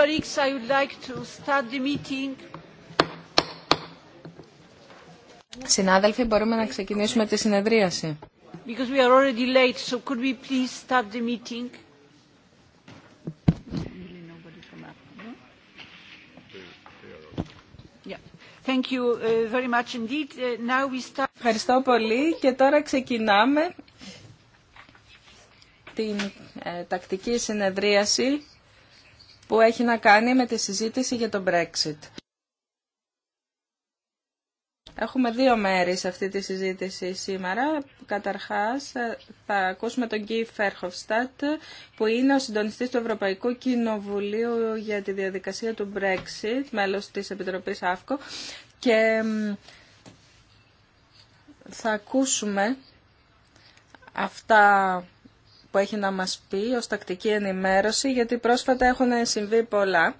colleagues, I would like to start the meeting. Συνάδελφοι, μπορούμε να ξεκινήσουμε τη συνεδρίαση. Because we are already late, so could we please start the meeting? Thank you very much indeed. Now we start... Ευχαριστώ πολύ και τώρα ξεκινάμε την τακτική συνεδρίαση που έχει να κάνει με τη συζήτηση για το Brexit. Έχουμε δύο μέρη σε αυτή τη συζήτηση σήμερα. Καταρχάς ε, θα ακούσουμε τον Γκί Φέρχοφστατ που είναι ο συντονιστής του Ευρωπαϊκού Κοινοβουλίου για τη διαδικασία του Brexit, μέλος της Επιτροπής ΑΦΚΟ και θα ακούσουμε αυτά που έχει να μας πει ως τακτική ενημέρωση, γιατί πρόσφατα έχουν συμβεί πολλά.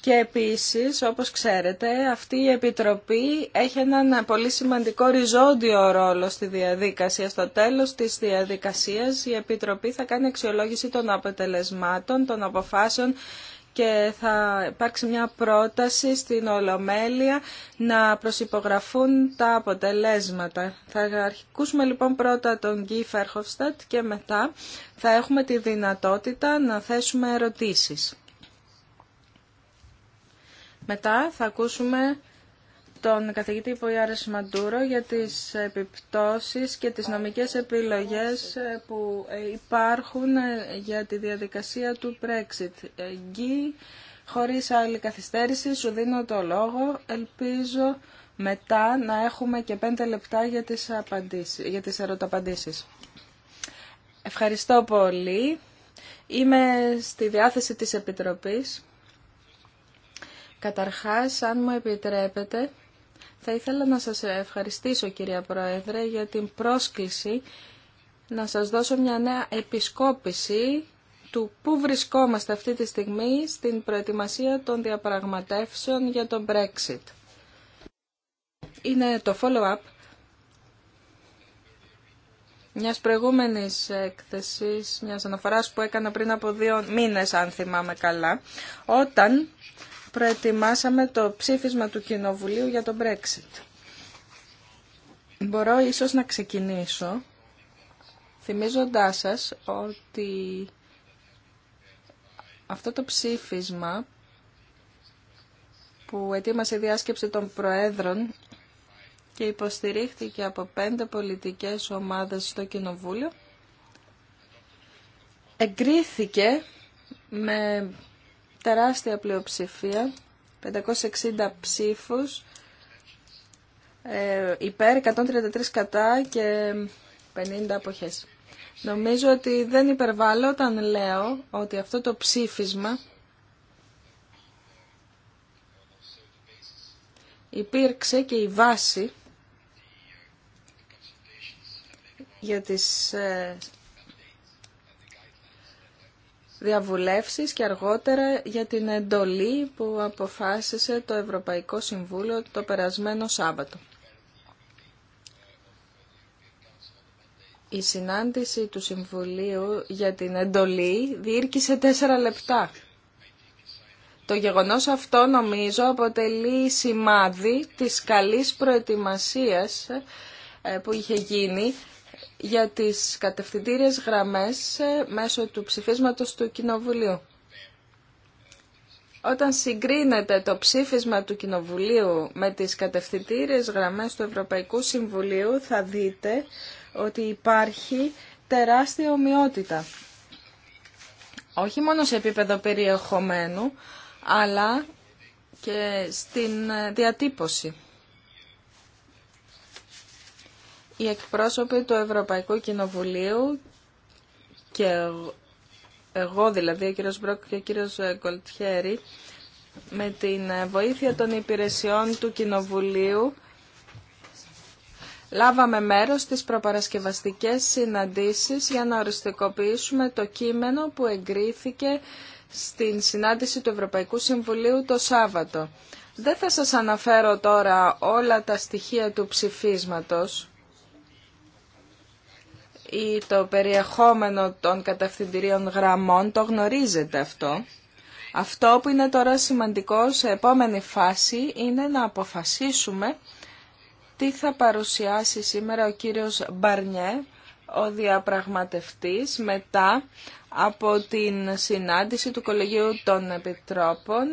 Και επίσης, όπως ξέρετε, αυτή η Επιτροπή έχει έναν πολύ σημαντικό ριζόντιο ρόλο στη διαδικασία. Στο τέλος της διαδικασίας η Επιτροπή θα κάνει αξιολόγηση των αποτελεσμάτων, των αποφάσεων και θα υπάρξει μια πρόταση στην Ολομέλεια να προσυπογραφούν τα αποτελέσματα. Θα αρχικούσουμε λοιπόν πρώτα τον Γκί Φέρχοφστατ και μετά θα έχουμε τη δυνατότητα να θέσουμε ερωτήσεις. Μετά θα ακούσουμε τον καθηγητή Πογιάρες Μαντούρο για τις επιπτώσεις και τις νομικές επιλογές ε, που ε, υπάρχουν ε, για τη διαδικασία του Brexit. Γκί, χωρίς άλλη καθυστέρηση, σου δίνω το λόγο. Ελπίζω μετά να έχουμε και πέντε λεπτά για τις, απαντήσεις, για τις ερωταπαντήσεις. Ευχαριστώ πολύ. Είμαι στη διάθεση της Επιτροπής. Καταρχάς, αν μου επιτρέπετε, θα ήθελα να σας ευχαριστήσω κυρία Πρόεδρε για την πρόσκληση να σας δώσω μια νέα επισκόπηση του πού βρισκόμαστε αυτή τη στιγμή στην προετοιμασία των διαπραγματεύσεων για το Brexit. Είναι το follow-up μιας προηγούμενης έκθεσης, μιας αναφοράς που έκανα πριν από δύο μήνες, αν θυμάμαι καλά, όταν προετοιμάσαμε το ψήφισμα του Κοινοβουλίου για τον Brexit. Μπορώ ίσως να ξεκινήσω θυμίζοντάς σας ότι αυτό το ψήφισμα που ετοίμασε η διάσκεψη των Προέδρων και υποστηρίχθηκε από πέντε πολιτικές ομάδες στο Κοινοβούλιο, εγκρίθηκε με τεράστια πλειοψηφία, 560 ψήφους, ε, υπέρ, 133 κατά και 50 αποχές. Νομίζω ότι δεν υπερβάλλω όταν λέω ότι αυτό το ψήφισμα υπήρξε και η βάση για τις ε, διαβουλεύσεις και αργότερα για την εντολή που αποφάσισε το Ευρωπαϊκό Συμβούλιο το περασμένο Σάββατο. Η συνάντηση του Συμβουλίου για την εντολή διήρκησε τέσσερα λεπτά. Το γεγονός αυτό νομίζω αποτελεί σημάδι της καλής προετοιμασίας ε, που είχε γίνει για τις κατευθυντήριες γραμμές ε, μέσω του ψηφίσματος του Κοινοβουλίου. Όταν συγκρίνεται το ψήφισμα του Κοινοβουλίου με τις κατευθυντήριες γραμμές του Ευρωπαϊκού Συμβουλίου θα δείτε ότι υπάρχει τεράστια ομοιότητα. Όχι μόνο σε επίπεδο περιεχομένου, αλλά και στην ε, διατύπωση. οι εκπρόσωποι του Ευρωπαϊκού Κοινοβουλίου και εγώ δηλαδή, ο κύριος Μπρόκ και ο κύριος ε, Κολτχέρη με την ε, βοήθεια των υπηρεσιών του Κοινοβουλίου, λάβαμε μέρος στις προπαρασκευαστικές συναντήσεις για να οριστικοποιήσουμε το κείμενο που εγκρίθηκε στην συνάντηση του Ευρωπαϊκού Συμβουλίου το Σάββατο. Δεν θα σας αναφέρω τώρα όλα τα στοιχεία του ψηφίσματος, ή το περιεχόμενο των κατευθυντηρίων γραμμών, το γνωρίζετε αυτό. Αυτό που είναι τώρα σημαντικό σε επόμενη φάση είναι να αποφασίσουμε τι θα παρουσιάσει σήμερα ο κύριος Μπαρνιέ, ο διαπραγματευτής, μετά από την συνάντηση του Κολεγίου των Επιτρόπων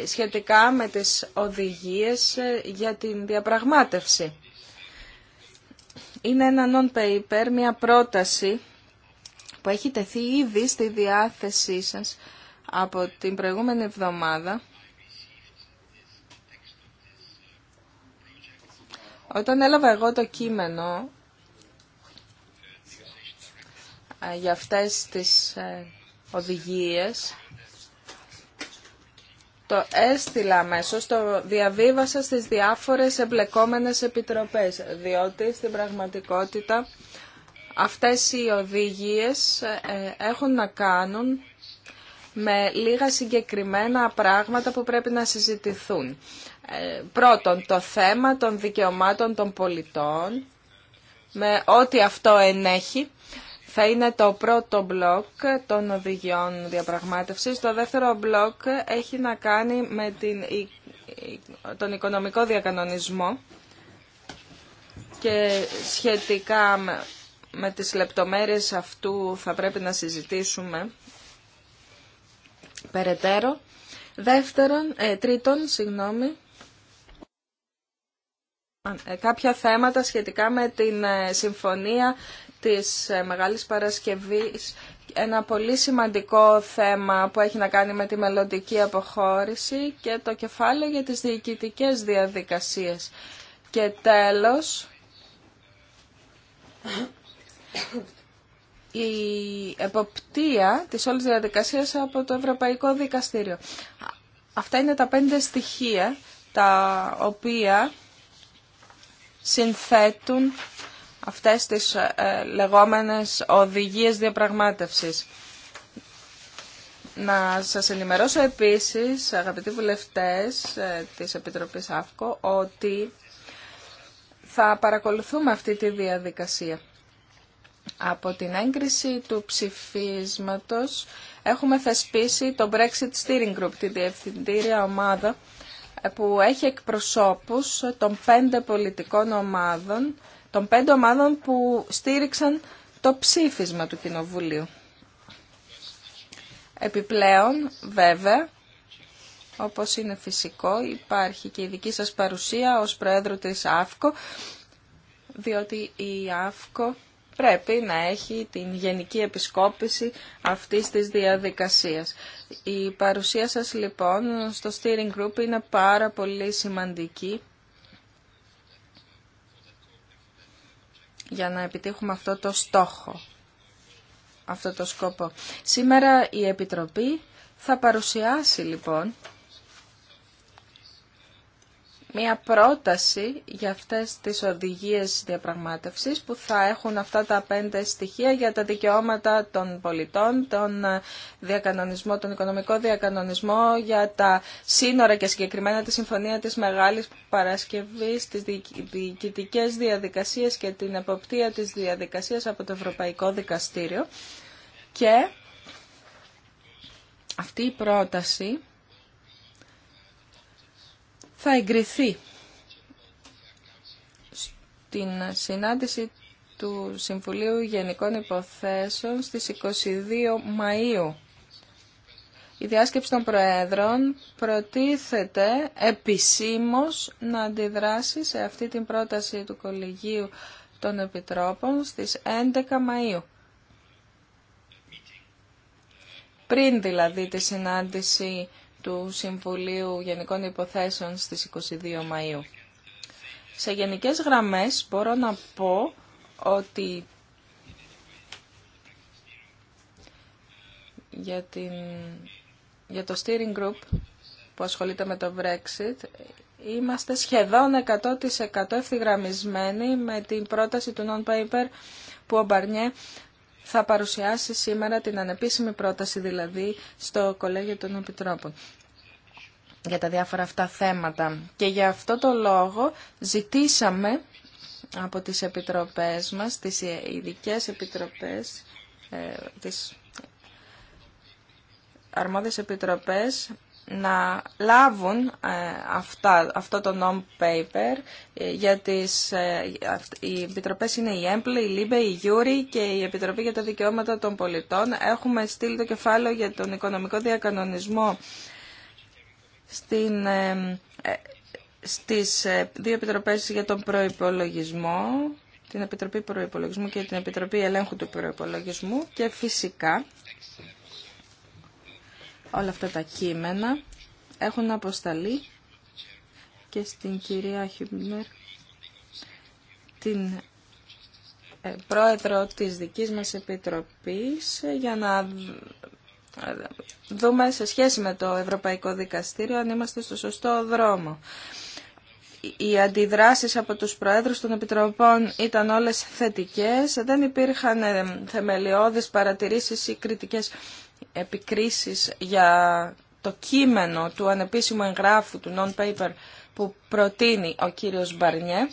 ε, σχετικά με τις οδηγίες ε, για την διαπραγμάτευση είναι ένα non-paper, μια πρόταση που έχει τεθεί ήδη στη διάθεσή σας από την προηγούμενη εβδομάδα. Όταν έλαβα εγώ το κείμενο ε, για αυτές τις ε, οδηγίες, το έστειλα αμέσω, το διαβίβασα στις διάφορες εμπλεκόμενες επιτροπές, διότι στην πραγματικότητα αυτές οι οδηγίες ε, έχουν να κάνουν με λίγα συγκεκριμένα πράγματα που πρέπει να συζητηθούν. Ε, πρώτον, το θέμα των δικαιωμάτων των πολιτών, με ό,τι αυτό ενέχει θα είναι το πρώτο μπλοκ των οδηγιών διαπραγμάτευσης. Το δεύτερο μπλοκ έχει να κάνει με τον οικονομικό διακανονισμό και σχετικά με, με τις λεπτομέρειες αυτού θα πρέπει να συζητήσουμε περαιτέρω. Δεύτερον, ε, τρίτον, συγγνώμη, ε, κάποια θέματα σχετικά με την ε, συμφωνία της ε, Μεγάλης Παρασκευής ένα πολύ σημαντικό θέμα που έχει να κάνει με τη μελλοντική αποχώρηση και το κεφάλαιο για τις διοικητικές διαδικασίες. Και τέλος, η εποπτεία της όλης διαδικασίας από το Ευρωπαϊκό Δικαστήριο. Αυτά είναι τα πέντε στοιχεία τα οποία συνθέτουν αυτές τις ε, λεγόμενες οδηγίες διαπραγμάτευσης. Να σας ενημερώσω επίσης, αγαπητοί βουλευτές ε, της Επιτροπής ΑΦΚΟ, ότι θα παρακολουθούμε αυτή τη διαδικασία. Από την έγκριση του ψηφίσματος έχουμε θεσπίσει το Brexit Steering Group, τη διευθυντήρια ομάδα που έχει εκπροσώπους των πέντε πολιτικών ομάδων των πέντε ομάδων που στήριξαν το ψήφισμα του Κοινοβουλίου. Επιπλέον, βέβαια, όπως είναι φυσικό, υπάρχει και η δική σας παρουσία ως Πρόεδρο της ΑΦΚΟ, διότι η ΑΦΚΟ πρέπει να έχει την γενική επισκόπηση αυτής της διαδικασίας. Η παρουσία σας λοιπόν στο steering group είναι πάρα πολύ σημαντική για να επιτύχουμε αυτό το στόχο, αυτό το σκόπο. Σήμερα η Επιτροπή θα παρουσιάσει λοιπόν μία πρόταση για αυτές τις οδηγίες διαπραγμάτευσης που θα έχουν αυτά τα πέντε στοιχεία για τα δικαιώματα των πολιτών, τον, ε, διακανονισμό, τον οικονομικό διακανονισμό, για τα σύνορα και συγκεκριμένα τη Συμφωνία της Μεγάλης Παρασκευής, τις διοικητικέ διαδικασίες και την εποπτεία της διαδικασίας από το Ευρωπαϊκό Δικαστήριο. Και αυτή η πρόταση θα εγκριθεί στην συνάντηση του Συμβουλίου Γενικών Υποθέσεων στις 22 Μαΐου. Η διάσκεψη των Προέδρων προτίθεται επισήμως να αντιδράσει σε αυτή την πρόταση του Κολεγίου των Επιτρόπων στις 11 Μαΐου. Πριν δηλαδή τη συνάντηση του Συμβουλίου Γενικών Υποθέσεων στις 22 Μαΐου. Σε γενικές γραμμές μπορώ να πω ότι για, την, για το steering group που ασχολείται με το Brexit είμαστε σχεδόν 100% ευθυγραμμισμένοι με την πρόταση του non-paper που ο Μπαρνιέ θα παρουσιάσει σήμερα την ανεπίσημη πρόταση δηλαδή στο Κολέγιο των Επιτρόπων για τα διάφορα αυτά θέματα. Και για αυτό το λόγο ζητήσαμε από τις επιτροπές μας, τις ειδικέ επιτροπές, ε, τις αρμόδιες επιτροπές να λάβουν ε, αυτά, αυτό το non-paper ε, για ε, οι επιτροπές είναι η ΕΜΠΛΕ, η ΛΥΜΠΕ, η Γιούρι και η Επιτροπή για τα Δικαιώματα των Πολιτών. Έχουμε στείλει το κεφάλαιο για τον οικονομικό διακανονισμό στην, στις δύο επιτροπές για τον προϋπολογισμό την Επιτροπή Προϋπολογισμού και την Επιτροπή Ελέγχου του Προϋπολογισμού και φυσικά Όλα αυτά τα κείμενα έχουν αποσταλεί και στην κυρία Χιμπνερ, την ε, πρόεδρο της δικής μας επιτροπής, ε, για να ε, δούμε σε σχέση με το Ευρωπαϊκό Δικαστήριο αν είμαστε στο σωστό δρόμο. Οι αντιδράσεις από τους Προέδρους των Επιτροπών ήταν όλες θετικές, δεν υπήρχαν θεμελιώδεις παρατηρήσεις ή κριτικές επικρίσεις για το κείμενο του ανεπίσημου εγγράφου του non-paper που προτείνει ο κύριος Μπαρνιέ.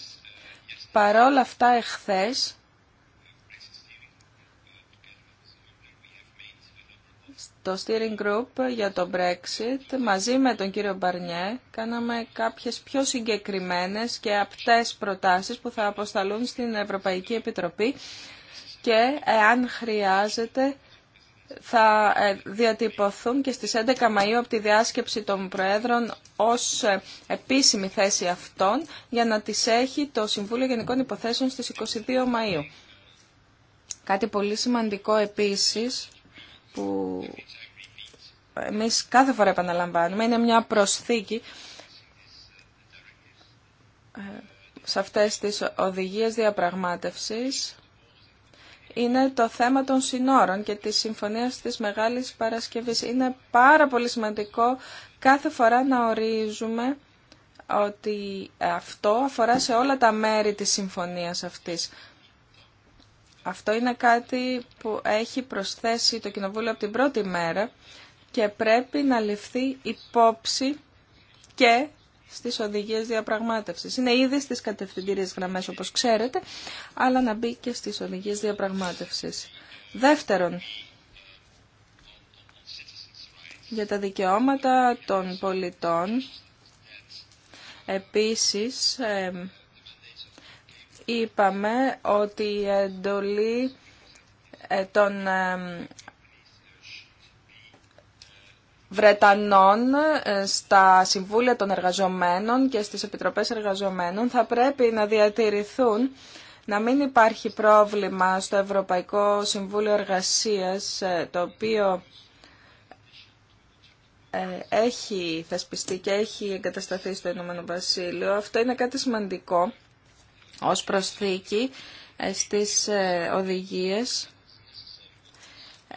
Παρόλα αυτά εχθές στο steering group για το Brexit μαζί με τον κύριο Μπαρνιέ κάναμε κάποιες πιο συγκεκριμένες και απτές προτάσεις που θα αποσταλούν στην Ευρωπαϊκή Επιτροπή και εάν χρειάζεται θα ε, διατυπωθούν και στις 11 Μαΐου από τη διάσκεψη των Προέδρων ως ε, επίσημη θέση αυτών για να τις έχει το Συμβούλιο Γενικών Υποθέσεων στις 22 Μαΐου. Κάτι πολύ σημαντικό επίσης που εμείς κάθε φορά επαναλαμβάνουμε είναι μια προσθήκη ε, σε αυτές τις οδηγίες διαπραγμάτευσης είναι το θέμα των συνόρων και της Συμφωνίας της Μεγάλης Παρασκευής. Είναι πάρα πολύ σημαντικό κάθε φορά να ορίζουμε ότι αυτό αφορά σε όλα τα μέρη της συμφωνίας αυτής. Αυτό είναι κάτι που έχει προσθέσει το Κοινοβούλιο από την πρώτη μέρα και πρέπει να ληφθεί υπόψη και στις οδηγίε διαπραγμάτευση. Είναι ήδη στι κατευθυντήριε γραμμές όπως ξέρετε, αλλά να μπει και στις οδηγίε διαπραγμάτευση. Δεύτερον, για τα δικαιώματα των πολιτών, επίσης είπαμε ότι η εντολή ε, των Βρετανών ε, στα Συμβούλια των Εργαζομένων και στις Επιτροπές Εργαζομένων θα πρέπει να διατηρηθούν να μην υπάρχει πρόβλημα στο Ευρωπαϊκό Συμβούλιο Εργασίας ε, το οποίο ε, έχει θεσπιστεί και έχει εγκατασταθεί στο Ηνωμένο Βασίλειο. Αυτό είναι κάτι σημαντικό ως προσθήκη στις οδηγίες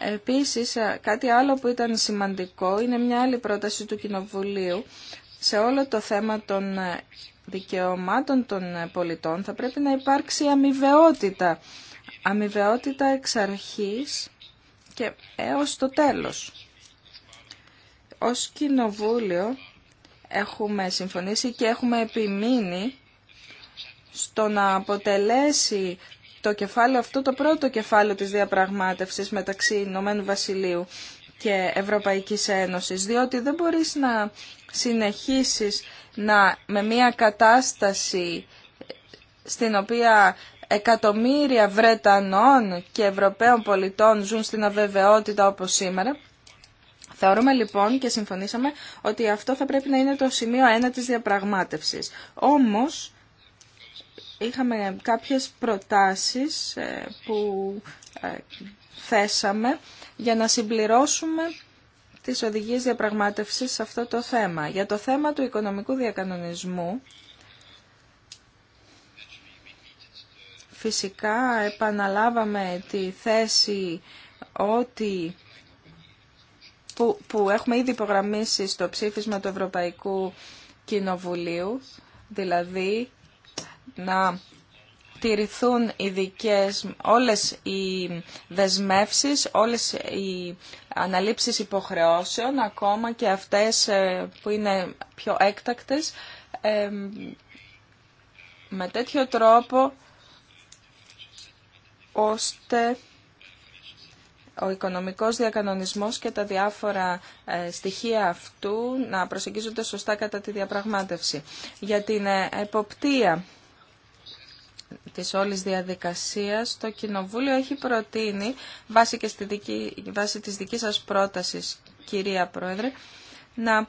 Επίσης, ε, κάτι άλλο που ήταν σημαντικό είναι μια άλλη πρόταση του Κοινοβουλίου σε όλο το θέμα των ε, δικαιωμάτων των ε, πολιτών θα πρέπει να υπάρξει αμοιβαιότητα. Αμοιβαιότητα εξ αρχής και έως το τέλος. Ως Κοινοβούλιο έχουμε συμφωνήσει και έχουμε επιμείνει στο να αποτελέσει το κεφάλαιο αυτό, το πρώτο κεφάλαιο της διαπραγμάτευσης μεταξύ Ηνωμένου Βασιλείου και Ευρωπαϊκής Ένωσης, διότι δεν μπορείς να συνεχίσεις να, με μια κατάσταση στην οποία εκατομμύρια Βρετανών και Ευρωπαίων πολιτών ζουν στην αβεβαιότητα όπως σήμερα. Θεωρούμε λοιπόν και συμφωνήσαμε ότι αυτό θα πρέπει να είναι το σημείο ένα της διαπραγμάτευσης. Όμως είχαμε κάποιες προτάσεις ε, που ε, θέσαμε για να συμπληρώσουμε τις οδηγίες διαπραγμάτευσης σε αυτό το θέμα. Για το θέμα του οικονομικού διακανονισμού, φυσικά επαναλάβαμε τη θέση ότι που, που έχουμε ήδη υπογραμμίσει στο ψήφισμα του Ευρωπαϊκού Κοινοβουλίου, δηλαδή να τηρηθούν οι δικές, όλες οι δεσμεύσεις, όλες οι αναλήψεις υποχρεώσεων, ακόμα και αυτές ε, που είναι πιο έκτακτες. Ε, με τέτοιο τρόπο, ώστε ο οικονομικός διακανονισμός και τα διάφορα ε, στοιχεία αυτού να προσεγγίζονται σωστά κατά τη διαπραγμάτευση. Για την εποπτεία της όλης διαδικασίας, το Κοινοβούλιο έχει προτείνει, βάσει, και στη δική, βάσει της δικής σας πρότασης, κυρία Πρόεδρε, να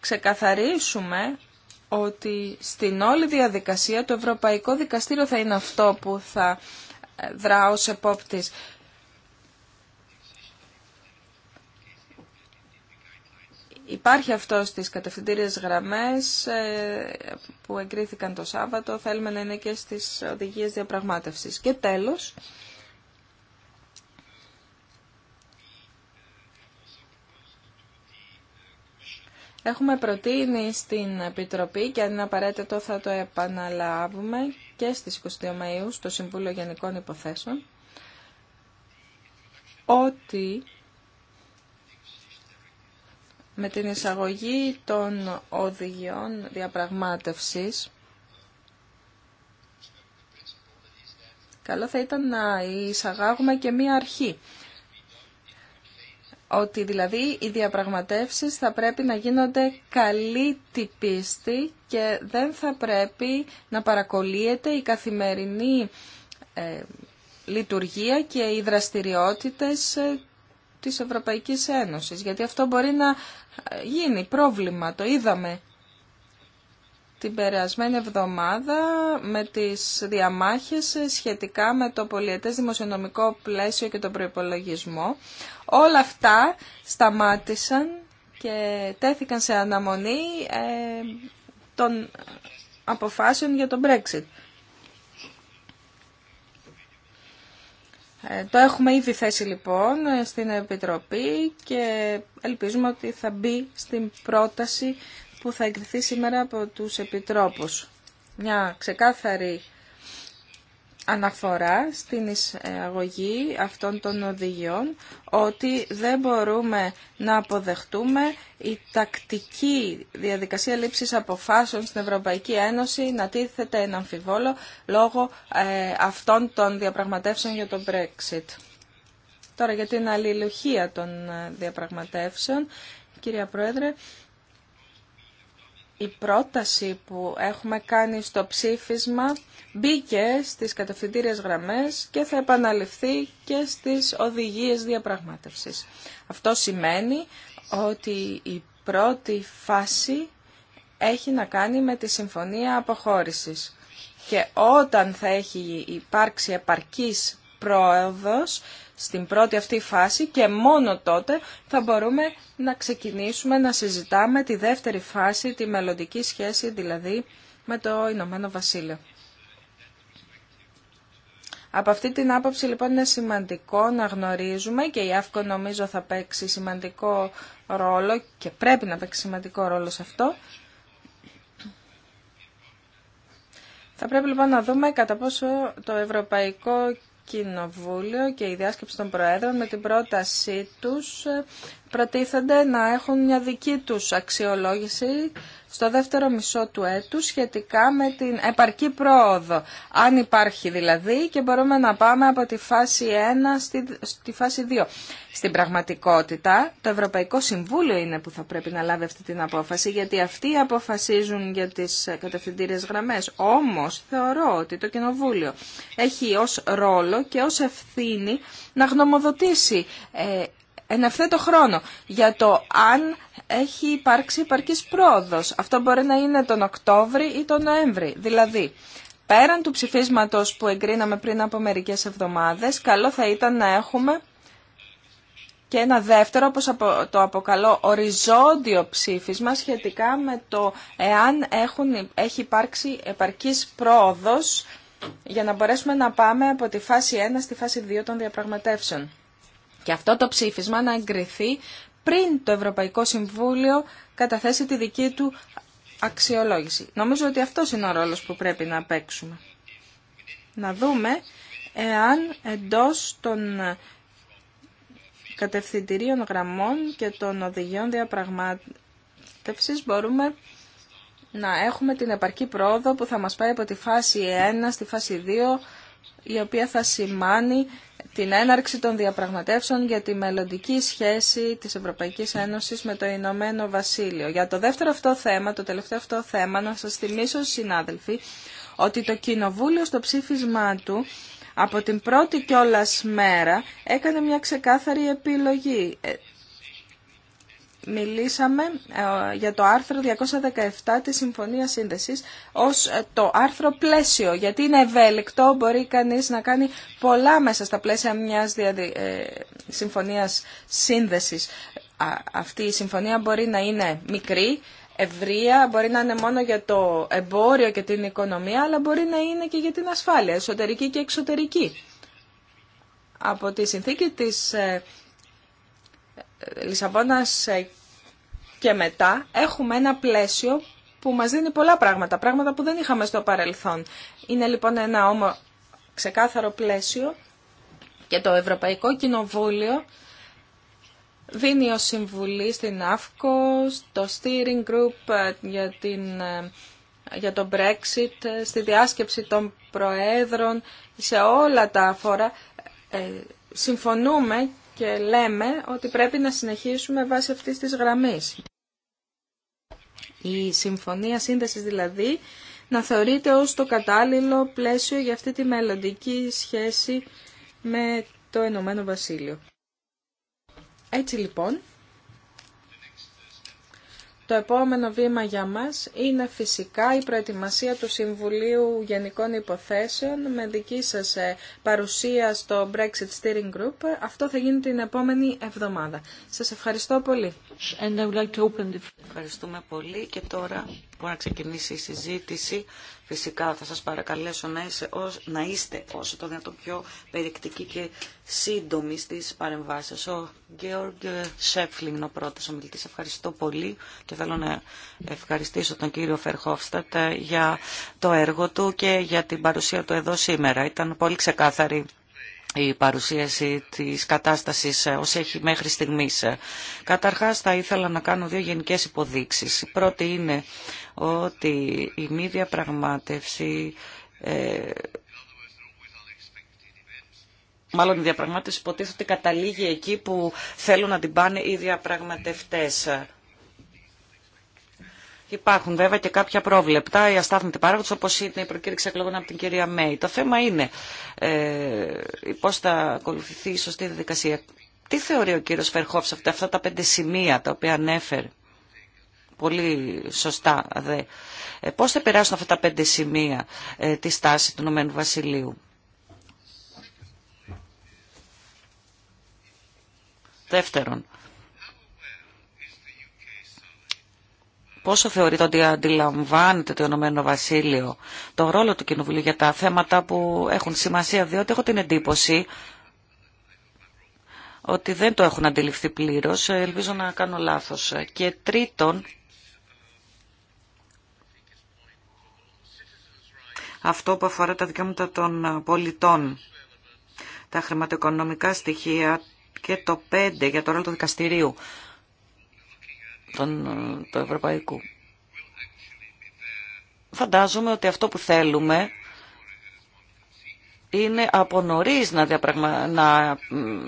ξεκαθαρίσουμε ότι στην όλη διαδικασία το Ευρωπαϊκό Δικαστήριο θα είναι αυτό που θα ε, δρά ως επόπτης Υπάρχει αυτό στις κατευθυντήριες γραμμές ε, που εγκρίθηκαν το Σάββατο, θέλουμε να είναι και στις οδηγίες διαπραγμάτευσης. Και τέλος, Έχουμε προτείνει στην Επιτροπή και αν είναι απαραίτητο θα το επαναλάβουμε και στις 22 Μαΐου στο Συμβούλιο Γενικών Υποθέσεων ότι με την εισαγωγή των οδηγιών διαπραγμάτευσης καλό θα ήταν να εισαγάγουμε και μία αρχή. Ότι δηλαδή οι διαπραγματεύσεις θα πρέπει να γίνονται καλή τυπίστη και δεν θα πρέπει να παρακολύεται η καθημερινή ε, λειτουργία και οι δραστηριότητες ε, της Ευρωπαϊκής Ένωσης, γιατί αυτό μπορεί να γίνει πρόβλημα, το είδαμε την περασμένη εβδομάδα με τις διαμάχες σχετικά με το πολιετές δημοσιονομικό πλαίσιο και τον προϋπολογισμό. Όλα αυτά σταμάτησαν και τέθηκαν σε αναμονή ε, των αποφάσεων για τον Brexit. Ε, το έχουμε ήδη θέσει λοιπόν ε, στην Επιτροπή και ελπίζουμε ότι θα μπει στην πρόταση που θα εγκριθεί σήμερα από τους Επιτρόπους. Μια ξεκάθαρη αναφορά στην εισαγωγή αυτών των οδηγιών ότι δεν μπορούμε να αποδεχτούμε η τακτική διαδικασία λήψης αποφάσεων στην Ευρωπαϊκή Ένωση να τίθεται εν αμφιβόλο λόγω ε, αυτών των διαπραγματεύσεων για τον Brexit. Τώρα για την αλληλουχία των ε, διαπραγματεύσεων, κυρία Πρόεδρε, η πρόταση που έχουμε κάνει στο ψήφισμα μπήκε στις κατευθυντήριες γραμμές και θα επαναληφθεί και στις οδηγίες διαπραγμάτευσης. Αυτό σημαίνει ότι η πρώτη φάση έχει να κάνει με τη συμφωνία αποχώρησης και όταν θα έχει υπάρξει επαρκής πρόοδος στην πρώτη αυτή φάση και μόνο τότε θα μπορούμε να ξεκινήσουμε να συζητάμε τη δεύτερη φάση, τη μελλοντική σχέση δηλαδή με το Ηνωμένο Βασίλειο. Από αυτή την άποψη λοιπόν είναι σημαντικό να γνωρίζουμε και η ΑΦΚΟ νομίζω θα παίξει σημαντικό ρόλο και πρέπει να παίξει σημαντικό ρόλο σε αυτό. Θα πρέπει λοιπόν να δούμε κατά πόσο το Ευρωπαϊκό Κοινοβούλιο και η Διάσκεψη των Προέδρων με την πρότασή τους προτίθενται να έχουν μια δική τους αξιολόγηση στο δεύτερο μισό του έτου σχετικά με την επαρκή πρόοδο. Αν υπάρχει δηλαδή και μπορούμε να πάμε από τη φάση 1 στη, στη φάση 2. Στην πραγματικότητα το Ευρωπαϊκό Συμβούλιο είναι που θα πρέπει να λάβει αυτή την απόφαση γιατί αυτοί αποφασίζουν για τις κατευθυντήριες γραμμές. Όμως θεωρώ ότι το Κοινοβούλιο έχει ως ρόλο και ως ευθύνη να γνωμοδοτήσει ε, εν ευθέτω χρόνο για το αν έχει υπάρξει υπαρκής πρόοδος. Αυτό μπορεί να είναι τον Οκτώβρη ή τον Νοέμβρη. Δηλαδή, πέραν του ψηφίσματος που εγκρίναμε πριν από μερικές εβδομάδες, καλό θα ήταν να έχουμε και ένα δεύτερο, όπως το αποκαλώ, οριζόντιο ψήφισμα σχετικά με το εάν έχουν, έχει υπάρξει επαρκής πρόοδος για να μπορέσουμε να πάμε από τη φάση 1 στη φάση 2 των διαπραγματεύσεων και αυτό το ψήφισμα να εγκριθεί πριν το Ευρωπαϊκό Συμβούλιο καταθέσει τη δική του αξιολόγηση. Νομίζω ότι αυτό είναι ο ρόλος που πρέπει να παίξουμε. Να δούμε εάν εντός των κατευθυντηρίων γραμμών και των οδηγιών διαπραγμάτευσης μπορούμε να έχουμε την επαρκή πρόοδο που θα μας πάει από τη φάση 1 στη φάση 2 η οποία θα σημάνει την έναρξη των διαπραγματεύσεων για τη μελλοντική σχέση της Ευρωπαϊκής Ένωσης με το Ηνωμένο Βασίλειο. Για το δεύτερο αυτό θέμα, το τελευταίο αυτό θέμα, να σας θυμίσω συνάδελφοι, ότι το Κοινοβούλιο στο ψήφισμά του από την πρώτη κιόλας μέρα έκανε μια ξεκάθαρη επιλογή. Ε, μιλήσαμε ε, για το άρθρο 217 της Συμφωνίας Σύνδεσης ως ε, το άρθρο πλαίσιο, γιατί είναι ευέλικτο, μπορεί κανείς να κάνει πολλά μέσα στα πλαίσια μιας ε, Συμφωνίας Σύνδεσης. Αυτή η συμφωνία μπορεί να είναι μικρή, ευρία, μπορεί να είναι μόνο για το εμπόριο και την οικονομία, αλλά μπορεί να είναι και για την ασφάλεια, εσωτερική και εξωτερική. Από τη συνθήκη της Λισαβόνας ε, και μετά έχουμε ένα πλαίσιο που μας δίνει πολλά πράγματα, πράγματα που δεν είχαμε στο παρελθόν. Είναι λοιπόν ένα όμο ξεκάθαρο πλαίσιο και το Ευρωπαϊκό Κοινοβούλιο δίνει ως συμβουλή στην ΑΦΚΟ, στο Steering Group ε, για, την, ε, για το Brexit, στη διάσκεψη των Προέδρων, σε όλα τα άφορα. συμφωνούμε και λέμε ότι πρέπει να συνεχίσουμε βάσει αυτής της γραμμής. Η συμφωνία σύνδεση δηλαδή να θεωρείται ως το κατάλληλο πλαίσιο για αυτή τη μελλοντική σχέση με το Ενωμένο Βασίλειο. Έτσι λοιπόν, το επόμενο βήμα για μας είναι φυσικά η προετοιμασία του Συμβουλίου Γενικών Υποθέσεων με δική σας ε, παρουσία στο Brexit Steering Group. Αυτό θα γίνει την επόμενη εβδομάδα. Σας ευχαριστώ πολύ. Ευχαριστούμε πολύ και τώρα μπορεί να ξεκινήσει η συζήτηση. Φυσικά θα σας παρακαλέσω να, είσαι, να είστε όσο το δυνατόν πιο περιεκτικοί και σύντομοι στις παρεμβάσεις. Ο γκεωργ Σέφλινγκ είναι ο πρώτος ομιλητής. Ευχαριστώ πολύ και θέλω να ευχαριστήσω τον κύριο Φερχόφστατ ε, για το έργο του και για την παρουσία του εδώ σήμερα. Ήταν πολύ ξεκάθαρη η παρουσίαση της κατάστασης ε, ως έχει μέχρι στιγμής. Ε, καταρχάς θα ήθελα να κάνω δύο γενικές υποδείξεις. Η πρώτη είναι ότι η μη διαπραγμάτευση ε, Μάλλον η διαπραγμάτευση υποτίθεται ότι καταλήγει εκεί που θέλουν να την πάνε οι διαπραγματευτές. Υπάρχουν βέβαια και κάποια πρόβλεπτα, οι αστάθμητοι παράγοντε, όπω είναι η προκήρυξη εκλογών από την κυρία Μέη. Το θέμα είναι ε, πώ θα ακολουθηθεί η σωστή διαδικασία. Τι θεωρεί ο κύριο Φερχόφ αυτά, αυτά τα πέντε σημεία τα οποία ανέφερε. Πολύ σωστά δε. Ε, πώς θα περάσουν αυτά τα πέντε σημεία ε, τη στάση του Ηνωμένου Βασιλείου. Δεύτερον, πόσο θεωρείτε ότι αντιλαμβάνεται το Ηνωμένο Βασίλειο το ρόλο του Κοινοβουλίου για τα θέματα που έχουν σημασία, διότι έχω την εντύπωση ότι δεν το έχουν αντιληφθεί πλήρως, ελπίζω να κάνω λάθος. Και τρίτον, αυτό που αφορά τα δικαιώματα των πολιτών, τα χρηματοοικονομικά στοιχεία και το 5 για το ρόλο του δικαστηρίου. Τον του Ευρωπαϊκού. Φαντάζομαι ότι αυτό που θέλουμε είναι από νωρί να, διαπραγμα... να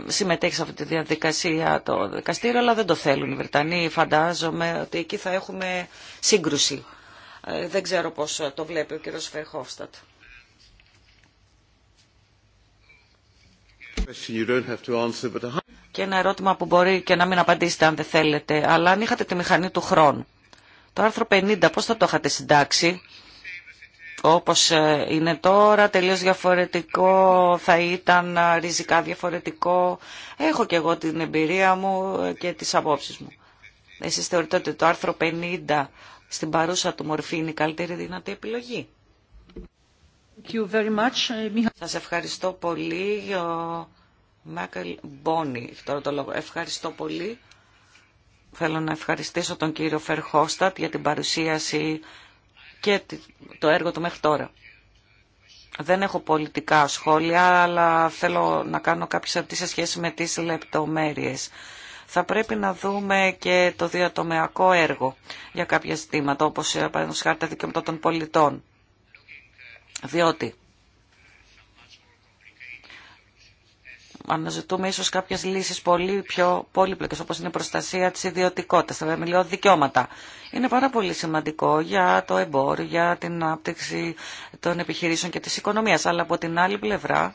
συμμετέχει σε αυτή τη διαδικασία το δικαστήριο, αλλά δεν το θέλουν οι Βρετανοί. Φαντάζομαι ότι εκεί θα έχουμε σύγκρουση. Ε, δεν ξέρω πώς το βλέπει ο κύριος Φερχόφστατ και ένα ερώτημα που μπορεί και να μην απαντήσετε αν δεν θέλετε, αλλά αν είχατε τη μηχανή του χρόνου. Το άρθρο 50 πώς θα το είχατε συντάξει, όπως ε, είναι τώρα, τελείως διαφορετικό, θα ήταν ε, ριζικά διαφορετικό. Έχω και εγώ την εμπειρία μου ε, και τις απόψεις μου. Εσείς θεωρείτε ότι το άρθρο 50 στην παρούσα του μορφή είναι η καλύτερη δυνατή επιλογή. Σας ευχαριστώ πολύ. Μάκελ Μπόνι τώρα το λόγο. Ευχαριστώ πολύ. Θέλω να ευχαριστήσω τον κύριο Φερχόστατ για την παρουσίαση και το έργο του μέχρι τώρα. Δεν έχω πολιτικά σχόλια, αλλά θέλω να κάνω κάποιες ερωτήσεις σχέση με τις λεπτομέρειες. Θα πρέπει να δούμε και το διατομεακό έργο για κάποια ζητήματα, όπως ε, παραδείγματος χάρτη δικαιωμάτων των πολιτών. Διότι αναζητούμε ίσως κάποιες λύσεις πολύ πιο πολύπλοκες, όπως είναι η προστασία της ιδιωτικότητας, τα μελιώδη δικαιώματα. Είναι πάρα πολύ σημαντικό για το εμπόριο, για την άπτυξη των επιχειρήσεων και της οικονομίας. Αλλά από την άλλη πλευρά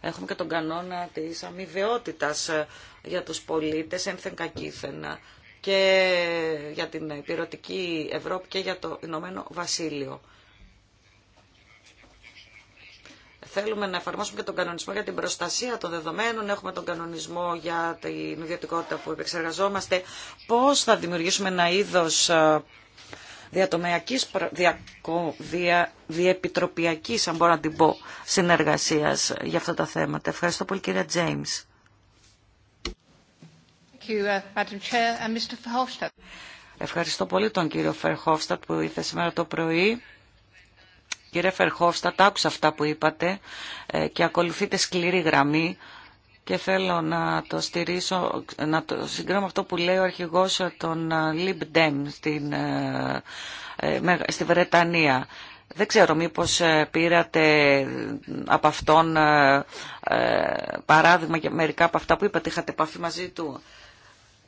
έχουμε και τον κανόνα της αμοιβαιότητας ε, για τους πολίτες, ένθεν κακήθεν και για την υπηρετική Ευρώπη και για το Ηνωμένο Βασίλειο. Θέλουμε να εφαρμόσουμε και τον κανονισμό για την προστασία των δεδομένων, έχουμε τον κανονισμό για την ιδιωτικότητα που επεξεργαζόμαστε. Πώς θα δημιουργήσουμε ένα είδος ε, διατομεακής, δια, διεπιτροπιακής, αν μπορώ να την πω, συνεργασίας για αυτά τα θέματα. Ευχαριστώ πολύ κύριε Τζέιμς. Uh, Ευχαριστώ πολύ τον κύριο Φερχόφστατ που ήρθε σήμερα το πρωί Κύριε τα άκουσα αυτά που είπατε ε, και ακολουθείτε σκληρή γραμμή και θέλω να το στηρίσω, να το συγκρίνω αυτό που λέει ο αρχηγός των Lib ε, Dem στην, ε, στη Βρετανία. Δεν ξέρω μήπως πήρατε από αυτόν παράδειγμα και μερικά από αυτά που είπατε, είχατε επαφή μαζί του.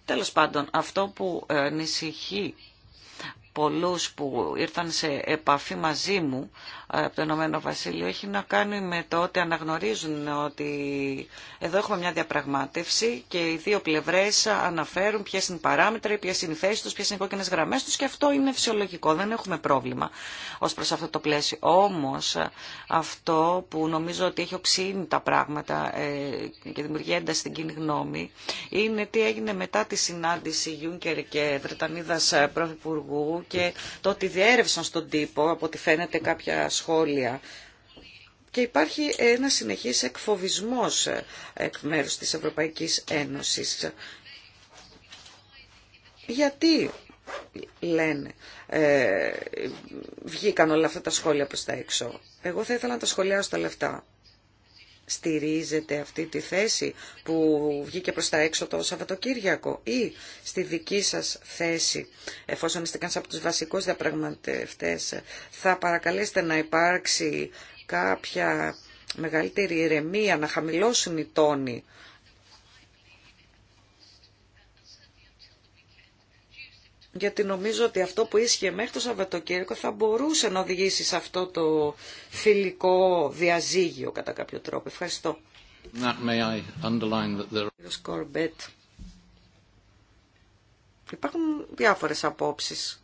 Τέλος πάντων, αυτό που ανησυχεί πολλούς που ήρθαν σε επαφή μαζί μου ε, από το Ηνωμένο Βασίλειο έχει να κάνει με το ότι αναγνωρίζουν ότι εδώ έχουμε μια διαπραγμάτευση και οι δύο πλευρές αναφέρουν ποιες είναι οι παράμετροι, ποιες είναι οι θέσεις τους, ποιες είναι οι κόκκινες γραμμές τους και αυτό είναι φυσιολογικό, δεν έχουμε πρόβλημα ως προς αυτό το πλαίσιο. Όμως αυτό που νομίζω ότι έχει οξύνει τα πράγματα ε, και δημιουργεί ένταση στην κοινή γνώμη είναι τι έγινε μετά τη συνάντηση Γιούνκερ και Βρετανίδας Πρωθυπουργού και το ότι διέρευσαν στον τύπο, από ό,τι φαίνεται κάποια σχόλια, και υπάρχει ένα συνεχής εκφοβισμός ε, εκ μέρους της Ευρωπαϊκής Ένωσης. Γιατί, λένε, ε, βγήκαν όλα αυτά τα σχόλια προς τα έξω. Εγώ θα ήθελα να τα σχολιάσω τα λεφτά στηρίζετε αυτή τη θέση που βγήκε προς τα έξω το Σαββατοκύριακο ή στη δική σας θέση, εφόσον είστε κανείς από τους βασικούς διαπραγματευτές, θα παρακαλέσετε να υπάρξει κάποια μεγαλύτερη ηρεμία, να χαμηλώσουν οι τόνοι γιατί νομίζω ότι αυτό που ίσχυε μέχρι το Σαββατοκύριακο θα μπορούσε να οδηγήσει σε αυτό το φιλικό διαζύγιο κατά κάποιο τρόπο. Ευχαριστώ. Υπάρχουν διάφορες απόψεις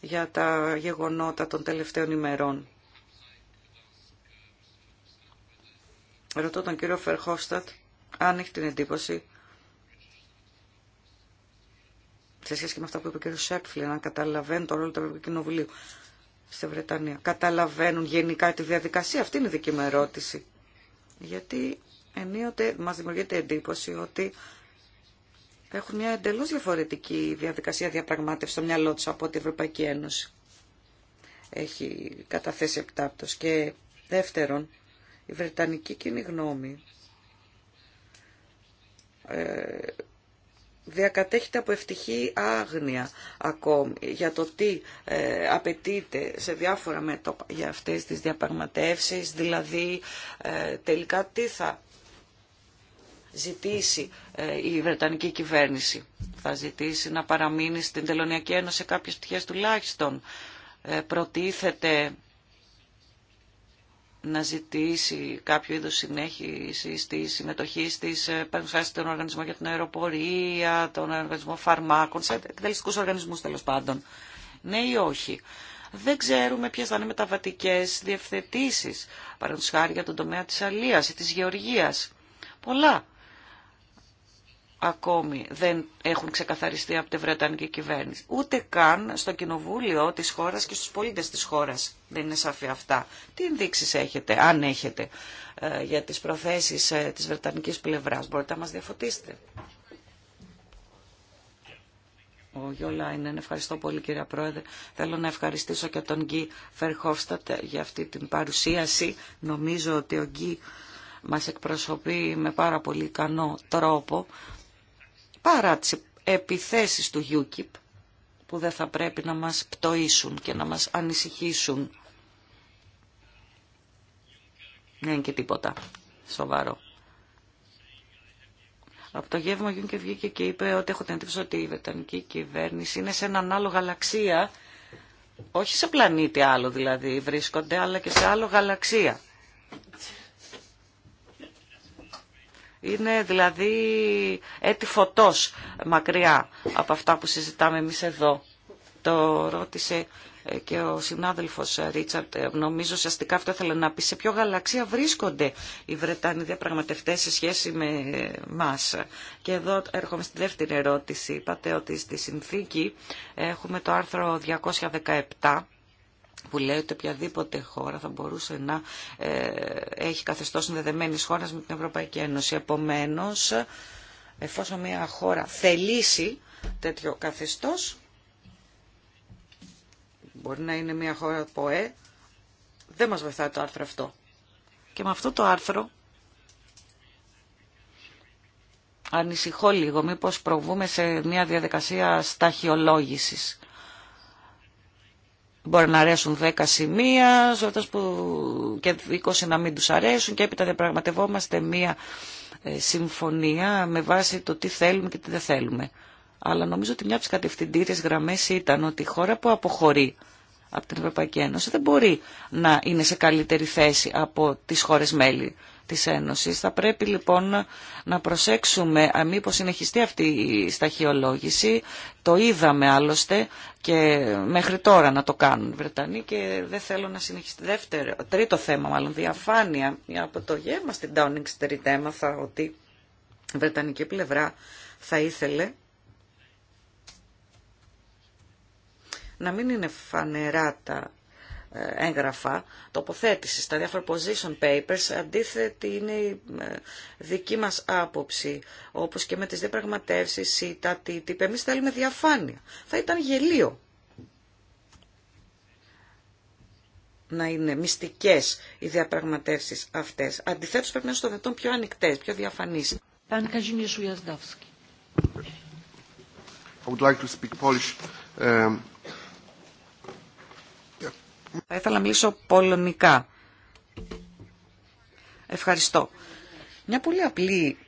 για τα γεγονότα των τελευταίων ημερών. Ρωτώ τον κύριο Φερχόφστατ αν έχει την εντύπωση σε σχέση και με αυτά που είπε ο κ. Σέρτφλιν, να καταλαβαίνουν το ρόλο του Ευρωπαϊκού Κοινοβουλίου στη Βρετανία. Καταλαβαίνουν γενικά τη διαδικασία, αυτή είναι η δική μου ερώτηση. Γιατί ενίοτε μας δημιουργείται εντύπωση ότι έχουν μια εντελώ διαφορετική διαδικασία διαπραγμάτευση στο μυαλό του από την Ευρωπαϊκή Ένωση. Έχει καταθέσει επιτάπτως. Και δεύτερον, η Βρετανική κοινή γνώμη ε, διακατέχεται από ευτυχή άγνοια ακόμη για το τι ε, απαιτείται σε διάφορα μέτωπα για αυτές τις διαπραγματεύσεις, δηλαδή ε, τελικά τι θα ζητήσει ε, η Βρετανική κυβέρνηση. Θα ζητήσει να παραμείνει στην Τελωνιακή Ένωση κάποιες πτυχές τουλάχιστον. Προτίθεται να ζητήσει κάποιο είδους συνέχιση στη συμμετοχή στις ε, παρουσιάσεις των οργανισμών για την αεροπορία, τον Οργανισμό φαρμάκων, σε εκτελεστικούς οργανισμούς τέλος πάντων. Ναι ή όχι. Δεν ξέρουμε ποιες θα είναι μεταβατικέ διευθετήσει, παραδείγματο χάρη για τον τομέα της Αλίας ή τη γεωργίας. Πολλά ακόμη δεν έχουν ξεκαθαριστεί από τη Βρετανική κυβέρνηση. Ούτε καν στο κοινοβούλιο της χώρας και στους πολίτες της χώρας δεν είναι σαφή αυτά. Τι ενδείξεις έχετε, αν έχετε, ε, για τις προθέσεις ε, της Βρετανικής πλευράς. Μπορείτε να μας διαφωτίσετε. Ο Γιώλα είναι. Ευχαριστώ πολύ κύριε Πρόεδρε. Θέλω να ευχαριστήσω και τον Γκί Φερχόφστατ για αυτή την παρουσίαση. Νομίζω ότι ο Γκί μας εκπροσωπεί με πάρα πολύ ικανό τρόπο παρά τις επιθέσεις του UKIP που δεν θα πρέπει να μας πτωίσουν και να μας ανησυχήσουν. Δεν είναι και τίποτα σοβαρό. Από το γεύμα Γιούν και βγήκε και είπε ότι έχω την εντύπωση ότι η Βρετανική κυβέρνηση είναι σε έναν άλλο γαλαξία, όχι σε πλανήτη άλλο δηλαδή βρίσκονται, αλλά και σε άλλο γαλαξία. Είναι δηλαδή έτη φωτός μακριά από αυτά που συζητάμε εμείς εδώ. Το ρώτησε ε, και ο συνάδελφος ε, Ρίτσαρτ, ε, νομίζω ουσιαστικά αυτό ήθελε να πει, σε ποιο γαλαξία βρίσκονται οι Βρετάνοι διαπραγματευτέ σε σχέση με μας. Και εδώ έρχομαι στη δεύτερη ερώτηση. Είπατε ότι στη συνθήκη έχουμε το άρθρο 217 που λέει ότι οποιαδήποτε χώρα θα μπορούσε να ε, έχει καθεστώς συνδεδεμένης χώρας με την Ευρωπαϊκή Ένωση. Επομένως, εφόσον μια χώρα θελήσει τέτοιο καθεστώς, μπορεί να είναι μια χώρα ε. δεν μας βοηθάει το άρθρο αυτό. Και με αυτό το άρθρο ανησυχώ λίγο μήπως προβούμε σε μια διαδικασία σταχυολόγησης. Μπορεί να αρέσουν 10 σημεία, που και 20 να μην τους αρέσουν και έπειτα διαπραγματευόμαστε μία ε, συμφωνία με βάση το τι θέλουμε και τι δεν θέλουμε. Αλλά νομίζω ότι μια από τις κατευθυντήριες γραμμές ήταν ότι η χώρα που αποχωρεί από την Ευρωπαϊκή Ένωση δεν μπορεί να είναι σε καλύτερη θέση από τις χώρες μέλη της Ένωσης. Θα πρέπει λοιπόν να προσέξουμε μήπως συνεχιστεί αυτή η σταχυολόγηση. Το είδαμε άλλωστε και μέχρι τώρα να το κάνουν οι Βρετανοί και δεν θέλω να συνεχιστεί. Δεύτερο, τρίτο θέμα μάλλον, διαφάνεια. Από το γεύμα στην Downing Street έμαθα ότι η Βρετανική πλευρά θα ήθελε να μην είναι φανερά τα έγγραφα τοποθέτηση στα διάφορα position papers, αντίθετη είναι η ε, δική μας άποψη, όπως και με τις διαπραγματεύσεις ή τα TTIP. Εμείς θέλουμε διαφάνεια. Θα ήταν γελίο να είναι μυστικές οι διαπραγματεύσεις αυτές. Αντιθέτως πρέπει να είναι στο δυνατόν πιο ανοιχτές, πιο διαφανείς. I would like to speak Polish. Um, θα ήθελα να μιλήσω πολωνικά. Ευχαριστώ. Μια πολύ απλή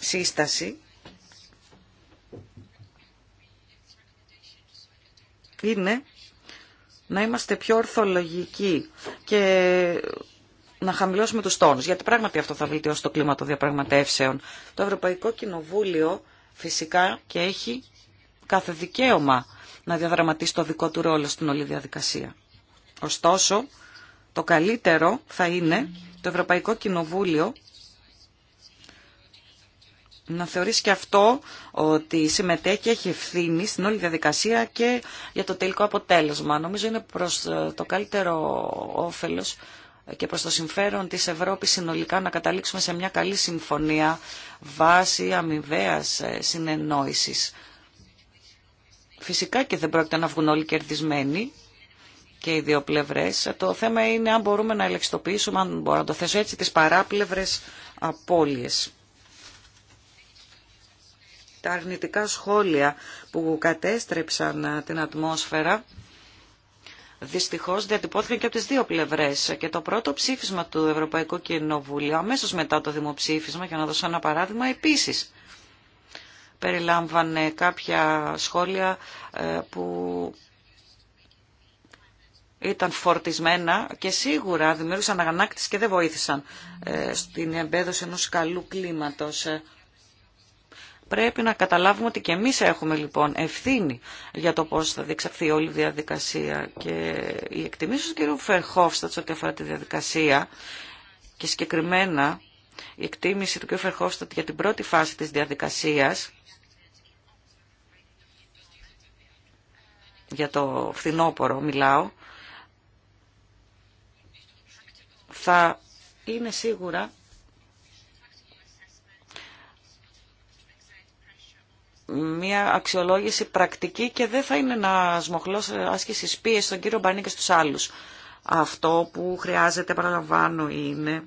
σύσταση είναι να είμαστε πιο ορθολογικοί και να χαμηλώσουμε τους τόνους, γιατί πράγματι αυτό θα βελτιώσει το κλίμα των διαπραγματεύσεων. Το Ευρωπαϊκό Κοινοβούλιο φυσικά και έχει κάθε δικαίωμα να διαδραματίσει το δικό του ρόλο στην όλη διαδικασία. Ωστόσο, το καλύτερο θα είναι το Ευρωπαϊκό Κοινοβούλιο να θεωρήσει και αυτό ότι συμμετέχει, έχει ευθύνη στην όλη διαδικασία και για το τελικό αποτέλεσμα. Νομίζω είναι προς ε, το καλύτερο όφελος και προς το συμφέρον της Ευρώπης συνολικά να καταλήξουμε σε μια καλή συμφωνία βάσει αμοιβαία ε, συνεννόησης. Φυσικά και δεν πρόκειται να βγουν όλοι κερδισμένοι και οι δύο πλευρές. Το θέμα είναι αν μπορούμε να ελεξιτοποιήσουμε, αν μπορώ να το θέσω έτσι, τις παράπλευρες απώλειες. Τα αρνητικά σχόλια που κατέστρεψαν την ατμόσφαιρα δυστυχώς διατυπώθηκαν και από τις δύο πλευρές. Και το πρώτο ψήφισμα του Ευρωπαϊκού Κοινοβουλίου, αμέσως μετά το δημοψήφισμα, για να δώσω ένα παράδειγμα, επίσης περιλάμβανε κάποια σχόλια ε, που ήταν φορτισμένα και σίγουρα δημιούργησαν αγανάκτηση και δεν βοήθησαν ε, στην εμπέδωση ενός καλού κλίματος. Ε, πρέπει να καταλάβουμε ότι και εμείς έχουμε λοιπόν ευθύνη για το πώς θα διεξαχθεί όλη η διαδικασία και η εκτιμήση του κ. Φερχόφστατς ό,τι αφορά τη διαδικασία και συγκεκριμένα η εκτίμηση του κ. Φερχόφστατ για την πρώτη φάση της διαδικασίας για το φθινόπωρο μιλάω, θα είναι σίγουρα μια αξιολόγηση πρακτική και δεν θα είναι να σμοχλώ άσκηση πίεση στον κύριο Μπανί και στους άλλους. Αυτό που χρειάζεται, παραλαμβάνω, είναι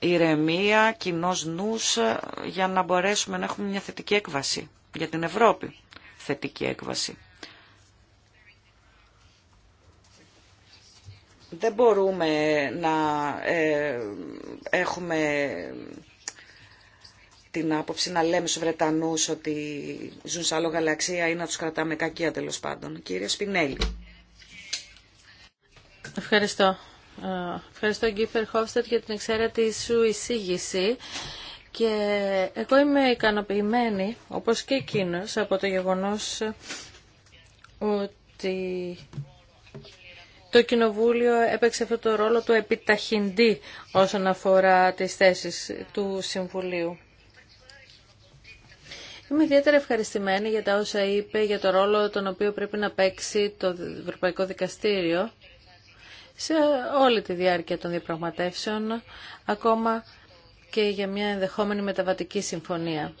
ηρεμία, κοινό νους, για να μπορέσουμε να έχουμε μια θετική έκβαση για την Ευρώπη. Θετική έκβαση. δεν μπορούμε να ε, έχουμε την άποψη να λέμε στους Βρετανούς ότι ζουν σε άλλο γαλαξία ή να τους κρατάμε κακία τέλος πάντων. Κύριε Σπινέλη. Ευχαριστώ. Ε, ευχαριστώ Γκίφερ Χόφστερ για την εξαίρετη σου εισήγηση. Και εγώ είμαι ικανοποιημένη, όπως και εκείνος, από το γεγονός ότι το Κοινοβούλιο έπαιξε αυτό το ρόλο του επιταχυντή όσον αφορά τις θέσεις του Συμβουλίου. Είμαι ιδιαίτερα ευχαριστημένη για τα όσα είπε για το ρόλο τον οποίο πρέπει να παίξει το Ευρωπαϊκό Δικαστήριο σε όλη τη διάρκεια των διαπραγματεύσεων, ακόμα και για μια ενδεχόμενη μεταβατική συμφωνία.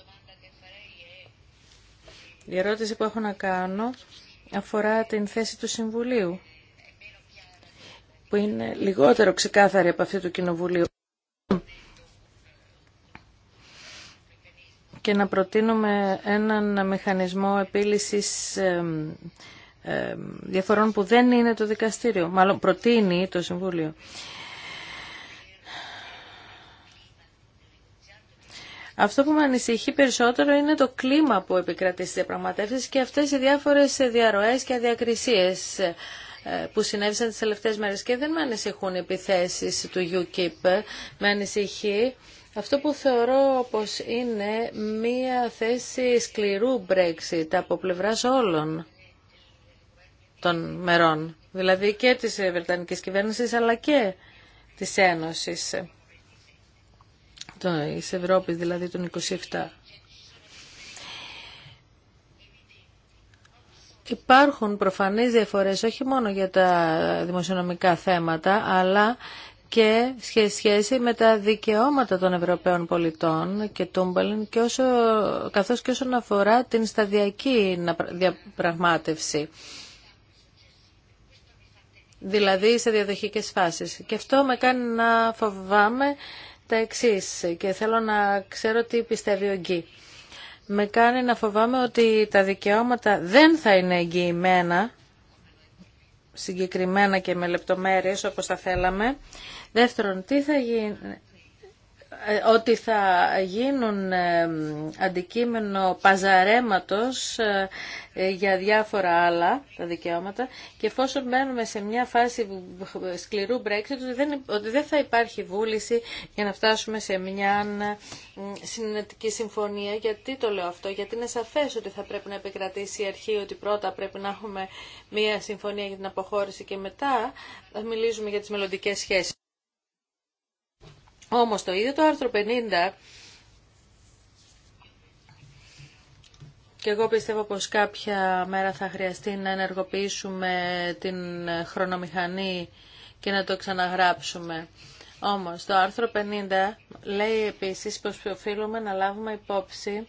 Η ερώτηση που έχω να κάνω αφορά την θέση του Συμβουλίου που είναι λιγότερο ξεκάθαρη από αυτή του Κοινοβουλίου και να προτείνουμε έναν μηχανισμό επίλυσης διαφορών που δεν είναι το δικαστήριο. Μάλλον προτείνει το Συμβούλιο. Αυτό που με ανησυχεί περισσότερο είναι το κλίμα που επικρατεί στις διαπραγματεύσεις και αυτές οι διάφορες διαρροές και αδιακρισίες. Ε, που συνέβησαν τις τελευταίες μέρες και δεν με ανησυχούν οι επιθέσεις του UKIP. Με ανησυχεί αυτό που θεωρώ πως είναι μία θέση σκληρού Brexit από πλευράς όλων των μερών, δηλαδή και της Βρετανικής κυβέρνησης αλλά και της Ένωσης, της Ευρώπης δηλαδή των 27. Υπάρχουν προφανείς διαφορές όχι μόνο για τα δημοσιονομικά θέματα, αλλά και σε σχέση με τα δικαιώματα των Ευρωπαίων πολιτών και τούμπαλιν και όσο, καθώς και όσον αφορά την σταδιακή διαπραγμάτευση. Δηλαδή σε διαδοχικές φάσεις. Και αυτό με κάνει να φοβάμαι τα εξής και θέλω να ξέρω τι πιστεύει ο Γκί με κάνει να φοβάμαι ότι τα δικαιώματα δεν θα είναι εγγυημένα συγκεκριμένα και με λεπτομέρειες όπως θα θέλαμε. Δεύτερον, τι θα γίνει, ε, ότι θα γίνουν ε, αντικείμενο παζαρέματος ε, για διάφορα άλλα τα δικαιώματα και εφόσον μπαίνουμε σε μια φάση σκληρού Brexit ότι δεν θα υπάρχει βούληση για να φτάσουμε σε μια συνετική συμφωνία. Γιατί το λέω αυτό, γιατί είναι σαφές ότι θα πρέπει να επικρατήσει η αρχή ότι πρώτα πρέπει να έχουμε μια συμφωνία για την αποχώρηση και μετά θα μιλήσουμε για τις μελλοντικέ σχέσεις. Όμως το ίδιο το άρθρο 50 Και εγώ πιστεύω πως κάποια μέρα θα χρειαστεί να ενεργοποιήσουμε την χρονομηχανή και να το ξαναγράψουμε. Όμως το άρθρο 50 λέει επίσης πως οφείλουμε να λάβουμε υπόψη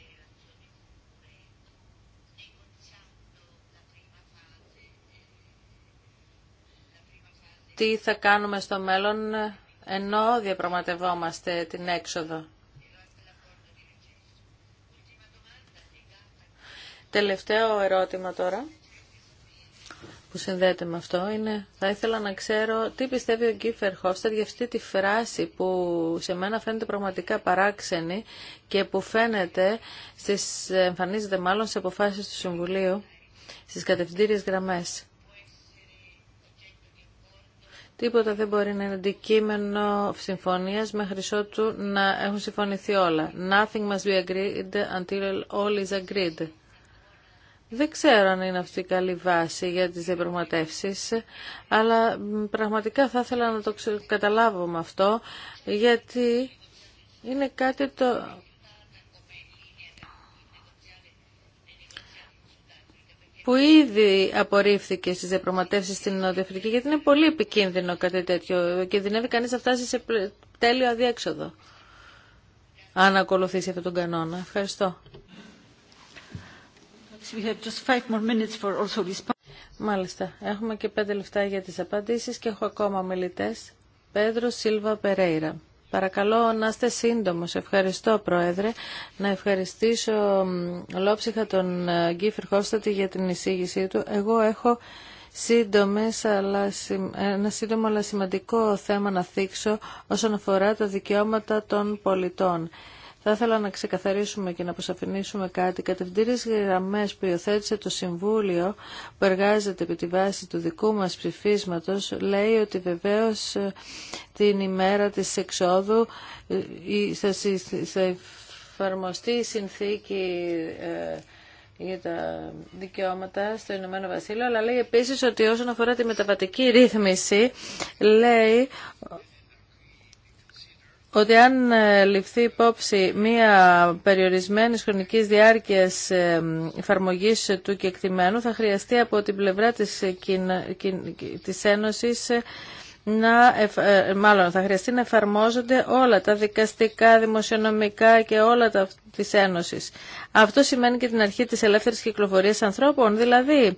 τι θα κάνουμε στο μέλλον ενώ διαπραγματευόμαστε την έξοδο. Τελευταίο ερώτημα τώρα που συνδέεται με αυτό είναι θα ήθελα να ξέρω τι πιστεύει ο Γκίφερ Χόφστερ για αυτή τη φράση που σε μένα φαίνεται πραγματικά παράξενη και που φαίνεται στις, εμφανίζεται μάλλον σε αποφάσεις του Συμβουλίου στις κατευθυντήριες γραμμές. Τίποτα δεν μπορεί να είναι αντικείμενο συμφωνία μέχρι ότου να έχουν συμφωνηθεί όλα. Nothing must be agreed until all is agreed. Δεν ξέρω αν είναι αυτή η καλή βάση για τις διαπραγματεύσει, αλλά πραγματικά θα ήθελα να το καταλάβω με αυτό, γιατί είναι κάτι το που ήδη απορρίφθηκε στις διαπραγματεύσεις στην Νότια γιατί είναι πολύ επικίνδυνο κάτι τέτοιο. Κινδυνεύει κανείς να φτάσει σε τέλειο αδιέξοδο, αν ακολουθήσει αυτόν τον κανόνα. Ευχαριστώ. Μάλιστα. Έχουμε και πέντε λεφτά για τις απαντήσεις και έχω ακόμα μιλητές. Πέδρο Σίλβα Περέιρα. Παρακαλώ να είστε σύντομος. Ευχαριστώ, Πρόεδρε. Να ευχαριστήσω ολόψυχα τον ε, Γκίφερ Χώστατη για την εισήγησή του. Εγώ έχω σύντομες, αλλά, ένα σύντομο αλλά σημαντικό θέμα να θίξω όσον αφορά τα δικαιώματα των πολιτών. Θα ήθελα να ξεκαθαρίσουμε και να αποσαφηνίσουμε κάτι. Κατευθύνες γραμμές που υιοθέτησε το Συμβούλιο που εργάζεται επί τη βάση του δικού μας ψηφίσματο, λέει ότι βεβαίω ε, την ημέρα της εξόδου ε, θα εφαρμοστεί η συνθήκη ε, για τα δικαιώματα στο Ηνωμένο Βασίλειο, αλλά λέει επίσης ότι όσον αφορά τη μεταβατική ρύθμιση, λέει ότι αν ε, ληφθεί υπόψη μία περιορισμένη χρονική διάρκεια ε, εφαρμογή του κεκτημένου, θα χρειαστεί από την πλευρά της, ε, της Ένωσης να, μάλλον θα χρειαστεί να εφαρμόζονται όλα τα δικαστικά, δημοσιονομικά και όλα τα της Ένωσης. Αυτό σημαίνει και την αρχή της ελεύθερης κυκλοφορίας ανθρώπων, δηλαδή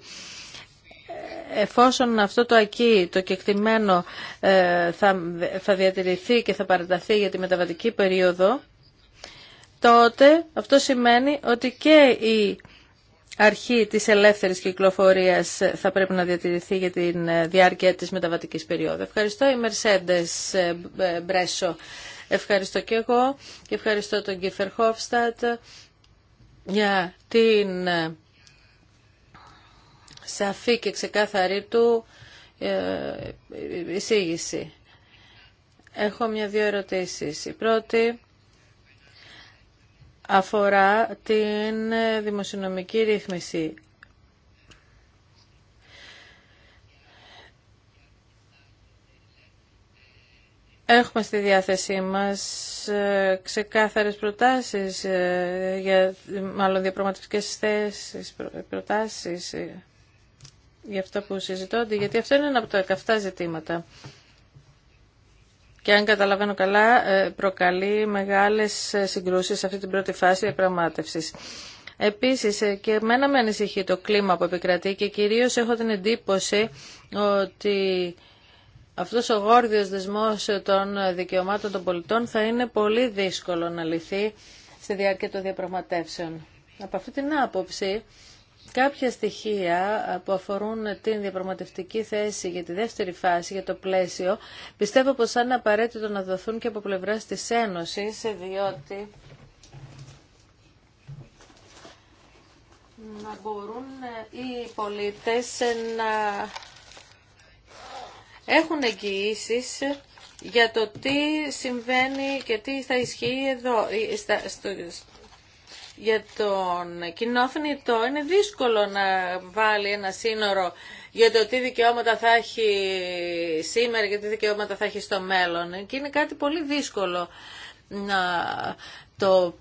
εφόσον αυτό το ακεί, το κεκτημένο ε, θα, θα διατηρηθεί και θα παραταθεί για τη μεταβατική περίοδο, τότε αυτό σημαίνει ότι και η αρχή της ελεύθερης κυκλοφορίας θα πρέπει να διατηρηθεί για τη ε, διάρκεια της μεταβατικής περίοδου. Ευχαριστώ η Mercedes ε, Μπρέσο. Ευχαριστώ και εγώ και ευχαριστώ τον Κίφερ Χόφστατ για την σαφή και ξεκάθαρή του ε, εισήγηση. Έχω μια-δύο ερωτήσεις. Η πρώτη αφορά την δημοσιονομική ρύθμιση. Έχουμε στη διάθεσή μας ε, ξεκάθαρες προτάσεις, ε, για, μάλλον διαπραγματευτικές θέσεις, προτάσεις για αυτά που συζητώνται, γιατί αυτό είναι ένα από τα καυτά ζητήματα. Και αν καταλαβαίνω καλά, ε, προκαλεί μεγάλες ε, συγκρούσεις σε αυτή την πρώτη φάση διαπραγματεύση. Επίσης ε, και εμένα με ανησυχεί το κλίμα που επικρατεί και κυρίως έχω την εντύπωση ότι αυτός ο γόρδιος δεσμός των δικαιωμάτων των πολιτών θα είναι πολύ δύσκολο να λυθεί στη διάρκεια των διαπραγματεύσεων. Από αυτή την άποψη κάποια στοιχεία ε, που αφορούν την διαπραγματευτική θέση για τη δεύτερη φάση, για το πλαίσιο, πιστεύω πως είναι απαραίτητο να δοθούν και από πλευρά της Ένωσης, διότι... να μπορούν ε, οι πολίτες ε, να έχουν εγγυήσει για το τι συμβαίνει και τι θα ισχύει εδώ, για τον κοινόφνητο είναι δύσκολο να βάλει ένα σύνορο για το τι δικαιώματα θα έχει σήμερα και τι δικαιώματα θα έχει στο μέλλον. Και είναι κάτι πολύ δύσκολο να το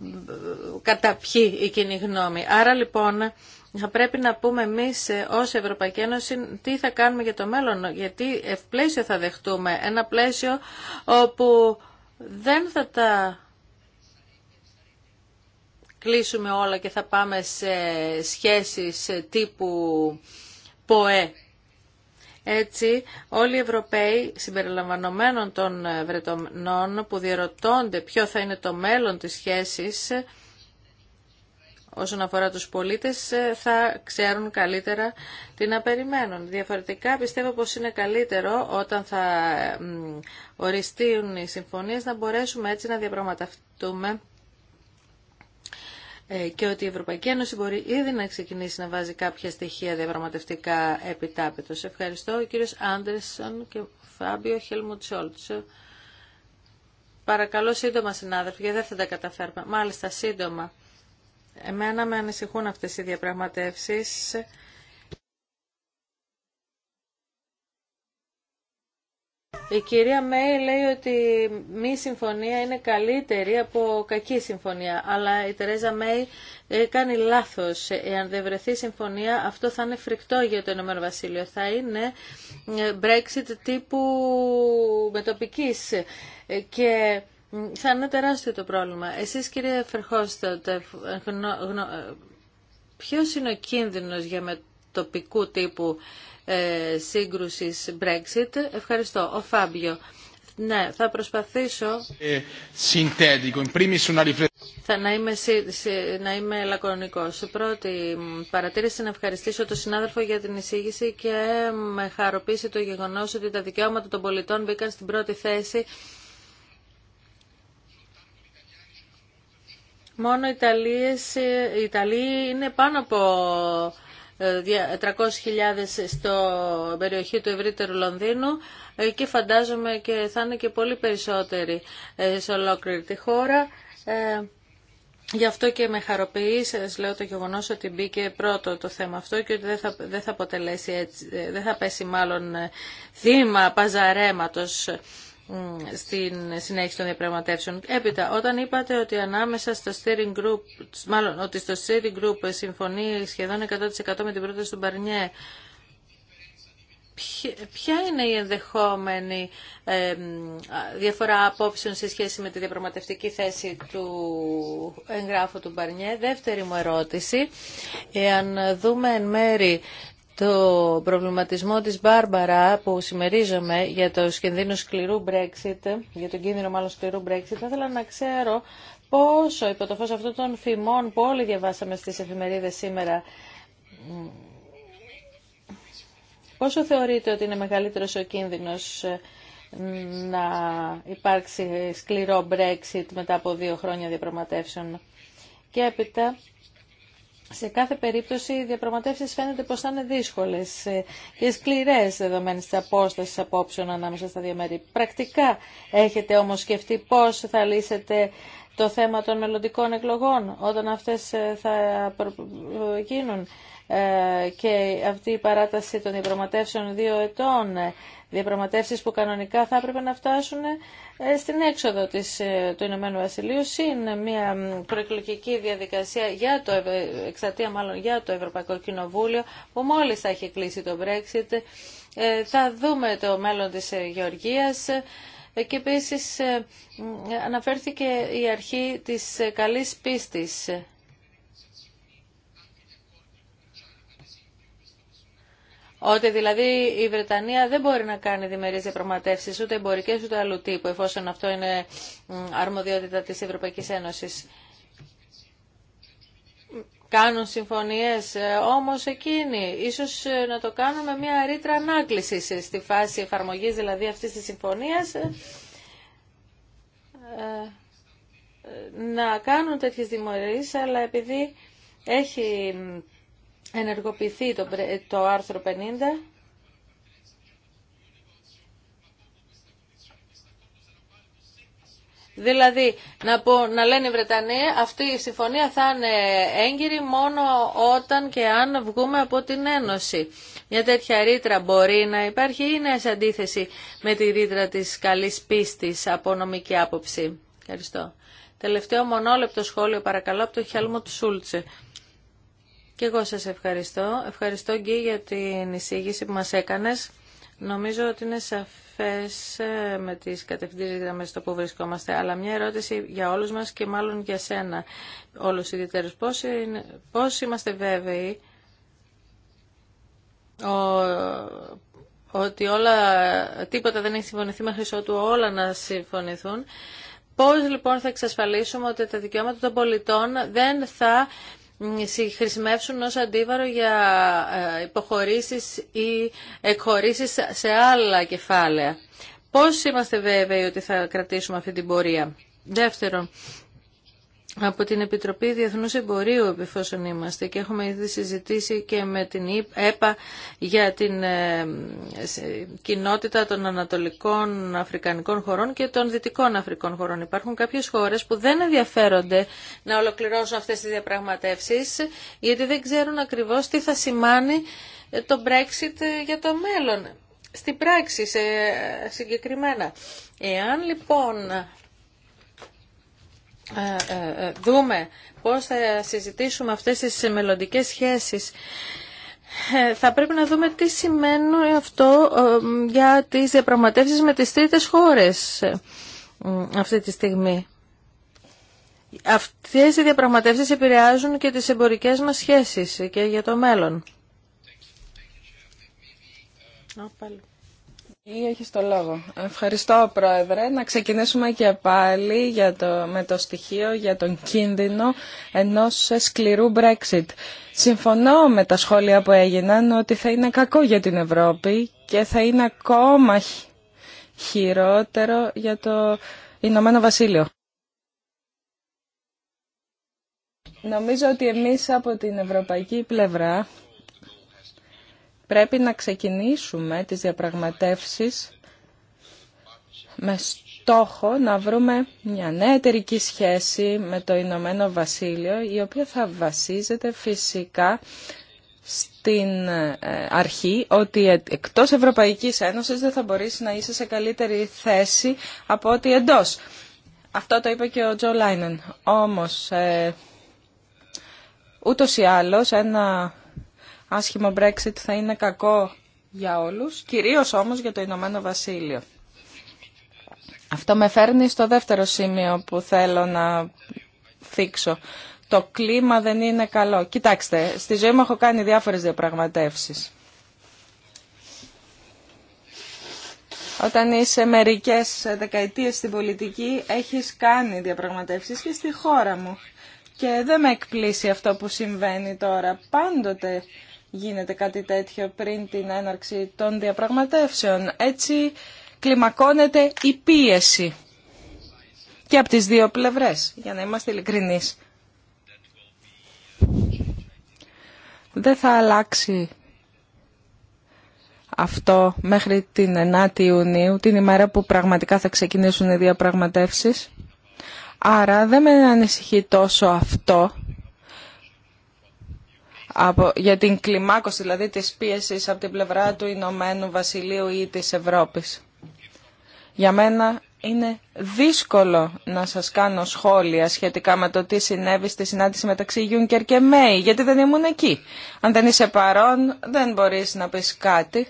καταπιεί η κοινή γνώμη. Άρα λοιπόν θα πρέπει να πούμε εμείς ως Ευρωπαϊκή Ένωση τι θα κάνουμε για το μέλλον, γιατί ευπλαίσιο θα δεχτούμε, ένα πλαίσιο όπου δεν θα τα κλείσουμε όλα και θα πάμε σε σχέσεις τύπου ΠΟΕ. Έτσι, όλοι οι Ευρωπαίοι συμπεριλαμβανομένων των Βρετανών που διερωτώνται ποιο θα είναι το μέλλον της σχέσης όσον αφορά τους πολίτες θα ξέρουν καλύτερα τι να περιμένουν. Διαφορετικά πιστεύω πως είναι καλύτερο όταν θα οριστούν οι συμφωνίες να μπορέσουμε έτσι να διαπραγματευτούμε ε, και ότι η Ευρωπαϊκή Ένωση μπορεί ήδη να ξεκινήσει να βάζει κάποια στοιχεία διαπραγματευτικά Σε Ευχαριστώ. Ο κύριος Άντερσον και ο Φάμπιο Χέλμουτ Σόλτς. Παρακαλώ σύντομα συνάδελφοι, γιατί δεν θα τα καταφέρουμε. Μάλιστα, σύντομα. Εμένα με ανησυχούν αυτές οι διαπραγματεύσεις Η κυρία Μέη λέει ότι μη συμφωνία είναι καλύτερη από κακή συμφωνία. Αλλά η Τερέζα Μέη ε, κάνει λάθος. Εάν δεν βρεθεί συμφωνία, αυτό θα είναι φρικτό για το Ηνωμένο Βασίλειο. Θα είναι ε, Brexit τύπου μετοπικής. Ε, και θα είναι τεράστιο το πρόβλημα. Εσείς κύριε Φερχώστα, ποιος είναι ο κίνδυνος για με τοπικού τύπου ε, σύγκρουσης Brexit. Ευχαριστώ. Ο Φάμπιο. Ναι, θα προσπαθήσω ε, θα να, είμαι, να είμαι λακωνικός. Πρώτη παρατήρηση να ευχαριστήσω τον συνάδελφο για την εισήγηση και με χαροποίησε το γεγονός ότι τα δικαιώματα των πολιτών μπήκαν στην πρώτη θέση Μόνο Ιταλίες, οι ε, Ιταλοί είναι πάνω από 300.000 στο περιοχή του ευρύτερου Λονδίνου ε, και φαντάζομαι και θα είναι και πολύ περισσότεροι ε, σε ολόκληρη τη χώρα. Ε, γι' αυτό και με χαροποιεί σας λέω το γεγονό ότι μπήκε πρώτο το θέμα αυτό και ότι δεν θα, δεν θα, αποτελέσει έτσι, δεν θα πέσει μάλλον θύμα παζαρέματος στην συνέχιση των διαπραγματεύσεων. Έπειτα, όταν είπατε ότι ανάμεσα στο steering group, μάλλον ότι στο steering group συμφωνεί σχεδόν 100% με την πρόταση του Μπαρνιέ, ποια είναι η ενδεχόμενη διαφορά απόψεων σε σχέση με τη διαπραγματευτική θέση του εγγράφου του Μπαρνιέ. Δεύτερη μου ερώτηση, εάν δούμε εν μέρη το προβληματισμό της Μπάρμπαρα που συμμερίζομαι για το κινδύνο σκληρού Brexit, για τον κίνδυνο μάλλον σκληρού Brexit, θα ήθελα να ξέρω πόσο υπό το φως αυτών των φημών που όλοι διαβάσαμε στις εφημερίδες σήμερα Πόσο θεωρείτε ότι είναι μεγαλύτερος ο κίνδυνος ε, να υπάρξει σκληρό Brexit μετά από δύο χρόνια διαπραγματεύσεων. Και έπειτα, σε κάθε περίπτωση οι διαπραγματεύσεις φαίνεται πως θα είναι δύσκολες και σκληρές δεδομένες της απόστασης απόψεων ανάμεσα στα δύο μέρη. Πρακτικά έχετε όμως σκεφτεί πώς θα λύσετε το θέμα των μελλοντικών εκλογών όταν αυτές ε, θα γίνουν ε, και αυτή η παράταση των διαπραγματεύσεων δύο ετών ε, διαπραγματεύσεις που κανονικά θα έπρεπε να φτάσουν ε, στην έξοδο της, ε, του Ηνωμένου Βασιλείου συν μια προεκλογική διαδικασία για το, εξατία μάλλον για το Ευρωπαϊκό Κοινοβούλιο που μόλις θα έχει κλείσει το Brexit. Ε, θα δούμε το μέλλον της Γεωργίας. Και επίσης αναφέρθηκε η αρχή της καλής πίστης Ότι δηλαδή η Βρετανία δεν μπορεί να κάνει διμερείς διαπραγματεύσει ούτε εμπορικέ ούτε αλλού τύπου, εφόσον αυτό είναι αρμοδιότητα της Ευρωπαϊκής Ένωσης. Κάνουν συμφωνίες, ε, όμως εκείνοι ίσως ε, να το κάνουν με μια ρήτρα ανάκληση ε, στη φάση εφαρμογής δηλαδή αυτής της συμφωνίας να κάνουν τέτοιες δημορίες, αλλά επειδή έχει ενεργοποιηθεί το, το άρθρο 50 Δηλαδή, να, πω, να λένε οι Βρετανοί, αυτή η συμφωνία θα είναι έγκυρη μόνο όταν και αν βγούμε από την Ένωση. Μια τέτοια ρήτρα μπορεί να υπάρχει ή είναι σε αντίθεση με τη ρήτρα της καλής πίστης από νομική άποψη. Ευχαριστώ. Τελευταίο μονόλεπτο σχόλιο παρακαλώ από το Χέλμο του Σούλτσε. Και εγώ σας ευχαριστώ. Ευχαριστώ Γκί για την εισήγηση που μας έκανες. Νομίζω ότι είναι σαφές ε, με τις κατευθύνσεις γραμμές στο που βρισκόμαστε, αλλά μια ερώτηση για όλους μας και μάλλον για σένα, όλους ιδιαίτερους. Πώς, πώς είμαστε βέβαιοι ότι όλα, τίποτα δεν έχει συμφωνηθεί μέχρι ότου όλα να συμφωνηθούν. Πώς λοιπόν θα εξασφαλίσουμε ότι τα δικαιώματα των πολιτών δεν θα χρησιμεύσουν ως αντίβαρο για ε, υποχωρήσεις ή εκχωρήσεις σε άλλα κεφάλαια. Πώς είμαστε βέβαιοι ότι θα κρατήσουμε αυτή την πορεία. Δεύτερον, από την Επιτροπή Διεθνούς Εμπορίου επιφόσον είμαστε και έχουμε ήδη συζητήσει και με την ΕΠΑ για την ε, κοινότητα των ανατολικών αφρικανικών χωρών και των δυτικών αφρικών χωρών. Υπάρχουν κάποιες χώρες που δεν ενδιαφέρονται να ολοκληρώσουν αυτές τις διαπραγματεύσεις γιατί δεν ξέρουν ακριβώς τι θα σημάνει ε, το Brexit ε, για το μέλλον. Στην πράξη σε συγκεκριμένα. Εάν λοιπόν ε, ε, ε, δούμε πώς θα συζητήσουμε αυτές τις μελλοντικές σχέσεις θα πρέπει να δούμε τι σημαίνει αυτό για τις διαπραγματεύσεις με τις τρίτες χώρες αυτή τη στιγμή. Αυτές οι διαπραγματεύσεις επηρεάζουν και τις εμπορικές μας σχέσεις και για το μέλλον το λόγο. Ευχαριστώ, Πρόεδρε. Να ξεκινήσουμε και πάλι για το, με το στοιχείο για τον κίνδυνο ενός σκληρού Brexit. Συμφωνώ με τα σχόλια που έγιναν ότι θα είναι κακό για την Ευρώπη και θα είναι ακόμα χειρότερο για το Ηνωμένο Βασίλειο. Νομίζω ότι εμείς από την ευρωπαϊκή πλευρά πρέπει να ξεκινήσουμε τις διαπραγματεύσεις με στόχο να βρούμε μια νέα εταιρική σχέση με το Ηνωμένο Βασίλειο, η οποία θα βασίζεται φυσικά στην ε, αρχή ότι ε, εκτός Ευρωπαϊκής Ένωσης δεν θα μπορείς να είσαι σε καλύτερη θέση από ότι εντός. Αυτό το είπε και ο Τζο Λάινεν. Όμως, ε, ούτως ή άλλως, ένα άσχημο Brexit θα είναι κακό για όλους, κυρίως όμως για το Ηνωμένο Βασίλειο. Αυτό με φέρνει στο δεύτερο σημείο που θέλω να θίξω. Το κλίμα δεν είναι καλό. Κοιτάξτε, στη ζωή μου έχω κάνει διάφορες διαπραγματεύσεις. Όταν είσαι μερικές δεκαετίες στην πολιτική, έχεις κάνει διαπραγματεύσεις και στη χώρα μου. Και δεν με εκπλήσει αυτό που συμβαίνει τώρα. Πάντοτε γίνεται κάτι τέτοιο πριν την έναρξη των διαπραγματεύσεων. Έτσι κλιμακώνεται η πίεση και από τις δύο πλευρές, για να είμαστε ειλικρινεί. Δεν θα αλλάξει αυτό μέχρι την 9η Ιουνίου, την ημέρα που πραγματικά θα ξεκινήσουν οι διαπραγματεύσεις. Άρα δεν με ανησυχεί τόσο αυτό, από, για την κλιμάκωση δηλαδή της πίεσης από την πλευρά του Ηνωμένου Βασιλείου ή της Ευρώπης. Για μένα είναι δύσκολο να σας κάνω σχόλια σχετικά με το τι συνέβη στη συνάντηση μεταξύ Γιούνκερ και Μέη, γιατί δεν ήμουν εκεί. Αν δεν είσαι παρόν, δεν μπορείς να πεις κάτι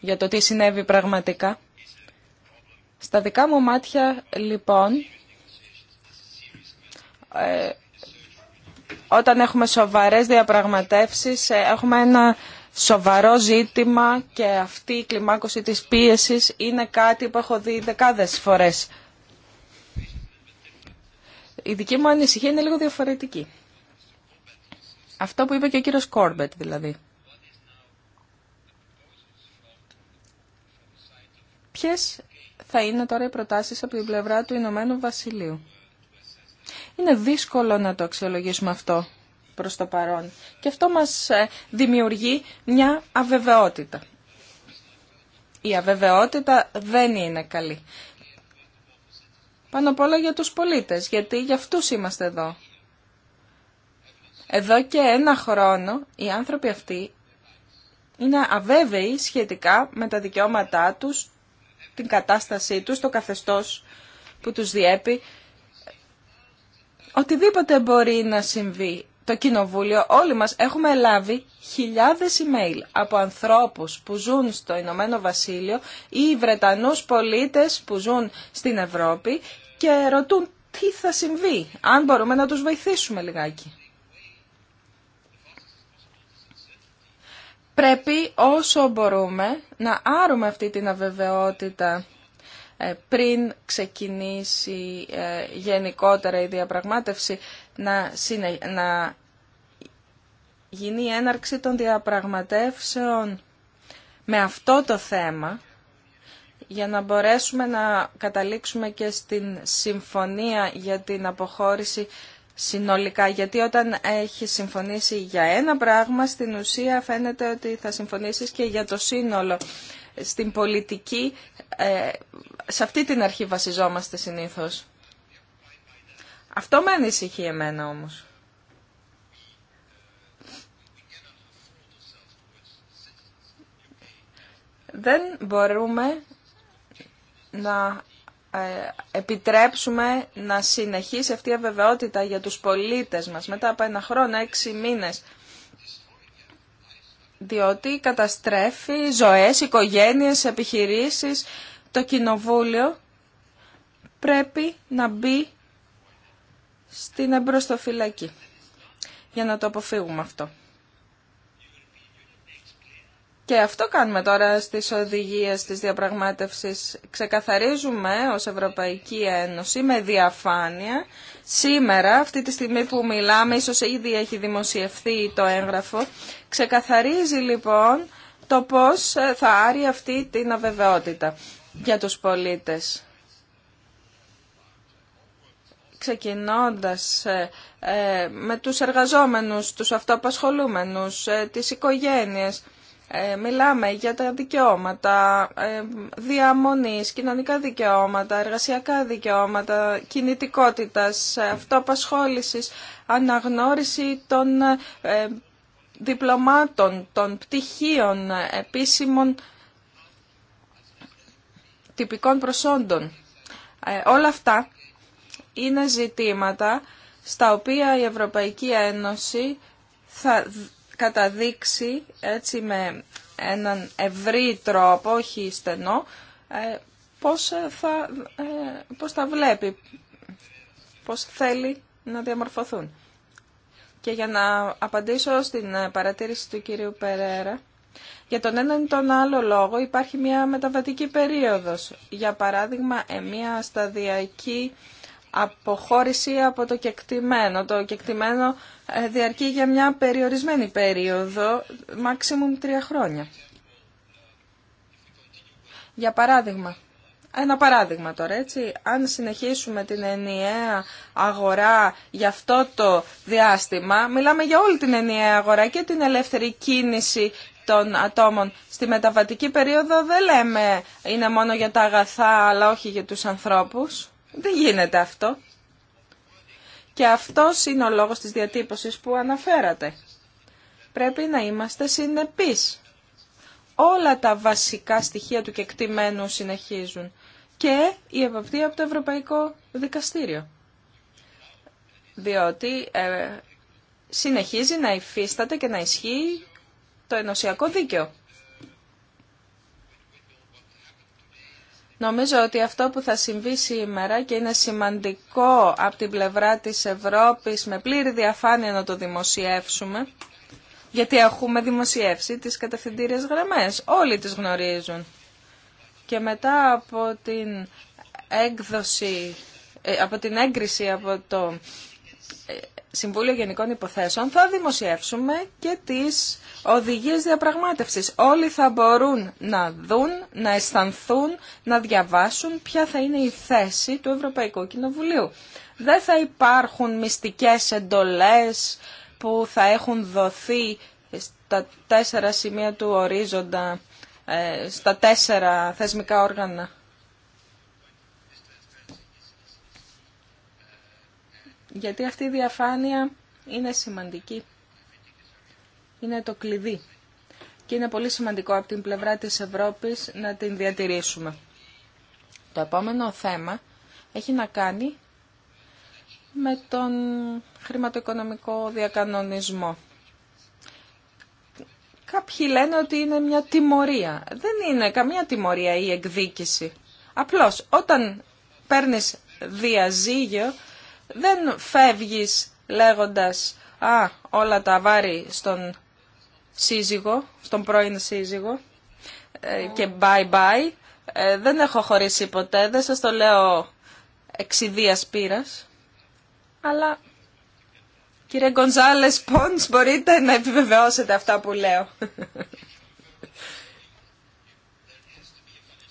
για το τι συνέβη πραγματικά. Στα δικά μου μάτια, λοιπόν, ε, όταν έχουμε σοβαρές διαπραγματεύσεις ε, έχουμε ένα σοβαρό ζήτημα και αυτή η κλιμάκωση της πίεσης είναι κάτι που έχω δει δεκάδες φορές. Η δική μου ανησυχία είναι λίγο διαφορετική. Αυτό που είπε και ο κύριος Κόρμπετ δηλαδή. Ποιες θα είναι τώρα οι προτάσεις από την πλευρά του Ηνωμένου Βασιλείου. Είναι δύσκολο να το αξιολογήσουμε αυτό προς το παρόν. Και αυτό μας ε, δημιουργεί μια αβεβαιότητα. Η αβεβαιότητα δεν είναι καλή. Πάνω απ' όλα για τους πολίτες, γιατί για αυτούς είμαστε εδώ. Εδώ και ένα χρόνο οι άνθρωποι αυτοί είναι αβέβαιοι σχετικά με τα δικαιώματά τους, την κατάστασή τους, το καθεστώς που τους διέπει Οτιδήποτε μπορεί να συμβεί. Το Κοινοβούλιο, όλοι μας έχουμε λάβει χιλιάδες email από ανθρώπους που ζουν στο Ηνωμένο Βασίλειο ή Βρετανούς πολίτες που ζουν στην Ευρώπη και ρωτούν τι θα συμβεί, αν μπορούμε να τους βοηθήσουμε λιγάκι. Πρέπει όσο μπορούμε να άρουμε αυτή την αβεβαιότητα ε, πριν ξεκινήσει ε, γενικότερα η διαπραγμάτευση να γίνει η έναρξη των διαπραγματεύσεων με αυτό το θέμα για να μπορέσουμε να καταλήξουμε και στην συμφωνία για την αποχώρηση συνολικά. Γιατί όταν έχει συμφωνήσει για ένα πράγμα, στην ουσία φαίνεται ότι θα συμφωνήσεις και για το σύνολο. Στην πολιτική ε, σε αυτή την αρχή βασιζόμαστε συνήθως. Αυτό με ανησυχεί εμένα όμως. Δεν μπορούμε να ε, επιτρέψουμε να συνεχίσει αυτή η αβεβαιότητα για τους πολίτες μας μετά από ένα χρόνο, έξι μήνες. Διότι καταστρέφει ζωές, οικογένειες, επιχειρήσεις, το κοινοβούλιο πρέπει να μπει στην εμπροστοφυλακή για να το αποφύγουμε αυτό. Και αυτό κάνουμε τώρα στις οδηγίες της διαπραγμάτευσης. Ξεκαθαρίζουμε ως Ευρωπαϊκή Ένωση με διαφάνεια. Σήμερα, αυτή τη στιγμή που μιλάμε, ίσως ήδη έχει δημοσιευθεί το έγγραφο, ξεκαθαρίζει λοιπόν το πώς θα άρει αυτή την αβεβαιότητα για τους πολίτες. Ξεκινώντας ε, ε, με τους εργαζόμενους, τους αυτοπασχολούμενους, ε, τις οικογένειες, ε, μιλάμε για τα δικαιώματα διαμονής, κοινωνικά δικαιώματα, εργασιακά δικαιώματα, κινητικότητας, αυτοπασχόλησης, αναγνώριση των διπλωμάτων, των πτυχίων, επίσημων τυπικών προσόντων. Ε, όλα αυτά είναι ζητήματα στα οποία η Ευρωπαϊκή Ένωση θα καταδείξει έτσι με έναν ευρύ τρόπο, όχι στενό, ε, πώς θα, ε, πώς θα βλέπει, πώς θέλει να διαμορφωθούν. Και για να απαντήσω στην παρατήρηση του κυρίου Περέρα, για τον έναν ή τον άλλο λόγο υπάρχει μια μεταβατική περίοδος. Για παράδειγμα, ε, μια σταδιακή αποχώρηση από το κεκτημένο. Το κεκτημένο ε, διαρκεί για μια περιορισμένη περίοδο, maximum τρία χρόνια. Για παράδειγμα, ένα παράδειγμα τώρα, έτσι, αν συνεχίσουμε την ενιαία αγορά για αυτό το διάστημα, μιλάμε για όλη την ενιαία αγορά και την ελεύθερη κίνηση των ατόμων. Στη μεταβατική περίοδο δεν λέμε είναι μόνο για τα αγαθά αλλά όχι για τους ανθρώπους. Δεν γίνεται αυτό. Και αυτός είναι ο λόγος της διατύπωσης που αναφέρατε. Πρέπει να είμαστε συνεπείς. Όλα τα βασικά στοιχεία του κεκτημένου συνεχίζουν. Και η ευαπτή από το Ευρωπαϊκό Δικαστήριο. Διότι ε, συνεχίζει να υφίσταται και να ισχύει το ενωσιακό δίκαιο. Νομίζω ότι αυτό που θα συμβεί σήμερα και είναι σημαντικό από την πλευρά της Ευρώπης με πλήρη διαφάνεια να το δημοσιεύσουμε, γιατί έχουμε δημοσιεύσει τις κατευθυντήριες γραμμές, όλοι τις γνωρίζουν. Και μετά από την έκδοση, ε, από την έγκριση από το ε, Συμβούλιο Γενικών Υποθέσεων θα δημοσιεύσουμε και τις οδηγίες διαπραγμάτευσης. Όλοι θα μπορούν να δουν, να αισθανθούν, να διαβάσουν ποια θα είναι η θέση του Ευρωπαϊκού Κοινοβουλίου. Δεν θα υπάρχουν μυστικές εντολές που θα έχουν δοθεί στα τέσσερα σημεία του ορίζοντα, ε, στα τέσσερα θεσμικά όργανα γιατί αυτή η διαφάνεια είναι σημαντική. Είναι το κλειδί και είναι πολύ σημαντικό από την πλευρά της Ευρώπης να την διατηρήσουμε. Το επόμενο θέμα έχει να κάνει με τον χρηματοοικονομικό διακανονισμό. Κάποιοι λένε ότι είναι μια τιμωρία. Δεν είναι καμία τιμωρία η εκδίκηση. Απλώς όταν παίρνεις διαζύγιο δεν φεύγεις λέγοντας «Α, όλα τα βάρη στον σύζυγο, στον πρώην σύζυγο ε, και bye bye». Ε, δεν έχω χωρίσει ποτέ, δεν σας το λέω εξιδίας πείρας, αλλά κύριε Γκονζάλες Πόντς μπορείτε να επιβεβαιώσετε αυτά που λέω.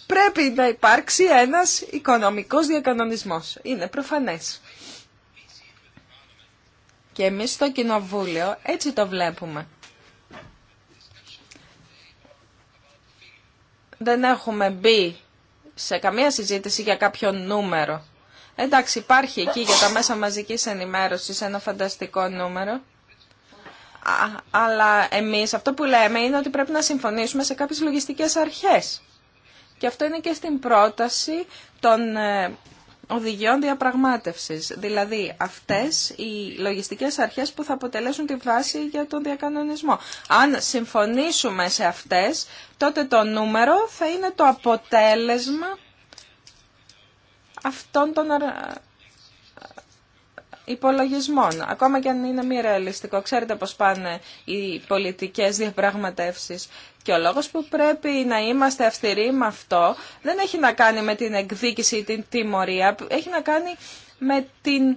Πρέπει να υπάρξει ένας οικονομικός διακανονισμός. Είναι προφανές. Και εμείς στο Κοινοβούλιο έτσι το βλέπουμε. Δεν έχουμε μπει σε καμία συζήτηση για κάποιο νούμερο. Εντάξει, υπάρχει εκεί για τα μέσα μαζικής ενημέρωσης ένα φανταστικό νούμερο. αλλά εμείς αυτό που λέμε είναι ότι πρέπει να συμφωνήσουμε σε κάποιες λογιστικές αρχές. Και αυτό είναι και στην πρόταση των ε, οδηγιών διαπραγμάτευσης, δηλαδή αυτές οι λογιστικές αρχές που θα αποτελέσουν τη βάση για τον διακανονισμό. Αν συμφωνήσουμε σε αυτές, τότε το νούμερο θα είναι το αποτέλεσμα αυτών των υπολογισμών. Ακόμα και αν είναι μη ρεαλιστικό. Ξέρετε πώς πάνε οι πολιτικές διαπραγματεύσεις. Και ο λόγος που πρέπει να είμαστε αυστηροί με αυτό δεν έχει να κάνει με την εκδίκηση ή την τιμωρία, έχει να κάνει με την ε,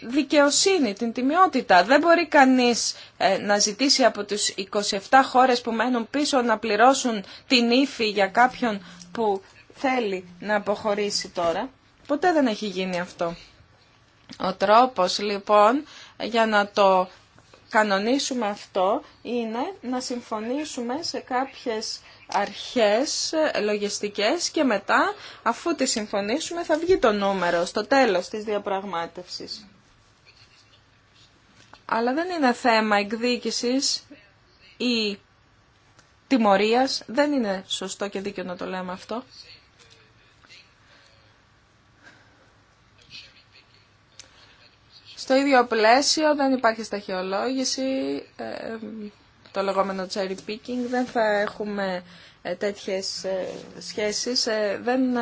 δικαιοσύνη, την τιμιότητα. Δεν μπορεί κανείς ε, να ζητήσει από τους 27 χώρες που μένουν πίσω να πληρώσουν την ύφη για κάποιον που θέλει να αποχωρήσει τώρα. Ποτέ δεν έχει γίνει αυτό. Ο τρόπος λοιπόν για να το κανονίσουμε αυτό είναι να συμφωνήσουμε σε κάποιες αρχές λογιστικές και μετά αφού τις συμφωνήσουμε θα βγει το νούμερο στο τέλος της διαπραγμάτευσης. Αλλά δεν είναι θέμα εκδίκησης ή τιμωρίας, δεν είναι σωστό και δίκαιο να το λέμε αυτό. στο ίδιο πλαίσιο δεν υπάρχει σταχυολόγηση, ε, το λεγόμενο cherry picking, δεν θα έχουμε ε, τέτοιες ε, σχέσεις, δεν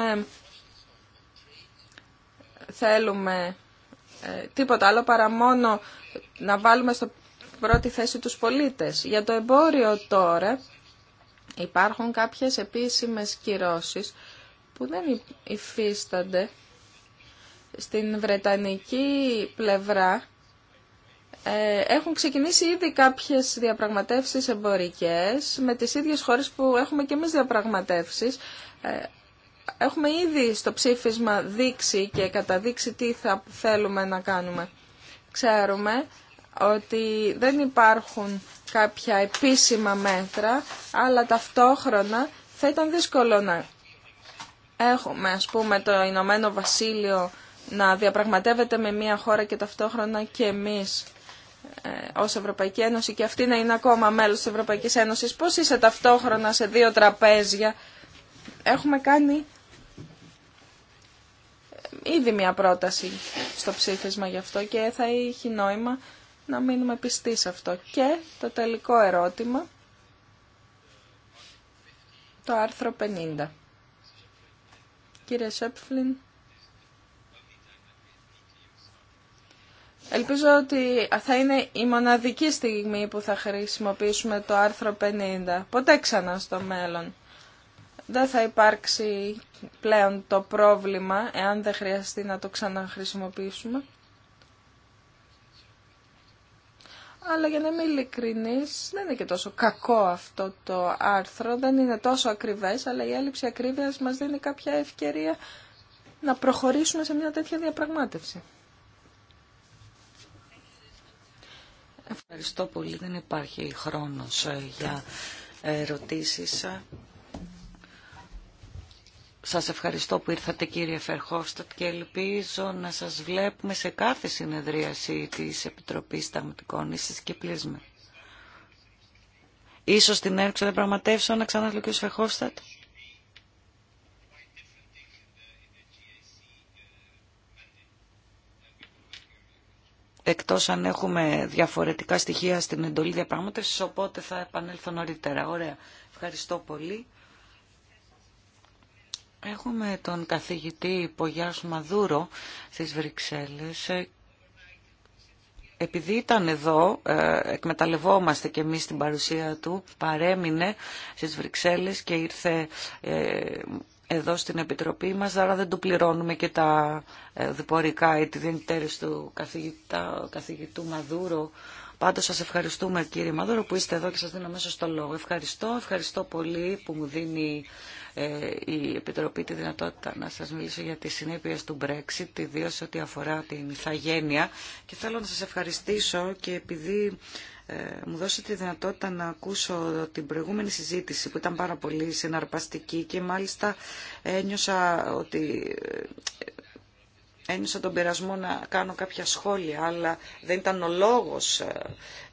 θέλουμε τίποτα άλλο παρά μόνο να βάλουμε στο πρώτη θέση τους πολίτες. Για το εμπόριο τώρα υπάρχουν κάποιες επίσημες κυρώσεις που δεν υφίστανται στην Βρετανική πλευρά ε, έχουν ξεκινήσει ήδη κάποιες διαπραγματεύσεις εμπορικές με τις ίδιες χώρες που έχουμε και εμείς διαπραγματεύσεις. Ε, έχουμε ήδη στο ψήφισμα δείξει και καταδείξει τι θα θέλουμε να κάνουμε. Ξέρουμε ότι δεν υπάρχουν κάποια επίσημα μέτρα, αλλά ταυτόχρονα θα ήταν δύσκολο να έχουμε, ας πούμε, το Ηνωμένο Βασίλειο να διαπραγματεύεται με μια χώρα και ταυτόχρονα και εμείς ε, ως Ευρωπαϊκή Ένωση και αυτή να είναι ακόμα μέλος της Ευρωπαϊκής Ένωσης. Πώς είσαι ταυτόχρονα σε δύο τραπέζια. Έχουμε κάνει ε, ήδη μια πρόταση στο ψήφισμα γι' αυτό και θα έχει νόημα να μείνουμε πιστοί σε αυτό. Και το τελικό ερώτημα, το άρθρο 50. Κύριε Σέπφλιν. Ελπίζω ότι θα είναι η μοναδική στιγμή που θα χρησιμοποιήσουμε το άρθρο 50. Ποτέ ξανά στο μέλλον. Δεν θα υπάρξει πλέον το πρόβλημα, εάν δεν χρειαστεί να το ξαναχρησιμοποιήσουμε. Αλλά για να είμαι ειλικρινής, δεν είναι και τόσο κακό αυτό το άρθρο, δεν είναι τόσο ακριβές, αλλά η έλλειψη ακρίβειας μας δίνει κάποια ευκαιρία να προχωρήσουμε σε μια τέτοια διαπραγμάτευση. Ευχαριστώ πολύ. Δεν υπάρχει χρόνος ε, για ερωτήσεις. Σας ευχαριστώ που ήρθατε κύριε Φερχόφστατ και ελπίζω να σας βλέπουμε σε κάθε συνεδρίαση της Επιτροπής Σταγματικών Ίσης και πλίσμε Ίσως την έρξη δεν πραγματεύσω να ξαναλέω ο Φερχόφστατ. εκτός αν έχουμε διαφορετικά στοιχεία στην εντολή διαπραγμάτευσης, οπότε θα επανέλθω νωρίτερα. Ωραία. Ευχαριστώ πολύ. Έχουμε τον καθηγητή Πογιάς Μαδούρο στις Βρυξέλλες. Επειδή ήταν εδώ, ε, εκμεταλλευόμαστε και εμείς την παρουσία του, παρέμεινε στις Βρυξέλλες και ήρθε ε, εδώ στην Επιτροπή μας, άρα δεν του πληρώνουμε και τα ε, διπορικά ή τη διενητέρηση του καθηγητού Μαδούρο. Πάντως σας ευχαριστούμε κύριε Μαδούρο που είστε εδώ και σας δίνω μέσα στο λόγο. Ευχαριστώ, ευχαριστώ πολύ που μου δίνει ε, η Επιτροπή τη δυνατότητα να σας μιλήσω για τις συνέπειες του Brexit, ιδίω ό,τι αφορά την ηθαγένεια. Και θέλω να σας ευχαριστήσω και επειδή ε, μου δώσετε τη δυνατότητα να ακούσω την προηγούμενη συζήτηση που ήταν πάρα πολύ συναρπαστική και μάλιστα ένιωσα ότι ε, ένιωσα τον περασμό να κάνω κάποια σχόλια, αλλά δεν ήταν ο λόγος ε,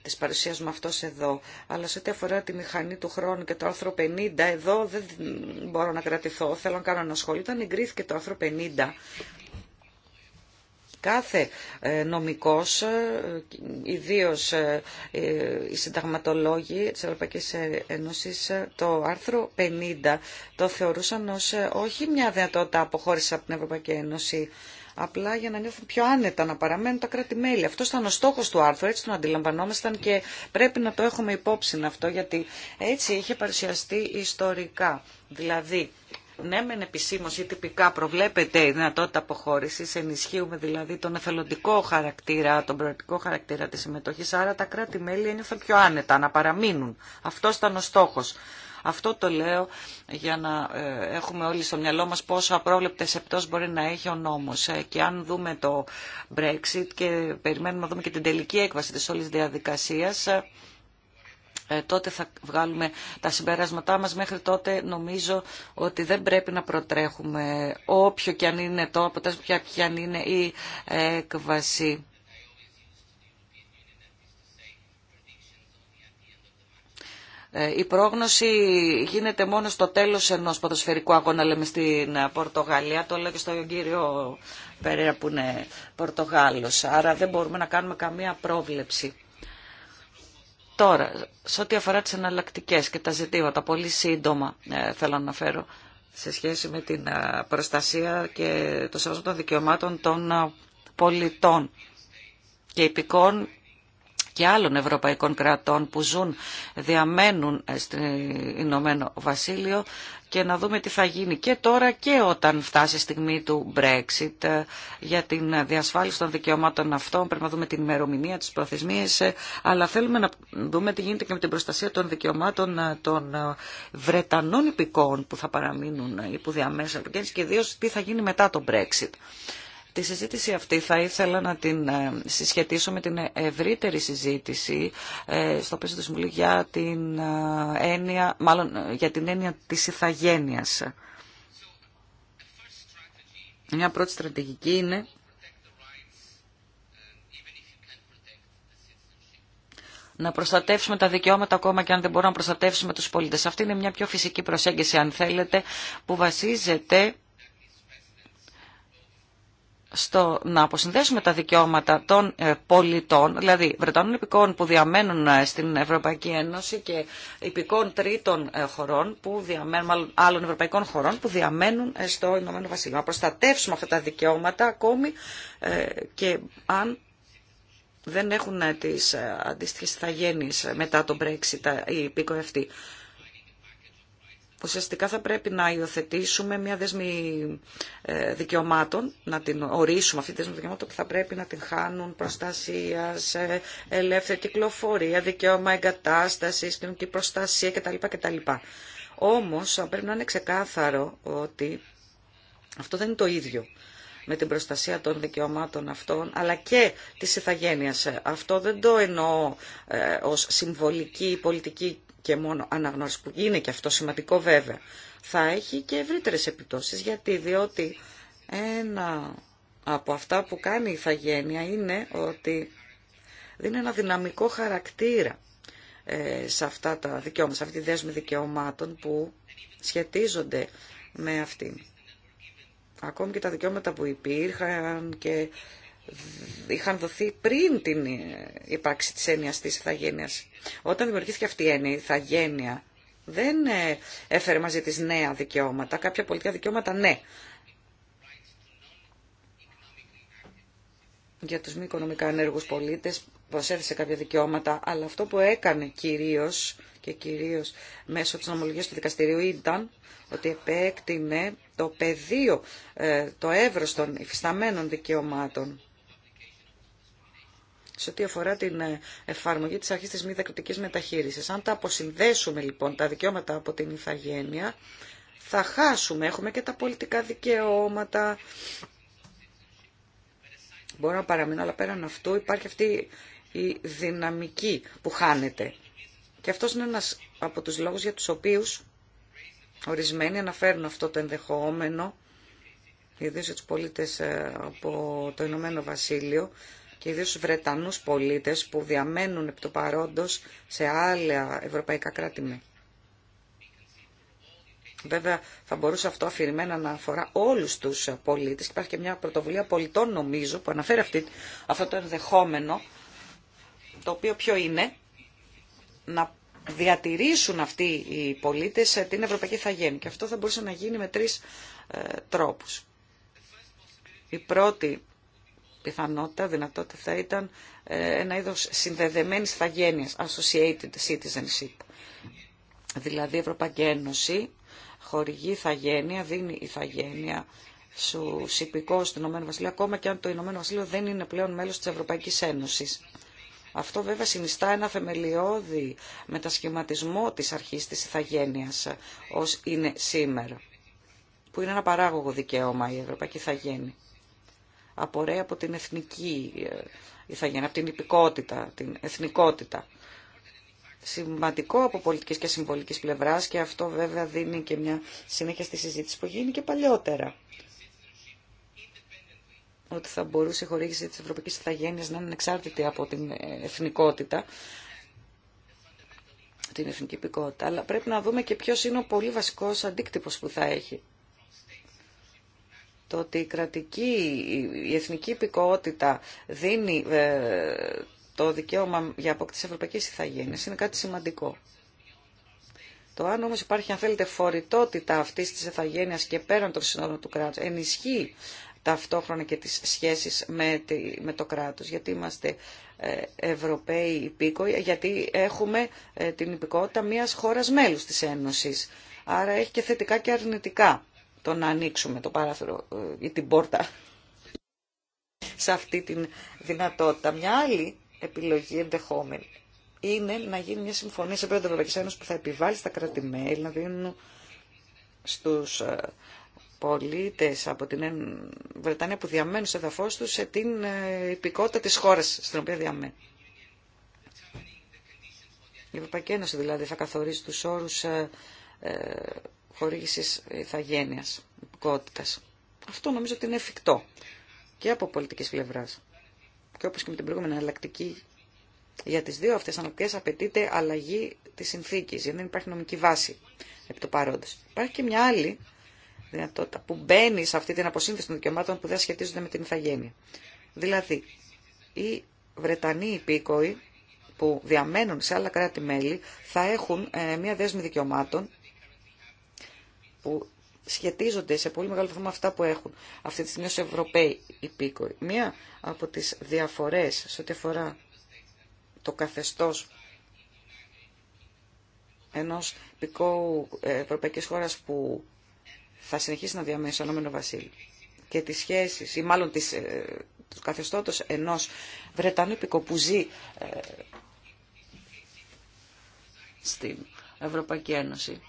της παρουσίας μου αυτός εδώ. Αλλά σε ό,τι αφορά τη μηχανή του χρόνου και το άρθρο 50, εδώ δεν μπορώ να κρατηθώ. Θέλω να κάνω ένα σχόλιο. Όταν εγκρίθηκε το άρθρο 50, κάθε ε, νομικός, ε, ιδίως ε, οι συνταγματολόγοι της Ευρωπαϊκής Ένωσης, το άρθρο 50 το θεωρούσαν ως όχι μια δυνατότητα αποχώρησης από την Ευρωπαϊκή Ένωση, απλά για να νιώθουν πιο άνετα να παραμένουν τα κράτη-μέλη. Αυτό ήταν ο στόχο του άρθρου, έτσι τον αντιλαμβανόμασταν και πρέπει να το έχουμε υπόψη αυτό, γιατί έτσι είχε παρουσιαστεί ιστορικά. Δηλαδή, ναι, μεν επισήμω ή τυπικά προβλέπεται η δυνατότητα αποχώρηση, ενισχύουμε δηλαδή τον εθελοντικό χαρακτήρα, τον προοριστικό χαρακτήρα τη συμμετοχή, άρα τα κράτη-μέλη ένιωθαν πιο άνετα να παραμείνουν. Αυτό ήταν ο στόχο. Αυτό το λέω για να ε, έχουμε όλοι στο μυαλό μας πόσο απρόβλεπτες επτός μπορεί να έχει ο νόμος. Ε, και αν δούμε το Brexit και περιμένουμε να δούμε και την τελική έκβαση της όλης διαδικασίας, ε, τότε θα βγάλουμε τα συμπεράσματά μας. Μέχρι τότε νομίζω ότι δεν πρέπει να προτρέχουμε όποιο και αν είναι το αποτέλεσμα, ποια και αν είναι η έκβαση. Ε, η πρόγνωση γίνεται μόνο στο τέλος ενός ποδοσφαιρικού αγώνα, λέμε, στην Πορτογαλία. Το λέω και στο κύριο Περέα που είναι Πορτογάλος. Άρα δεν μπορούμε να κάνουμε καμία πρόβλεψη. Τώρα, σε ό,τι αφορά τις εναλλακτικέ και τα ζητήματα, πολύ σύντομα ε, θέλω να αναφέρω σε σχέση με την ε, προστασία και το σεβασμό των δικαιωμάτων των ε, πολιτών και υπηκών και άλλων ευρωπαϊκών κρατών που ζουν, διαμένουν στην Ηνωμένο Βασίλειο, και να δούμε τι θα γίνει και τώρα και όταν φτάσει η στιγμή του Brexit ε, για την διασφάλιση των δικαιωμάτων αυτών. Πρέπει να δούμε την ημερομηνία, τις προθεσμίες, ε, αλλά θέλουμε να δούμε τι γίνεται και με την προστασία των δικαιωμάτων ε, των Βρετανών υπηκών που θα παραμείνουν ή που διαμέσα και ιδίω τι θα γίνει μετά το Brexit. Τη συζήτηση αυτή θα ήθελα να την ε, συσχετίσω με την ευρύτερη συζήτηση ε, στο πλαίσιο του Συμβουλίου για την ε, έννοια, μάλλον για την έννοια της ηθαγένειας. Μια πρώτη στρατηγική είναι να προστατεύσουμε τα δικαιώματα ακόμα και αν δεν μπορούμε να προστατεύσουμε τους πολίτες. Αυτή είναι μια πιο φυσική προσέγγιση, αν θέλετε, που βασίζεται στο να αποσυνδέσουμε τα δικαιώματα των ε, πολιτών, δηλαδή Βρετανών υπηκών που διαμένουν ε, στην Ευρωπαϊκή Ένωση και υπηκών τρίτων ε, χωρών, που διαμένουν, άλλων ευρωπαϊκών χωρών που διαμένουν στο Ηνωμένο Βασίλειο. Να προστατεύσουμε αυτά τα δικαιώματα ακόμη και αν δεν έχουν τις αντίστοιχες ηθαγένειες μετά τον Brexit οι υπηκοευτοί ουσιαστικά θα πρέπει να υιοθετήσουμε μια δέσμη ε, δικαιωμάτων, να την ορίσουμε αυτή τη δέσμη δικαιωμάτων που θα πρέπει να την χάνουν προστασία, ελεύθερη κυκλοφορία, δικαίωμα εγκατάσταση, κοινωνική προστασία κτλ. κτλ. Όμως πρέπει να είναι ξεκάθαρο ότι αυτό δεν είναι το ίδιο με την προστασία των δικαιωμάτων αυτών, αλλά και της ηθαγένειας. Αυτό δεν το εννοώ ε, ως συμβολική πολιτική και μόνο αναγνώριση που είναι και αυτό σημαντικό βέβαια, θα έχει και ευρύτερες επιπτώσεις. Γιατί, διότι ένα από αυτά που κάνει η ηθαγένεια είναι ότι δίνει ένα δυναμικό χαρακτήρα ε, σε αυτά τα δικαιώματα, σε αυτή τη δέσμη δικαιωμάτων που σχετίζονται με αυτήν. Ακόμη και τα δικαιώματα που υπήρχαν και είχαν δοθεί πριν την ύπαρξη της έννοιας της ηθαγένειας. Όταν δημιουργήθηκε αυτή η έννοια, η ηθαγένεια δεν ε, έφερε μαζί της νέα δικαιώματα. Κάποια πολιτικά δικαιώματα ναι. Για τους μη οικονομικά ενέργους πολίτες προσέθεσε κάποια δικαιώματα, αλλά αυτό που έκανε κυρίως και κυρίως μέσω της νομολογίας του δικαστηρίου ήταν ότι επέκτηνε το πεδίο, ε, το εύρος των υφισταμένων δικαιωμάτων σε ό,τι αφορά την ε, εφαρμογή της αρχής της μη διακριτικής μεταχείρισης. Αν τα αποσυνδέσουμε λοιπόν τα δικαιώματα από την ηθαγένεια, θα χάσουμε. Έχουμε και τα πολιτικά δικαιώματα. Μπορώ να παραμείνω, αλλά πέραν αυτού υπάρχει αυτή η δυναμική που χάνεται. Και αυτός είναι ένας από τους λόγους για τους οποίους ορισμένοι αναφέρουν αυτό το ενδεχόμενο, ιδίως για τους πολίτες ε, από το Ηνωμένο Βασίλειο, και ιδίως στους Βρετανούς πολίτες που διαμένουν επί το παρόντος σε άλλα ευρωπαϊκά κράτη-μέλη. Βέβαια θα μπορούσε αυτό αφηρημένα να αφορά όλους τους πολίτες. Υπάρχει και μια πρωτοβουλία πολιτών νομίζω που αναφέρει αυτή, αυτό το ενδεχόμενο το οποίο ποιο είναι να διατηρήσουν αυτοί οι πολίτες την Ευρωπαϊκή Θαγέννη. Και αυτό θα μπορούσε να γίνει με τρεις ε, τρόπους. Η πρώτη πιθανότητα, δυνατότητα θα ήταν ε, ένα είδος συνδεδεμένης θαγένειας, associated citizenship. Δηλαδή η Ευρωπαϊκή Ένωση χορηγεί θαγένεια, δίνει η θαγένεια στου υπηκό του Ηνωμένου Βασιλείου, ακόμα και αν το Ηνωμένο Βασίλειο δεν είναι πλέον μέλος της Ευρωπαϊκής Ένωσης. Αυτό βέβαια συνιστά ένα θεμελιώδη μετασχηματισμό της αρχής της ηθαγένειας ως είναι σήμερα, που είναι ένα παράγωγο δικαίωμα η Ευρωπαϊκή Ιθαγένεια απορρέει από την εθνική ε, ηθαγένεια, από την υπηκότητα, την εθνικότητα. Σημαντικό από πολιτική και συμβολική πλευρά και αυτό βέβαια δίνει και μια συνέχεια στη συζήτηση που γίνει και παλιότερα. Ότι θα μπορούσε η χορήγηση τη Ευρωπαϊκή Ιθαγένεια να είναι εξάρτητη από την ε, εθνικότητα, την εθνική υπηκότητα. Αλλά πρέπει να δούμε και ποιο είναι ο πολύ βασικό αντίκτυπο που θα έχει το ότι η κρατική, η εθνική υπηκότητα δίνει ε, το δικαίωμα για απόκτηση ευρωπαϊκής ηθαγένειας είναι κάτι σημαντικό. Το αν όμως υπάρχει, αν θέλετε, φορητότητα αυτής της ηθαγένειας και πέραν των συνόρων του κράτους, ενισχύει ταυτόχρονα και τις σχέσεις με, με το κράτος, γιατί είμαστε ε, Ευρωπαίοι υπήκοοι, γιατί έχουμε ε, την υπηκότητα μιας χώρας μέλους της Ένωσης. Άρα έχει και θετικά και αρνητικά το να ανοίξουμε το παράθυρο ε, ή την πόρτα σε αυτή την δυνατότητα. Μια άλλη επιλογή ενδεχόμενη είναι να γίνει μια συμφωνία σε πρώτο Ευρωπαϊκή Ένωση που θα επιβάλλει στα κράτη-μέλη να δίνουν στου ε, πολίτε από την Βρετανία που διαμένουν στο εδαφό του σε την ε, υπηκότητα τη χώρα στην οποία διαμένουν. Η Ευρωπαϊκή Ένωση δηλαδή θα καθορίσει του όρου χορήγηση ηθαγένεια υπηκότητα. Αυτό νομίζω ότι είναι εφικτό και από πολιτική πλευρά. Και όπω και με την προηγούμενη εναλλακτική, για τι δύο αυτές αναλλακτικές απαιτείται αλλαγή τη συνθήκη, γιατί δεν υπάρχει νομική βάση επί το παρόντο. Υπάρχει και μια άλλη δυνατότητα που μπαίνει σε αυτή την αποσύνθεση των δικαιωμάτων που δεν σχετίζονται με την ηθαγένεια. Δηλαδή, οι Βρετανοί υπήκοοι που διαμένουν σε άλλα κράτη-μέλη θα έχουν ε, μια δέσμη δικαιωμάτων που σχετίζονται σε πολύ μεγάλο βαθμό αυτά που έχουν αυτή τη στιγμή ως Ευρωπαίοι υπήκοοι. Μία από τις διαφορές σε ό,τι αφορά το καθεστώς ενός υπηκόου ε, ευρωπαϊκής χώρας που θα συνεχίσει να διαμένει στο Ηνωμένο και τις σχέσεις, ή μάλλον τις, ε, του καθεστώτος ενός Βρετανού υπηκόου που ζει ε, στην Ευρωπαϊκή Ένωση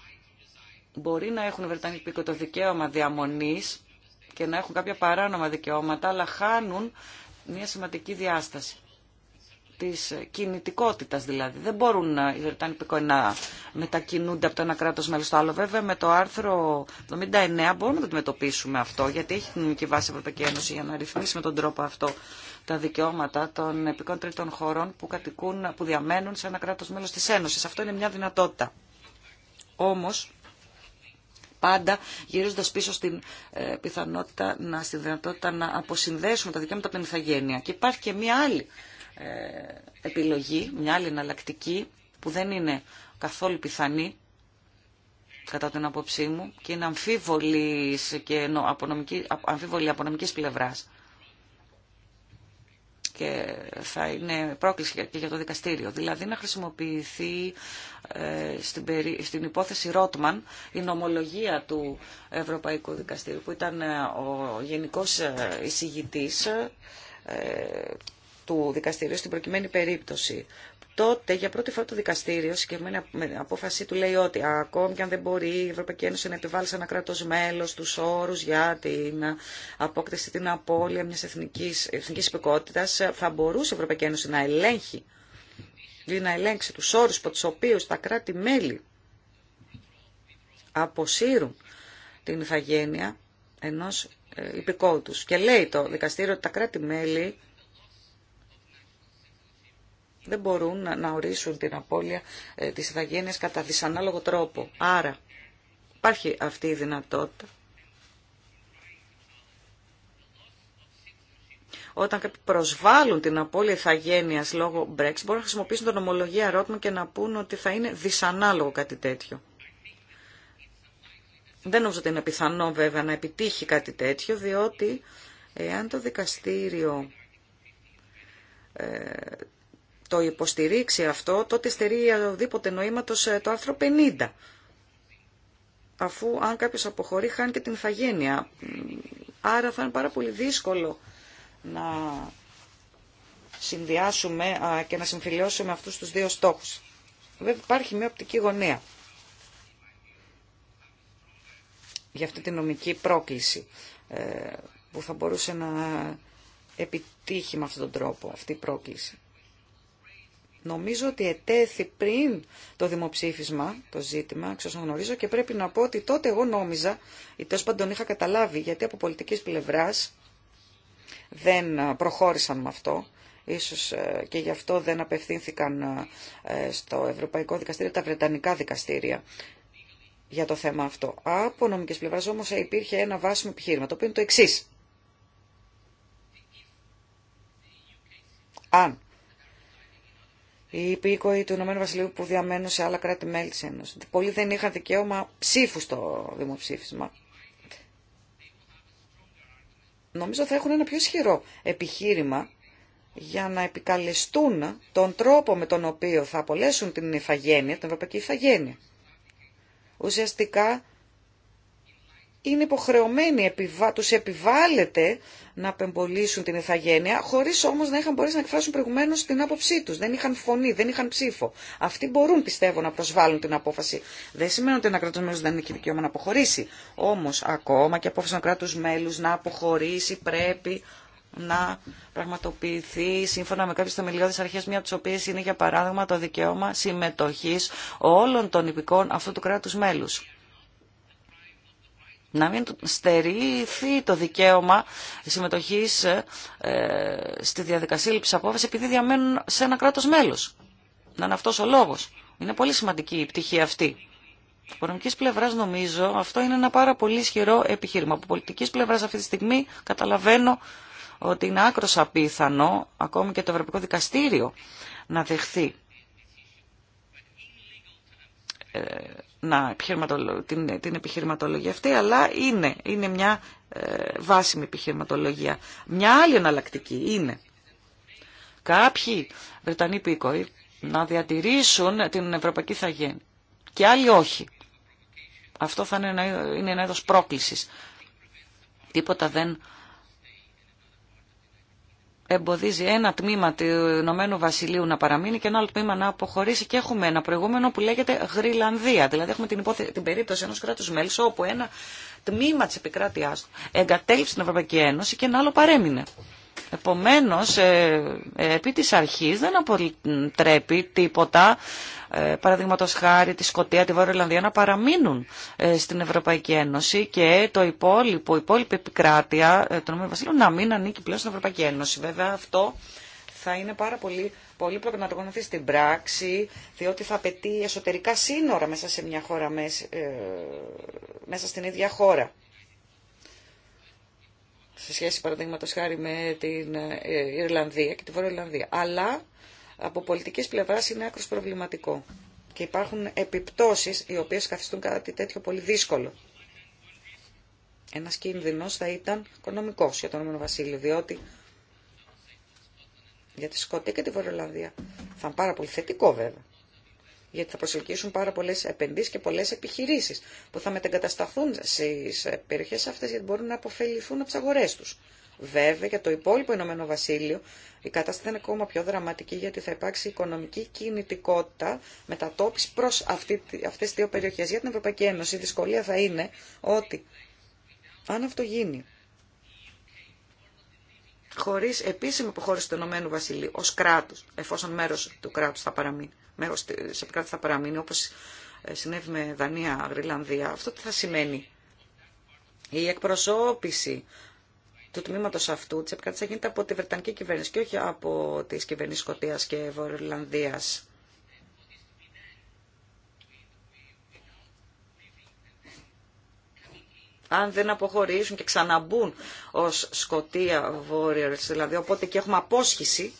μπορεί να έχουν βρετανικό το δικαίωμα διαμονής και να έχουν κάποια παράνομα δικαιώματα, αλλά χάνουν μια σημαντική διάσταση της κινητικότητας δηλαδή. Δεν μπορούν οι Βρετανοί να μετακινούνται από το ένα κράτος μέλος στο άλλο. Βέβαια με το άρθρο 79 μπορούμε να το αντιμετωπίσουμε αυτό, γιατί έχει την νομική βάση η Ευρωπαϊκή Ένωση για να ρυθμίσει με τον τρόπο αυτό τα δικαιώματα των επικών τρίτων χωρών που, κατοικούν, που διαμένουν σε ένα κράτος μέλος της Ένωσης. Αυτό είναι μια δυνατότητα. Όμως, πάντα γυρίζοντα πίσω στην ε, πιθανότητα, να, στη δυνατότητα να αποσυνδέσουμε τα δικαιώματα από τα ηθαγένεια. Και υπάρχει και μία άλλη ε, επιλογή, μια άλλη εναλλακτική που δεν είναι καθόλου πιθανή κατά την απόψή μου και είναι αμφίβολη και απονομική νομική, αμφίβολη πλευράς και θα είναι πρόκληση και για το δικαστήριο. Δηλαδή να χρησιμοποιηθεί ε, στην, υπόθεση Ρότμαν η νομολογία του Ευρωπαϊκού Δικαστήριου που ήταν ε, ο γενικός ε, εισηγητής του δικαστηρίου στην προκειμένη περίπτωση τότε για πρώτη φορά το δικαστήριο, συγκεκριμένη απόφαση του λέει ότι ακόμη και αν δεν μπορεί η Ευρωπαϊκή Ένωση να επιβάλλει σε ένα κράτο μέλο του όρου για την απόκτηση, την απώλεια μια εθνική εθνικής υπηκότητα, θα μπορούσε η Ευρωπαϊκή Ένωση να ελέγχει ή να ελέγξει του όρου από του οποίου τα κράτη-μέλη αποσύρουν την ηθαγένεια ενό ε, υπηκότου. Και λέει το δικαστήριο ότι τα κράτη-μέλη δεν μπορούν να ορίσουν την απώλεια ε, της ηθαγένειας κατά δυσανάλογο τρόπο. Άρα υπάρχει αυτή η δυνατότητα. Όταν κάποιοι προσβάλλουν την απώλεια ηθαγένειας λόγω Brexit, μπορούν να χρησιμοποιήσουν τον ομολογία ερώτημα και να πούν ότι θα είναι δυσανάλογο κάτι τέτοιο. Δεν νομίζω ότι είναι πιθανό βέβαια να επιτύχει κάτι τέτοιο, διότι εάν το δικαστήριο ε, το υποστηρίξει αυτό, τότε στερεί οδήποτε νοήματος ε, το άρθρο 50. Αφού αν κάποιος αποχωρεί χάνει και την ηθαγένεια. Άρα θα είναι πάρα πολύ δύσκολο να συνδυάσουμε και να συμφιλιώσουμε αυτούς τους δύο στόχους. Βέβαια υπάρχει μια οπτική γωνία για αυτή τη νομική πρόκληση ε, που θα μπορούσε να επιτύχει με αυτόν τον τρόπο αυτή η πρόκληση. Νομίζω ότι ετέθη πριν το δημοψήφισμα το ζήτημα, ξέρω γνωρίζω, και πρέπει να πω ότι τότε εγώ νόμιζα, ή τέλο πάντων είχα καταλάβει, γιατί από πολιτική πλευρά δεν προχώρησαν με αυτό. Ίσως ε, και γι' αυτό δεν απευθύνθηκαν ε, ε, στο Ευρωπαϊκό Δικαστήριο τα Βρετανικά δικαστήρια για το θέμα αυτό. Από νομικές πλευράς όμως υπήρχε ένα βάσιμο επιχείρημα, το οποίο είναι το εξή. Αν οι υπήκοοι του Ηνωμένου Βασιλείου που διαμένουν σε άλλα κράτη-μέλη της Ένωσης. Πολλοί δεν είχαν δικαίωμα ψήφου στο δημοψήφισμα. Νομίζω θα έχουν ένα πιο ισχυρό επιχείρημα για να επικαλεστούν τον τρόπο με τον οποίο θα απολέσουν την ηφαγένεια, την ευρωπαϊκή υφαγένεια. Ουσιαστικά είναι υποχρεωμένοι, τους επιβάλλεται να απεμπολίσουν την ηθαγένεια, χωρίς όμως να είχαν μπορέσει να εκφράσουν προηγουμένως την άποψή τους. Δεν είχαν φωνή, δεν είχαν ψήφο. Αυτοί μπορούν, πιστεύω, να προσβάλλουν την απόφαση. Δεν σημαίνει ότι ένα κράτος μέλος δεν έχει δικαίωμα να αποχωρήσει. Όμως, ακόμα και απόφαση ένα κράτος μέλους να αποχωρήσει πρέπει να πραγματοποιηθεί σύμφωνα με κάποιες θεμελιώδεις αρχές, μία από τι οποίε είναι για παράδειγμα το δικαίωμα συμμετοχή όλων των υπηκών αυτού του κράτου μέλους να μην στερηθεί το δικαίωμα συμμετοχής ε, στη διαδικασία λήψης απόφαση επειδή διαμένουν σε ένα κράτος μέλος. Να είναι αυτός ο λόγος. Είναι πολύ σημαντική η πτυχή αυτή. οικονομικής πλευράς νομίζω αυτό είναι ένα πάρα πολύ ισχυρό επιχείρημα. Από πολιτικής πλευράς αυτή τη στιγμή καταλαβαίνω ότι είναι άκρο απίθανο ακόμη και το Ευρωπαϊκό Δικαστήριο να δεχθεί ε, να την, την επιχειρηματολογία αυτή, αλλά είναι, είναι μια ε, βάσιμη επιχειρηματολογία. Μια άλλη εναλλακτική είναι κάποιοι Βρετανοί πήκοοι να διατηρήσουν την ευρωπαϊκή Θαγή και άλλοι όχι. Αυτό θα είναι ένα, είναι ένα πρόκλησης. Τίποτα δεν εμποδίζει ένα τμήμα του Ηνωμένου Βασιλείου να παραμείνει και ένα άλλο τμήμα να αποχωρήσει και έχουμε ένα προηγούμενο που λέγεται Γρυλανδία. Δηλαδή έχουμε την, υποθε... την περίπτωση ενός κράτου μέλου όπου ένα τμήμα τη επικράτειά του εγκατέλειψε την Ευρωπαϊκή Ένωση και ένα άλλο παρέμεινε. Επομένως, ε, ε, επί της αρχής δεν αποτρέπει τίποτα, ε, παραδείγματο χάρη τη Σκωτία, τη Βόρεια Ιρλανδία, να παραμείνουν στην Ευρωπαϊκή Ένωση και το υπόλοιπο, η υπόλοιπη επικράτεια του Νομίου Βασίλειου να μην ανήκει πλέον στην Ευρωπαϊκή Ένωση. Βέβαια, αυτό θα είναι πάρα πολύ πολύ να δει στην πράξη, διότι θα απαιτεί εσωτερικά σύνορα μέσα σε μια χώρα, μέσα στην ίδια χώρα σε σχέση παραδείγματο χάρη με την ε, Ιρλανδία και τη Βόρεια Αλλά από πολιτικής πλευρά είναι άκρο προβληματικό και υπάρχουν επιπτώσεις οι οποίες καθιστούν κάτι τέτοιο πολύ δύσκολο. Ένα κίνδυνο θα ήταν οικονομικό για τον Ηνωμένο Βασίλειο, διότι για τη Σκωτία και τη Βορειολλανδία θα είναι πάρα πολύ θετικό βέβαια γιατί θα προσελκύσουν πάρα πολλέ επενδύσει και πολλέ επιχειρήσει που θα μετεγκατασταθούν στι περιοχέ αυτέ γιατί μπορούν να αποφεληθούν από τι αγορέ του. Βέβαια, για το υπόλοιπο Ηνωμένο Βασίλειο η κατάσταση θα είναι ακόμα πιο δραματική γιατί θα υπάρξει οικονομική κινητικότητα μετατόπιση προ αυτέ τι δύο περιοχέ. Για την Ευρωπαϊκή Ένωση η δυσκολία θα είναι ότι αν αυτό γίνει χωρίς επίσημη αποχώρηση του Ηνωμένου Βασιλείου ως κράτους, εφόσον μέρος του κράτους θα παραμείνει, μέρος σε θα παραμείνει, όπως ε, συνέβη με Δανία, Γρυλανδία, αυτό τι θα σημαίνει. Η εκπροσώπηση του τμήματος αυτού της επικράτησης θα γίνεται από τη Βρετανική κυβέρνηση και όχι από τις κυβερνήσεις Σκοτίας και Βορειολανδία. αν δεν αποχωρήσουν και ξαναμπούν ως Σκοτία Warriors, δηλαδή οπότε και έχουμε απόσχηση,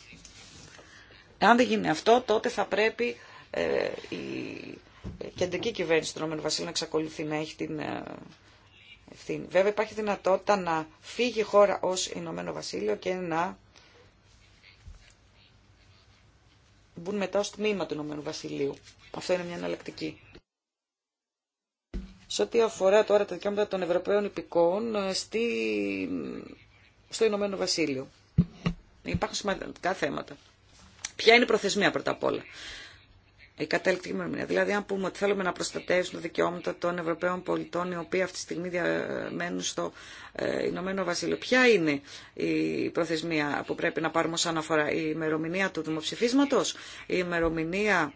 αν δεν γίνει αυτό τότε θα πρέπει ε, η κεντρική κυβέρνηση του Ηνωμένου Βασίλειου να εξακολουθεί να έχει την ε, ευθύνη. Βέβαια υπάρχει δυνατότητα να φύγει η χώρα ως Ηνωμένο Βασίλειο και να μπουν μετά ως τμήμα του Ηνωμένου Βασιλείου. Αυτό είναι μια εναλλακτική. Σε ό,τι αφορά τώρα τα δικαιώματα των Ευρωπαίων υπηκών ε, στη... στο Ηνωμένο Βασίλειο. Υπάρχουν σημαντικά θέματα. Ποια είναι η προθεσμία πρώτα απ' όλα. Η κατάληκτη ημερομηνία. Δηλαδή, αν πούμε ότι θέλουμε να προστατεύσουμε τα δικαιώματα των Ευρωπαίων πολιτών, οι οποίοι αυτή τη στιγμή μένουν στο ε, Ηνωμένο Βασίλειο, ποια είναι η προθεσμία που πρέπει να πάρουμε όσον αναφορά. η ημερομηνία του δημοψηφίσματο, η ημερομηνία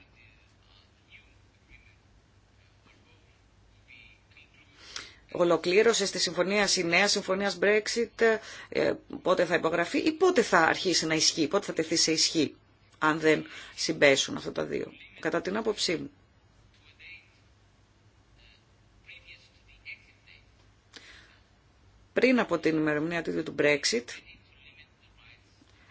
ολοκλήρωσε της συμφωνίας, η νέα συμφωνία Brexit, ε, πότε θα υπογραφεί ή πότε θα αρχίσει να ισχύει, πότε θα τεθεί σε ισχύ, αν δεν συμπέσουν αυτά τα δύο. Κατά την άποψή μου. Πριν από την ημερομηνία του ίδιου του Brexit,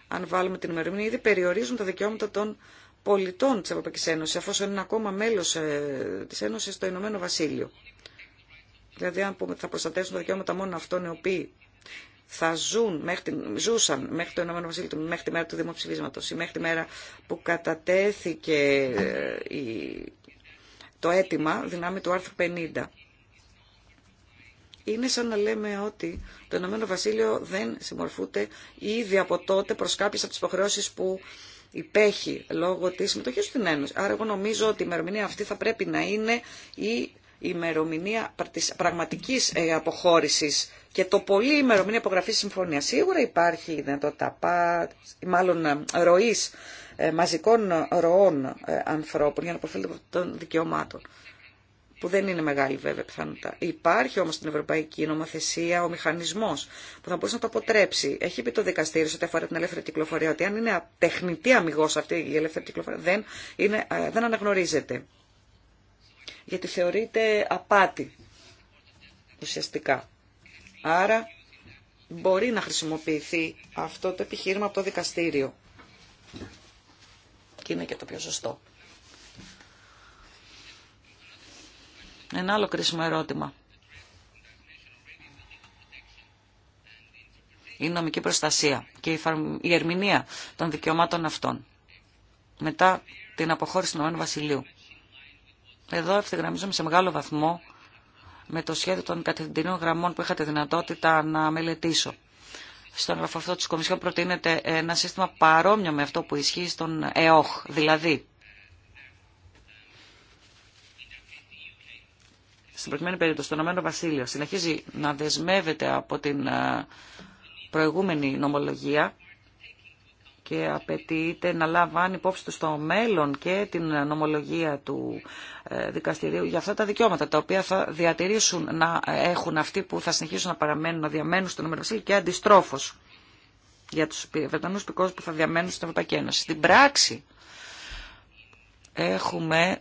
αν βάλουμε την ημερομηνία, ήδη περιορίζουν τα δικαιώματα των πολιτών της Ευρωπαϊκής Ένωσης, αφού είναι ακόμα μέλος ε, της Ένωσης στο Ηνωμένο Βασίλειο. Δηλαδή αν πούμε ότι θα προστατεύσουν τα δικαιώματα μόνο αυτών οι οποίοι θα ζουν, μέχρι, ζούσαν μέχρι το Ηνωμένο Βασίλειο, μέχρι τη μέρα του δημοψηφίσματο ή μέχρι τη μέρα που κατατέθηκε ε, το αίτημα δυνάμει του άρθρου 50. Είναι σαν να λέμε ότι το Ηνωμένο Βασίλειο δεν συμμορφούται ήδη από τότε προς κάποιες από τις υποχρεώσεις που υπέχει λόγω της συμμετοχής στην Ένωση. Άρα εγώ νομίζω ότι η ημερομηνία αυτή θα πρέπει να είναι η η ημερομηνία της πραγματικής ε, αποχώρησης και το πολύ ημερομηνία υπογραφής συμφωνία. Σίγουρα υπάρχει δυνατότητα μάλλον ε, ροής ε, μαζικών ροών ανθρώπων για να αποφύλλονται των δικαιωμάτων που δεν είναι μεγάλη βέβαια πιθανότητα. Υπάρχει όμως στην Ευρωπαϊκή Νομοθεσία ο μηχανισμός που θα μπορούσε να το αποτρέψει. Έχει πει το δικαστήριο σε ό,τι αφορά την ελεύθερη κυκλοφορία ότι αν είναι τεχνητή αμυγός αυτή η ελεύθερη κυκλοφορία δεν, είναι, δεν αναγνωρίζεται γιατί θεωρείται απάτη ουσιαστικά. Άρα μπορεί να χρησιμοποιηθεί αυτό το επιχείρημα από το δικαστήριο. Και είναι και το πιο σωστό. Ένα άλλο κρίσιμο ερώτημα. Η νομική προστασία και η ερμηνεία των δικαιωμάτων αυτών μετά την αποχώρηση του Βασιλείου. Εδώ ευθυγραμμίζομαι σε μεγάλο βαθμό με το σχέδιο των κατευθυντήριων γραμμών που είχατε δυνατότητα να μελετήσω. Στον γραφό αυτό της Κομισιόν προτείνεται ένα σύστημα παρόμοιο με αυτό που ισχύει στον ΕΟΧ, δηλαδή στην προκειμένη περίπτωση το Ηνωμένο Βασίλειο συνεχίζει να δεσμεύεται από την ε, προηγούμενη νομολογία και απαιτείται να λαμβάνει υπόψη του στο μέλλον και την νομολογία του ε, δικαστηρίου για αυτά τα δικαιώματα τα οποία θα διατηρήσουν να έχουν αυτοί που θα συνεχίσουν να παραμένουν, να διαμένουν στον Ευρωπαϊκό και αντιστρόφως για τους Βρετανούς πικούς που θα διαμένουν στην Ευρωπαϊκή Ένωση. Στην πράξη έχουμε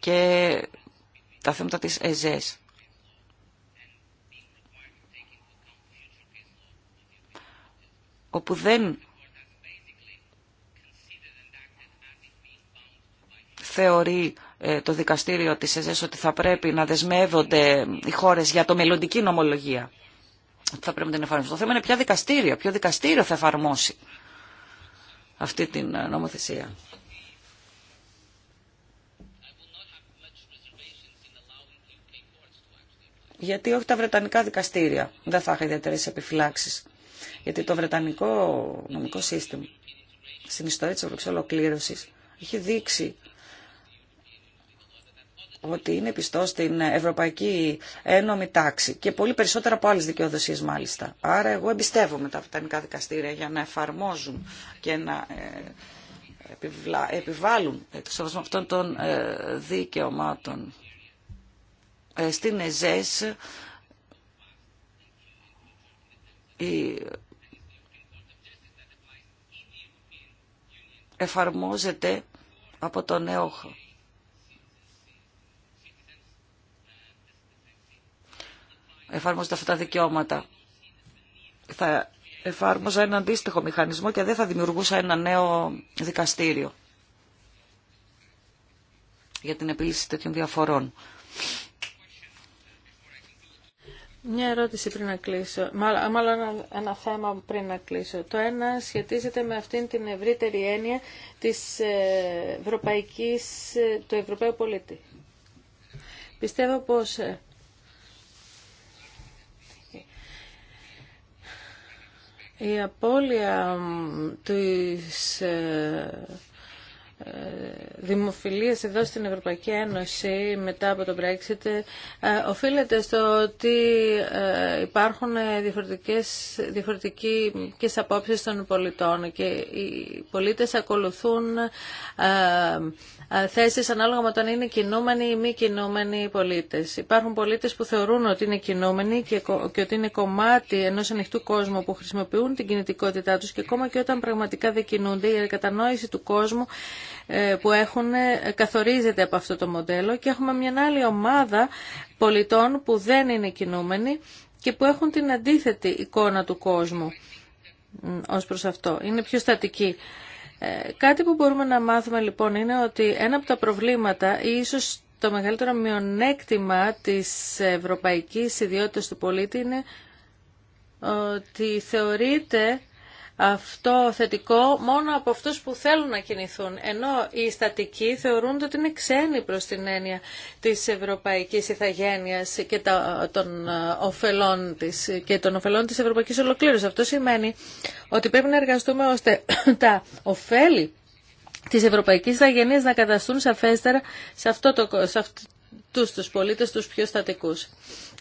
και τα θέματα της ΕΖΕΣ όπου δεν θεωρεί ε, το δικαστήριο της ΕΖΕΣ ότι θα πρέπει να δεσμεύονται οι χώρες για το μελλοντική νομολογία. Θα πρέπει να την εφαρμοσει Το θέμα είναι δικαστήριο, ποιο δικαστήριο θα εφαρμόσει αυτή την ε, νομοθεσία. Γιατί όχι τα βρετανικά δικαστήρια. Δεν θα είχα ιδιαίτερε επιφυλάξει γιατί το βρετανικό νομικό σύστημα στην ιστορία της Ευρωπαϊκής Ολοκλήρωσης έχει δείξει ότι είναι πιστό στην Ευρωπαϊκή Ένωμη Τάξη και πολύ περισσότερα από άλλες δικαιοδοσίες μάλιστα. Άρα εγώ εμπιστεύομαι τα βρετανικά δικαστήρια για να εφαρμόζουν και να ε, επιβάλλουν το σεβασμό αυτών των ε, δικαιωμάτων. Ε, στην ΕΖΕΣ η εφαρμόζεται από τον ΕΟΧΟ. Εφαρμόζονται αυτά τα δικαιώματα. Θα εφάρμοζα ένα αντίστοιχο μηχανισμό και δεν θα δημιουργούσα ένα νέο δικαστήριο για την επίλυση τέτοιων διαφορών. Μια ερώτηση πριν να κλείσω, μάλλον ένα θέμα πριν να κλείσω. Το ένα σχετίζεται με αυτήν την ευρύτερη έννοια της ε, ευρωπαϊκής, ε, του Ευρωπαίου πολίτη. Πιστεύω πως ε, η απώλεια της ε, δημοφιλίες εδώ στην Ευρωπαϊκή Ένωση μετά από το Brexit ε, οφείλεται στο ότι ε, υπάρχουν διαφορετικές, διαφορετικές απόψεις των πολιτών και οι πολίτες ακολουθούν θέσεις ανάλογα με το αν είναι κινούμενοι ή μη κινούμενοι οι πολίτες. Υπάρχουν πολίτες που θεωρούν ότι είναι κινούμενοι και, και ότι είναι κομμάτι ενός ανοιχτού κόσμου που χρησιμοποιούν την κινητικότητά τους και ακόμα και όταν πραγματικά δεν κινούνται η κατανόηση του κόσμου ε, που έχουν ε, καθορίζεται από αυτό το μοντέλο και έχουμε μια άλλη ομάδα πολιτών που δεν είναι κινούμενοι και που έχουν την αντίθετη εικόνα του κόσμου ως προς αυτό. Είναι πιο στατική. Ε, κάτι που μπορούμε να μάθουμε λοιπόν είναι ότι ένα από τα προβλήματα ή ίσως το μεγαλύτερο μειονέκτημα της ευρωπαϊκής ιδιότητας του πολίτη είναι ότι θεωρείται αυτό θετικό μόνο από αυτούς που θέλουν να κινηθούν, ενώ οι στατικοί θεωρούν ότι είναι ξένοι προς την έννοια της ευρωπαϊκής ηθαγένειας και των ε, ωφελών της, και των της ευρωπαϊκής ολοκλήρωσης. Αυτό σημαίνει ότι πρέπει να εργαστούμε ώστε τα ωφέλη της Ευρωπαϊκής ηθαγένειας να καταστούν σαφέστερα σε αυτό το, σε αυτό τους τους πολίτες τους πιο στατικούς.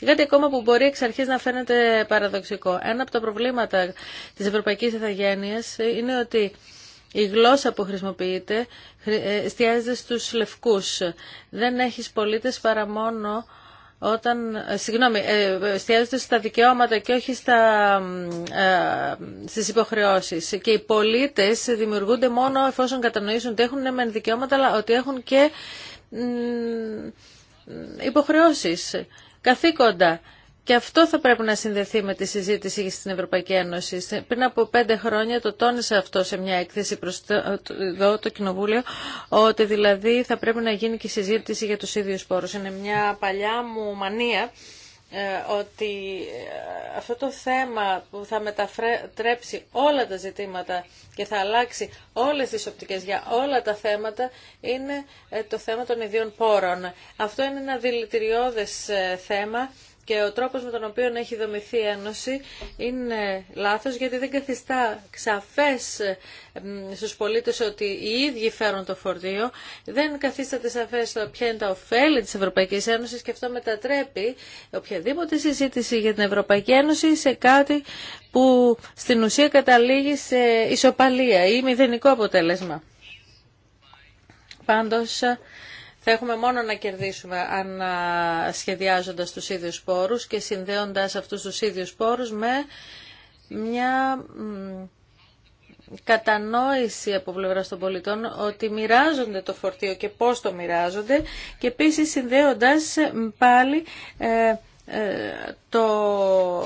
Κάτι ακόμα που μπορεί εξ αρχή να φαίνεται παραδοξικό. Ένα από τα προβλήματα της Ευρωπαϊκής Ιθαγένεια είναι ότι η γλώσσα που χρησιμοποιείται ε, στιάζεται στους λευκούς. Δεν έχεις πολίτες παρά μόνο όταν, ε, συγγνώμη, ε, στιάζεται στα δικαιώματα και όχι στα, υποχρεώσει. Και οι πολίτες δημιουργούνται μόνο εφόσον κατανοήσουν ότι έχουν μεν δικαιώματα, αλλά ότι έχουν και υποχρεώσεις, καθήκοντα. Και αυτό θα πρέπει να συνδεθεί με τη συζήτηση στην Ευρωπαϊκή Ένωση. Πριν από πέντε χρόνια το τόνισε αυτό σε μια έκθεση προς το, εδώ το Κοινοβούλιο, ότι δηλαδή θα πρέπει να γίνει και συζήτηση για τους ίδιους πόρους. Είναι μια παλιά μου μανία ε, ότι ε, αυτό το θέμα που θα μετατρέψει όλα τα ζητήματα και θα αλλάξει όλες τις οπτικές για όλα τα θέματα είναι ε, το θέμα των ιδίων πόρων. Αυτό είναι ένα δηλητηριώδες θέμα και ο τρόπος με τον οποίο έχει δομηθεί η Ένωση είναι λάθος γιατί δεν καθιστά σαφές στους πολίτες ότι οι ίδιοι φέρουν το φορτίο, δεν καθίσταται σαφές ποια είναι τα ωφέλη της Ευρωπαϊκής Ένωσης και αυτό μετατρέπει οποιαδήποτε συζήτηση για την Ευρωπαϊκή Ένωση σε κάτι που στην ουσία καταλήγει σε ισοπαλία ή μηδενικό αποτέλεσμα. Πάντως, θα έχουμε μόνο να κερδίσουμε αν σχεδιάζοντας τους ίδιους πόρους και συνδέοντας αυτούς τους ίδιους πόρους με μια κατανόηση από πλευρά των πολιτών ότι μοιράζονται το φορτίο και πώς το μοιράζονται και επίσης συνδέοντας πάλι ε, ε, το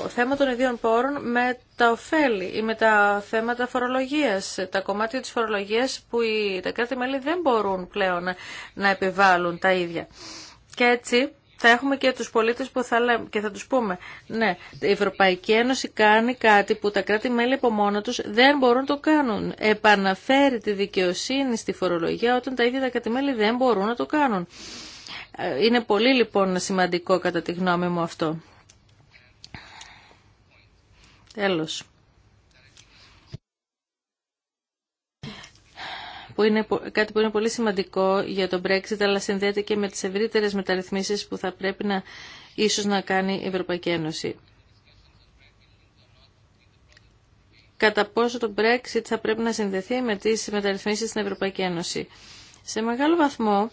θέμα των ιδίων πόρων με τα ωφέλη ή με τα θέματα φορολογίας, τα κομμάτια της φορολογίας που οι, τα κράτη-μέλη δεν μπορούν πλέον να, να επιβάλλουν τα ίδια. Και έτσι θα έχουμε και τους πολίτες που θα λέμε και θα τους πούμε ναι, η Ευρωπαϊκή Ένωση κάνει κάτι που τα κράτη-μέλη από μόνα τους δεν μπορούν να το κάνουν. Επαναφέρει τη δικαιοσύνη στη φορολογία όταν τα ίδια τα κράτη-μέλη δεν μπορούν να το κάνουν. Είναι πολύ λοιπόν σημαντικό κατά τη γνώμη μου αυτό. Τέλος. Που είναι κάτι που είναι πολύ σημαντικό για τον Brexit, αλλά συνδέεται και με τις ευρύτερες μεταρρυθμίσεις που θα πρέπει να ίσως να κάνει η Ευρωπαϊκή Ένωση. Κατά πόσο το Brexit θα πρέπει να συνδεθεί με τις μεταρρυθμίσεις στην Ευρωπαϊκή Ένωση. Σε μεγάλο βαθμό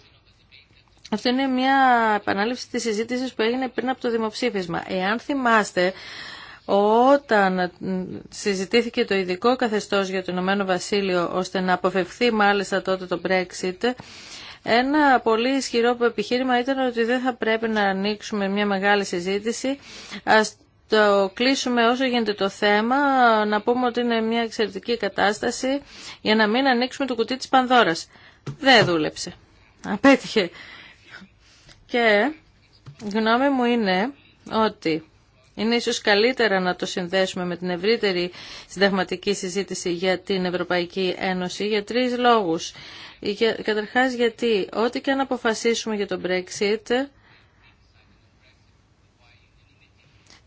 αυτό είναι μια επανάληψη της συζήτησης που έγινε πριν από το δημοψήφισμα. Εάν θυμάστε, όταν συζητήθηκε το ειδικό καθεστώς για το Ηνωμένο Βασίλειο ώστε να αποφευθεί μάλιστα τότε το Brexit, ένα πολύ ισχυρό επιχείρημα ήταν ότι δεν θα πρέπει να ανοίξουμε μια μεγάλη συζήτηση. Ας το κλείσουμε όσο γίνεται το θέμα, να πούμε ότι είναι μια εξαιρετική κατάσταση για να μην ανοίξουμε το κουτί της Πανδώρας. Δεν δούλεψε. Απέτυχε. Και η γνώμη μου είναι ότι είναι ίσως καλύτερα να το συνδέσουμε με την ευρύτερη συνταγματική συζήτηση για την Ευρωπαϊκή Ένωση για τρεις λόγους. καταρχάς γιατί ό,τι και αν αποφασίσουμε για το Brexit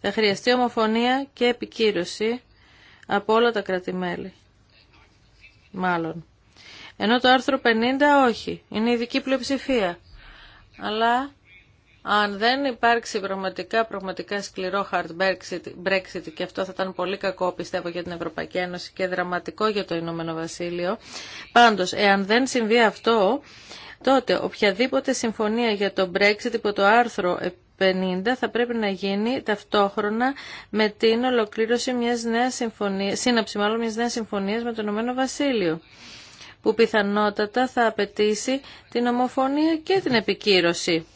θα χρειαστεί ομοφωνία και επικύρωση από όλα τα κρατημέλη. Μάλλον. Ενώ το άρθρο 50 όχι. Είναι ειδική πλειοψηφία αλλά αν δεν υπάρξει πραγματικά, πραγματικά σκληρό hard Brexit και αυτό θα ήταν πολύ κακό πιστεύω για την Ευρωπαϊκή Ένωση και δραματικό για το Ηνωμένο Βασίλειο, πάντως εάν δεν συμβεί αυτό, τότε οποιαδήποτε συμφωνία για το Brexit υπό το άρθρο 50 θα πρέπει να γίνει ταυτόχρονα με την ολοκλήρωση μιας νέας συμφωνίας, σύναψη μάλλον μιας νέας συμφωνίας με το Ηνωμένο Βασίλειο που πιθανότατα θα απαιτήσει την ομοφωνία και την επικύρωση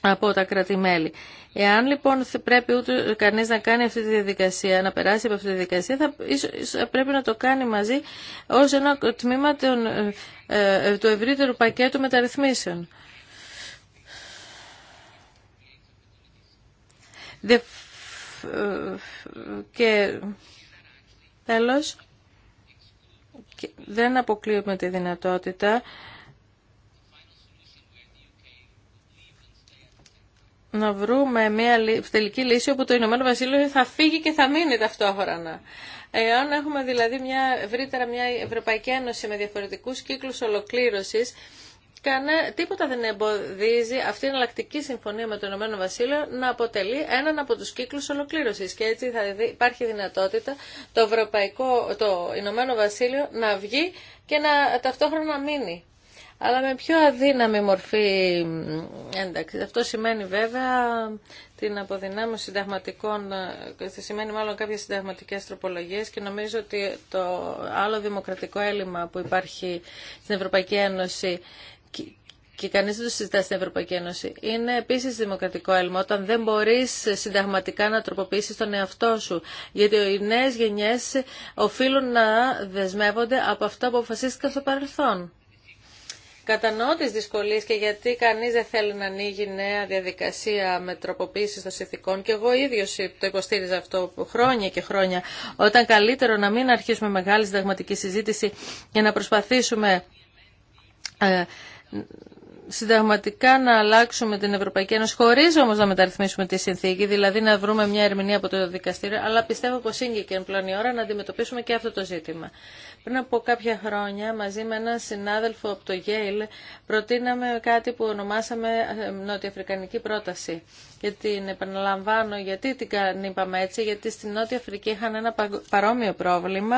από τα κρατημέλη. Εάν λοιπόν πρέπει ούτε κανείς να κάνει αυτή τη διαδικασία, να περάσει από αυτή τη διαδικασία, θα, πρέπει να το κάνει μαζί ως ένα τμήμα των, ε, ε του ευρύτερου πακέτου μεταρρυθμίσεων. Ε, και τέλος, δεν αποκλείουμε τη δυνατότητα να βρούμε μια τελική λύση όπου το Ηνωμένο Βασίλειο θα φύγει και θα μείνει ταυτόχρονα. Εάν έχουμε δηλαδή μια, ευρύτερα μια Ευρωπαϊκή Ένωση με διαφορετικούς κύκλους ολοκλήρωσης, κανέ, τίποτα δεν εμποδίζει αυτή η εναλλακτική συμφωνία με το Ηνωμένο Βασίλειο να αποτελεί έναν από τους κύκλους ολοκλήρωσης και έτσι θα υπάρχει δυνατότητα το, Ευρωπαϊκό, το Ηνωμένο Βασίλειο να βγει και να ταυτόχρονα μείνει. Αλλά με πιο αδύναμη μορφή ένταξη. Αυτό σημαίνει βέβαια την αποδυνάμωση συνταγματικών, ε, σημαίνει μάλλον κάποιες συνταγματικές τροπολογίες και νομίζω ότι το άλλο δημοκρατικό έλλειμμα που υπάρχει στην Ευρωπαϊκή Ένωση και κανείς δεν το συζητά στην Ευρωπαϊκή Ένωση. Είναι επίσης δημοκρατικό έλμα όταν δεν μπορείς συνταγματικά να τροποποιήσεις τον εαυτό σου. Γιατί οι νέες γενιές οφείλουν να δεσμεύονται από αυτά που αποφασίστηκαν στο παρελθόν. Κατανοώ τις δυσκολίες και γιατί κανείς δεν θέλει να ανοίγει νέα διαδικασία με τροποποίηση των συνθηκών και εγώ ίδιος το υποστήριζα αυτό χρόνια και χρόνια όταν καλύτερο να μην αρχίσουμε μεγάλη συνταγματική συζήτηση και να προσπαθήσουμε ε, συνταγματικά να αλλάξουμε την Ευρωπαϊκή Ένωση, χωρί όμω να μεταρρυθμίσουμε τη συνθήκη, δηλαδή να βρούμε μια ερμηνεία από το δικαστήριο, αλλά πιστεύω πω είναι και πλέον η ώρα να αντιμετωπίσουμε και αυτό το ζήτημα. Πριν από κάποια χρόνια, μαζί με έναν συνάδελφο από το Yale, προτείναμε κάτι που ονομάσαμε ε, Νότια πρόταση. Και την επαναλαμβάνω, γιατί την είπαμε έτσι, γιατί στην Νότια Αφρική είχαν ένα παρόμοιο πρόβλημα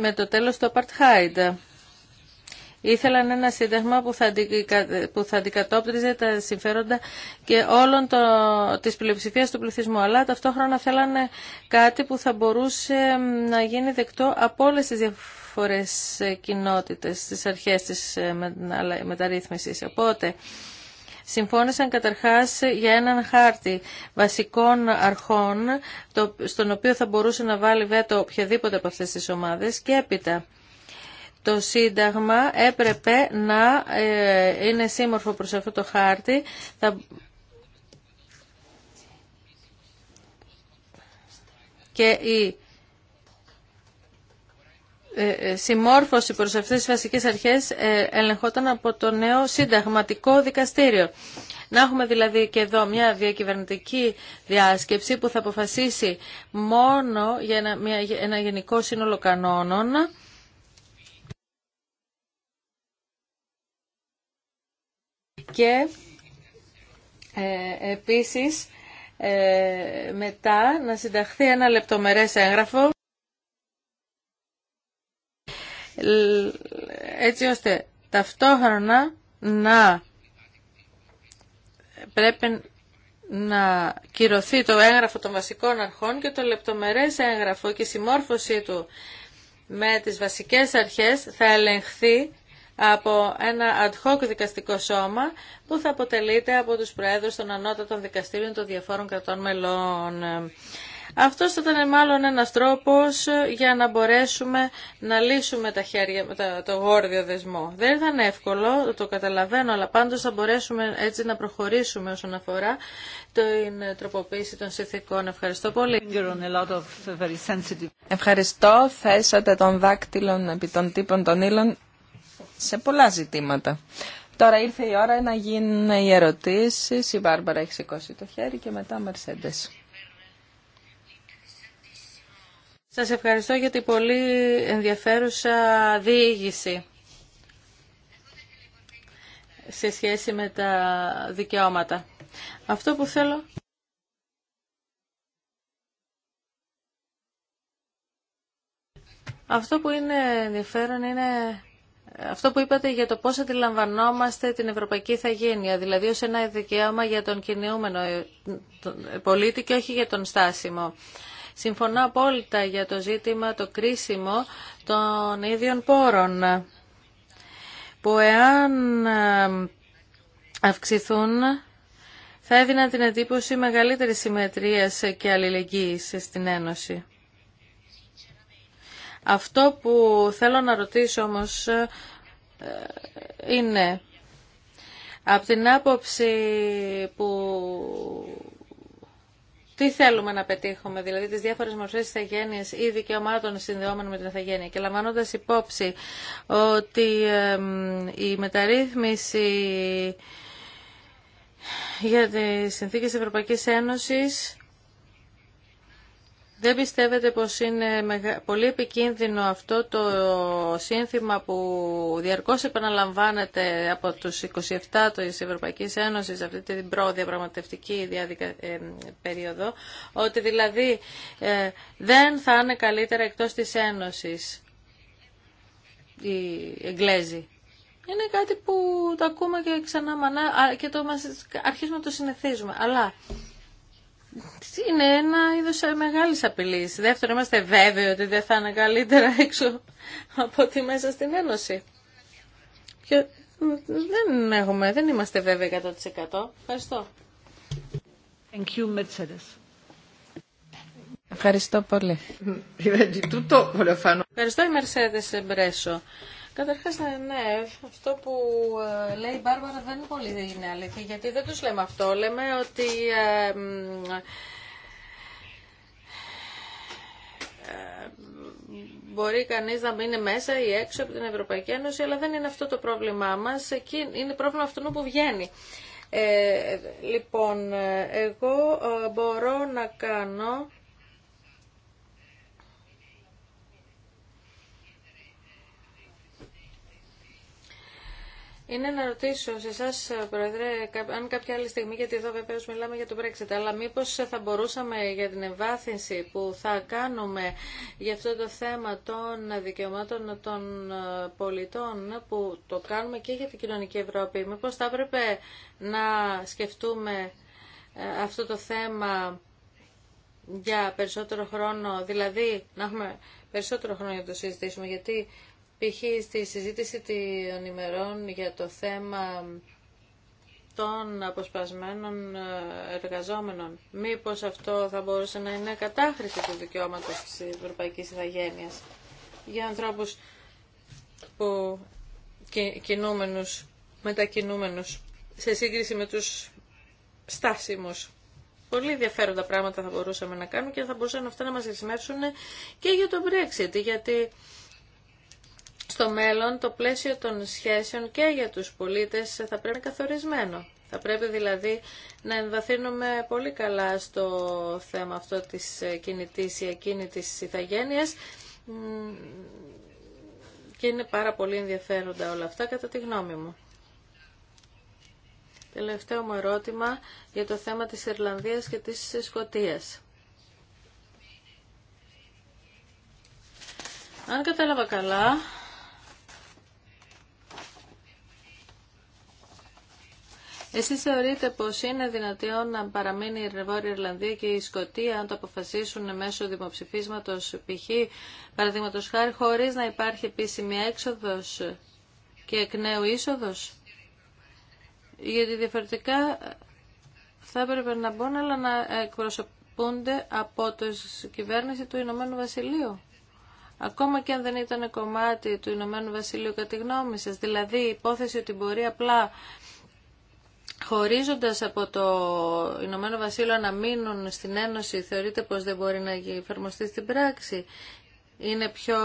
με το τέλος του Απαρτχάιντα. Ήθελαν ένα σύνταγμα που θα, που θα αντικατόπτριζε τα συμφέροντα και όλων το... της πλειοψηφίας του πληθυσμού, αλλά ταυτόχρονα θέλανε κάτι που θα μπορούσε να γίνει δεκτό από όλες τις διαφορές ε, κοινότητες, τις αρχές της ε, μεταρρύθμισης. Οπότε, συμφώνησαν καταρχάς για έναν χάρτη βασικών αρχών, στον οποίο θα μπορούσε να βάλει βέτο οποιαδήποτε από αυτές τις ομάδες και έπειτα το Σύνταγμα έπρεπε να ε, είναι σύμμορφο προς αυτό το χάρτη. Και η ε, ε, συμμόρφωση προς αυτές τις βασικές αρχές ελεγχόταν από το νέο συνταγματικό δικαστήριο. Να έχουμε δηλαδή και εδώ μια διακυβερνητική διάσκεψη που θα αποφασίσει μόνο για ένα, μια, ένα γενικό σύνολο κανόνων και ε, επίσης ε, μετά να συνταχθεί ένα λεπτομερές έγγραφο έτσι ώστε ταυτόχρονα να πρέπει να κυρωθεί το έγγραφο των βασικών αρχών και το λεπτομερές έγγραφο και η συμμόρφωσή του με τις βασικές αρχές θα ελεγχθεί από ένα ad hoc δικαστικό σώμα που θα αποτελείται από τους Προέδρους των Ανώτατων Δικαστήριων των διαφόρων κρατών μελών. Αυτό ήταν μάλλον ένα τρόπο για να μπορέσουμε να λύσουμε τα χέρια, το γόρδιο δεσμό. Δεν ήταν εύκολο, το καταλαβαίνω, αλλά πάντως θα μπορέσουμε έτσι να προχωρήσουμε όσον αφορά την τροποποίηση των συνθήκων. Ευχαριστώ πολύ. Ευχαριστώ. Θέσατε των δάκτυλο επί των τύπων των ύλων σε πολλά ζητήματα. Τώρα ήρθε η ώρα να γίνουν οι ερωτήσει. Η Βάρμπαρα έχει σηκώσει το χέρι και μετά ο Σα Σας ευχαριστώ για την πολύ ενδιαφέρουσα διήγηση σε σχέση με τα δικαιώματα. Αυτό που θέλω... Αυτό που είναι ενδιαφέρον είναι αυτό που είπατε για το πώς αντιλαμβανόμαστε την ευρωπαϊκή ηθαγένεια, δηλαδή ως ένα δικαίωμα για τον κινούμενο ε, ε, πολίτη και όχι για τον στάσιμο. Συμφωνώ απόλυτα για το ζήτημα το κρίσιμο των ίδιων πόρων, που εάν ε, αυξηθούν θα έδιναν την εντύπωση μεγαλύτερη συμμετρίας και αλληλεγγύης στην Ένωση. Αυτό που θέλω να ρωτήσω όμως ε, είναι από την άποψη που τι θέλουμε να πετύχουμε, δηλαδή τις διάφορες μορφές ηθαγένειας ή δικαιωμάτων συνδεόμενων με την ηθαγένεια. Και λαμβάνοντας υπόψη ότι η μεταρρύθμιση για τις συνθήκες Ευρωπαϊκής Ένωσης δεν πιστεύετε πως είναι πολύ επικίνδυνο αυτό το σύνθημα που διαρκώς επαναλαμβάνεται από τους 27 της Ευρωπαϊκής Ένωσης αυτή την προδιαπραγματευτική διάδικα... Ε, περίοδο, ότι δηλαδή ε, δεν θα είναι καλύτερα εκτός της Ένωσης η Εγγλέζοι. Είναι κάτι που το ακούμε και ξανά μανά και το μας, αρχίζουμε να το συνηθίζουμε. Αλλά είναι ένα είδο μεγάλη απειλή. Δεύτερον, είμαστε βέβαιοι ότι δεν θα είναι καλύτερα έξω από ότι μέσα στην Ένωση. Και δεν έχουμε, δεν είμαστε βέβαιοι 100%. Ευχαριστώ. Thank you, Mercedes. Ευχαριστώ πολύ. Ευχαριστώ η Mercedes Μπρέσο. Καταρχάς, ναι, ναι, αυτό που ε, λέει η Μπάρμπαρα δεν είναι πολύ είναι αλήθεια, γιατί δεν τους λέμε αυτό. Λέμε ότι... Ε, ε, μπορεί κανείς να μείνει μέσα ή έξω από την Ευρωπαϊκή Ένωση, αλλά δεν είναι αυτό το πρόβλημά μας. Εκεί είναι πρόβλημα αυτού που βγαίνει. λοιπόν, εγώ μπορώ να κάνω είναι να ρωτήσω σε εσά, Πρόεδρε, αν κάποια άλλη στιγμή, γιατί εδώ βεβαίω μιλάμε για το Brexit, αλλά μήπω θα μπορούσαμε για την εμβάθυνση που θα κάνουμε για αυτό το θέμα των δικαιωμάτων των ε, πολιτών, που το κάνουμε και για την κοινωνική Ευρώπη, μήπω θα έπρεπε να σκεφτούμε ε, αυτό το θέμα για περισσότερο χρόνο, δηλαδή να έχουμε περισσότερο χρόνο για να το συζητήσουμε, γιατί Π.χ. στη συζήτηση των ημερών για το θέμα των αποσπασμένων ε, εργαζόμενων. Μήπως αυτό θα μπορούσε να είναι κατάχρηση του δικαιώματος της Ευρωπαϊκής Ιθαγένειας για ανθρώπους που κινούμενους, μετακινούμενους σε σύγκριση με τους στάσιμους. Πολύ ενδιαφέροντα πράγματα θα μπορούσαμε να κάνουμε και θα μπορούσαν αυτά να μας χρησιμεύσουν και για το Brexit, γιατί στο μέλλον το πλαίσιο των σχέσεων και για τους πολίτες θα πρέπει να είναι καθορισμένο. Θα πρέπει δηλαδή να εμβαθύνουμε πολύ καλά στο θέμα αυτό της κινητής ή ακίνητης ηθαγένειας και είναι πάρα πολύ ενδιαφέροντα όλα αυτά κατά τη γνώμη μου. Τελευταίο μου ερώτημα για το θέμα της Ιρλανδίας και της Σκοτίας. Αν κατάλαβα καλά, Εσεί θεωρείτε πω είναι δυνατόν να παραμείνει η Βόρεια Ιρλανδία και η Σκωτία αν το αποφασίσουν μέσω δημοψηφίσματος π.χ. παραδείγματο χάρη χωρί να υπάρχει επίσημη έξοδο και εκ νέου είσοδο, Γιατί διαφορετικά θα έπρεπε να μπουν αλλά να εκπροσωπούνται από τη κυβέρνηση του Ηνωμένου Βασιλείου. Ακόμα και αν δεν ήταν κομμάτι του Ηνωμένου Βασιλείου κατά τη γνώμη σας. Δηλαδή η υπόθεση ότι μπορεί απλά χωρίζοντας από το Ηνωμένο Βασίλειο να μείνουν στην Ένωση θεωρείτε πως δεν μπορεί να εφαρμοστεί στην πράξη. Είναι πιο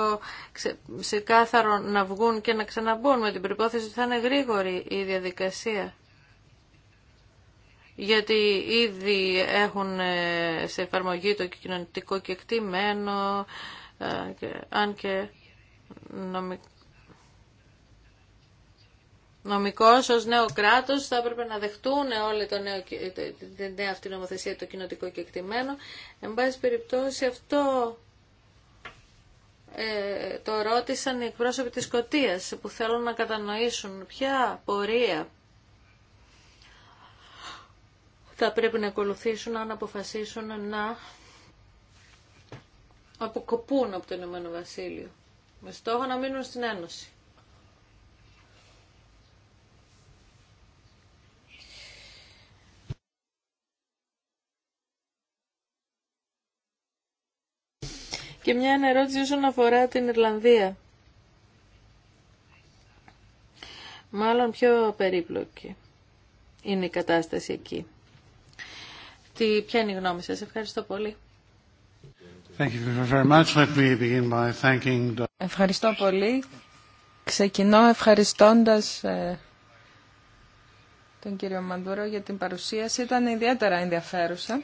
ξεκάθαρο να βγουν και να ξαναμπούν με την προπόθεση ότι θα είναι γρήγορη η διαδικασία. Γιατί ήδη έχουν ε, σε εφαρμογή το κοινωνικό κεκτημένο, ε, αν και νομικό νομικός ω νέο κράτο θα έπρεπε να δεχτούν όλη το νέο, την νέα αυτή νομοθεσία το κοινοτικό κεκτημένο. Εν πάση περιπτώσει αυτό ε, το ρώτησαν οι εκπρόσωποι της Σκωτίας, που θέλουν να κατανοήσουν ποια πορεία θα πρέπει να ακολουθήσουν αν αποφασίσουν να αποκοπούν από το Ηνωμένο Βασίλειο με στόχο να μείνουν στην Ένωση. Και μια ερώτηση όσον αφορά την Ιρλανδία. Μάλλον πιο περίπλοκη είναι η κατάσταση εκεί. Τι, ποια είναι η γνώμη σας. Ευχαριστώ πολύ. Ευχαριστώ πολύ. Ξεκινώ ευχαριστώντας ε, τον κύριο Μαντούρο για την παρουσίαση. Ήταν ιδιαίτερα ενδιαφέρουσα.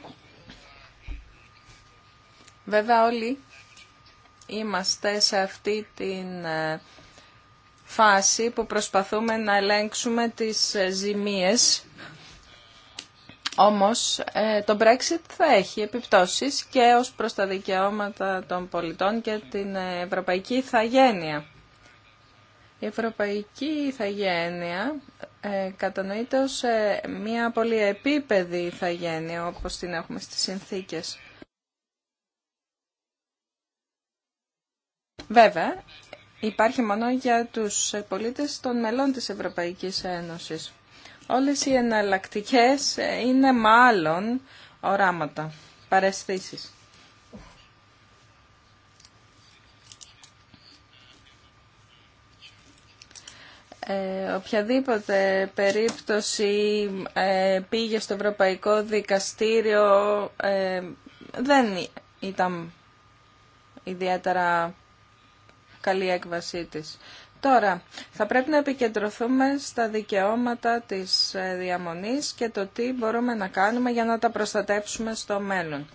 Βέβαια όλοι είμαστε σε αυτή την ε, φάση που προσπαθούμε να ελέγξουμε τις ε, ζημίες. Όμως ε, το Brexit θα έχει επιπτώσεις και ως προς τα δικαιώματα των πολιτών και την ευρωπαϊκή ηθαγένεια. Η ευρωπαϊκή ηθαγένεια κατανοείται ως μια πολυεπίπεδη ηθαγένεια όπως την έχουμε στις συνθήκες. Βέβαια, υπάρχει μόνο για τους πολίτες των μελών της Ευρωπαϊκής Ένωσης. Όλες οι εναλλακτικέ είναι μάλλον οράματα, παρεσθήσεις. Ε, οποιαδήποτε περίπτωση ε, πήγε στο Ευρωπαϊκό Δικαστήριο ε, δεν ήταν ιδιαίτερα καλή έκβασή της. Τώρα, θα πρέπει να επικεντρωθούμε στα δικαιώματα της ε, διαμονής και το τι μπορούμε να κάνουμε για να τα προστατεύσουμε στο μέλλον.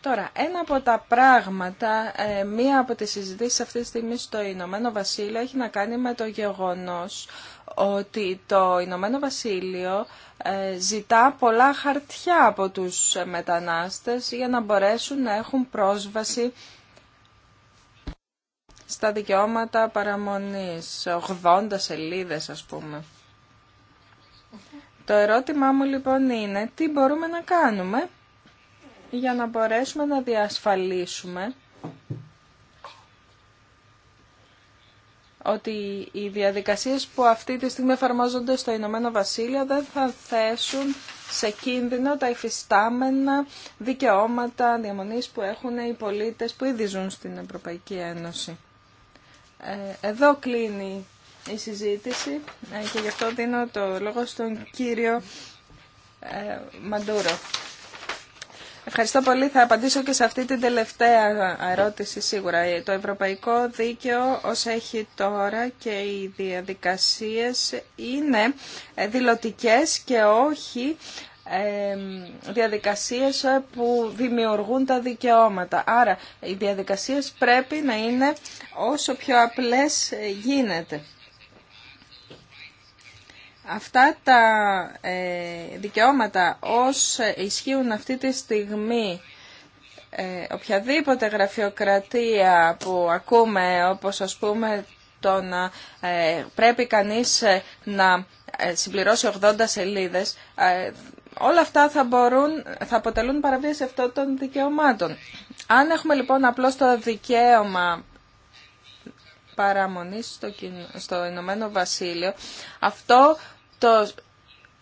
Τώρα, ένα από τα πράγματα, ε, μία από τις συζητήσεις αυτή τη στιγμή στο Ηνωμένο Βασίλειο έχει να κάνει με το γεγονός ότι το Ηνωμένο Βασίλειο ε, ζητά πολλά χαρτιά από τους μετανάστες για να μπορέσουν να έχουν πρόσβαση στα δικαιώματα παραμονής, 80 σελίδες ας πούμε. Το ερώτημά μου λοιπόν είναι τι μπορούμε να κάνουμε για να μπορέσουμε να διασφαλίσουμε ότι οι διαδικασίες που αυτή τη στιγμή εφαρμόζονται στο Ηνωμένο Βασίλειο δεν θα θέσουν σε κίνδυνο τα υφιστάμενα δικαιώματα διαμονής που έχουν οι πολίτες που ήδη ζουν στην Ευρωπαϊκή Ένωση. Ε, εδώ κλείνει η συζήτηση ε, και γι' αυτό δίνω το λόγο στον κύριο ε, Μαντούρο. Ευχαριστώ πολύ. Θα απαντήσω και σε αυτή την τελευταία ερώτηση σίγουρα. Το ευρωπαϊκό δίκαιο ως έχει τώρα και οι διαδικασίες είναι δηλωτικές και όχι ε, διαδικασίες που δημιουργούν τα δικαιώματα. Άρα οι διαδικασίες πρέπει να είναι όσο πιο απλές γίνεται. Αυτά τα ε, δικαιώματα ως ισχύουν αυτή τη στιγμή ε, οποιαδήποτε γραφειοκρατία που ακούμε όπως ας πούμε το να πρέπει κανείς να συμπληρώσει 80 σελίδες όλα αυτά θα, μπορούν, θα αποτελούν παραβίαση αυτών των δικαιωμάτων. Αν έχουμε λοιπόν απλώς το δικαίωμα παραμονή στο, στο Ηνωμένο Βασίλειο, αυτό το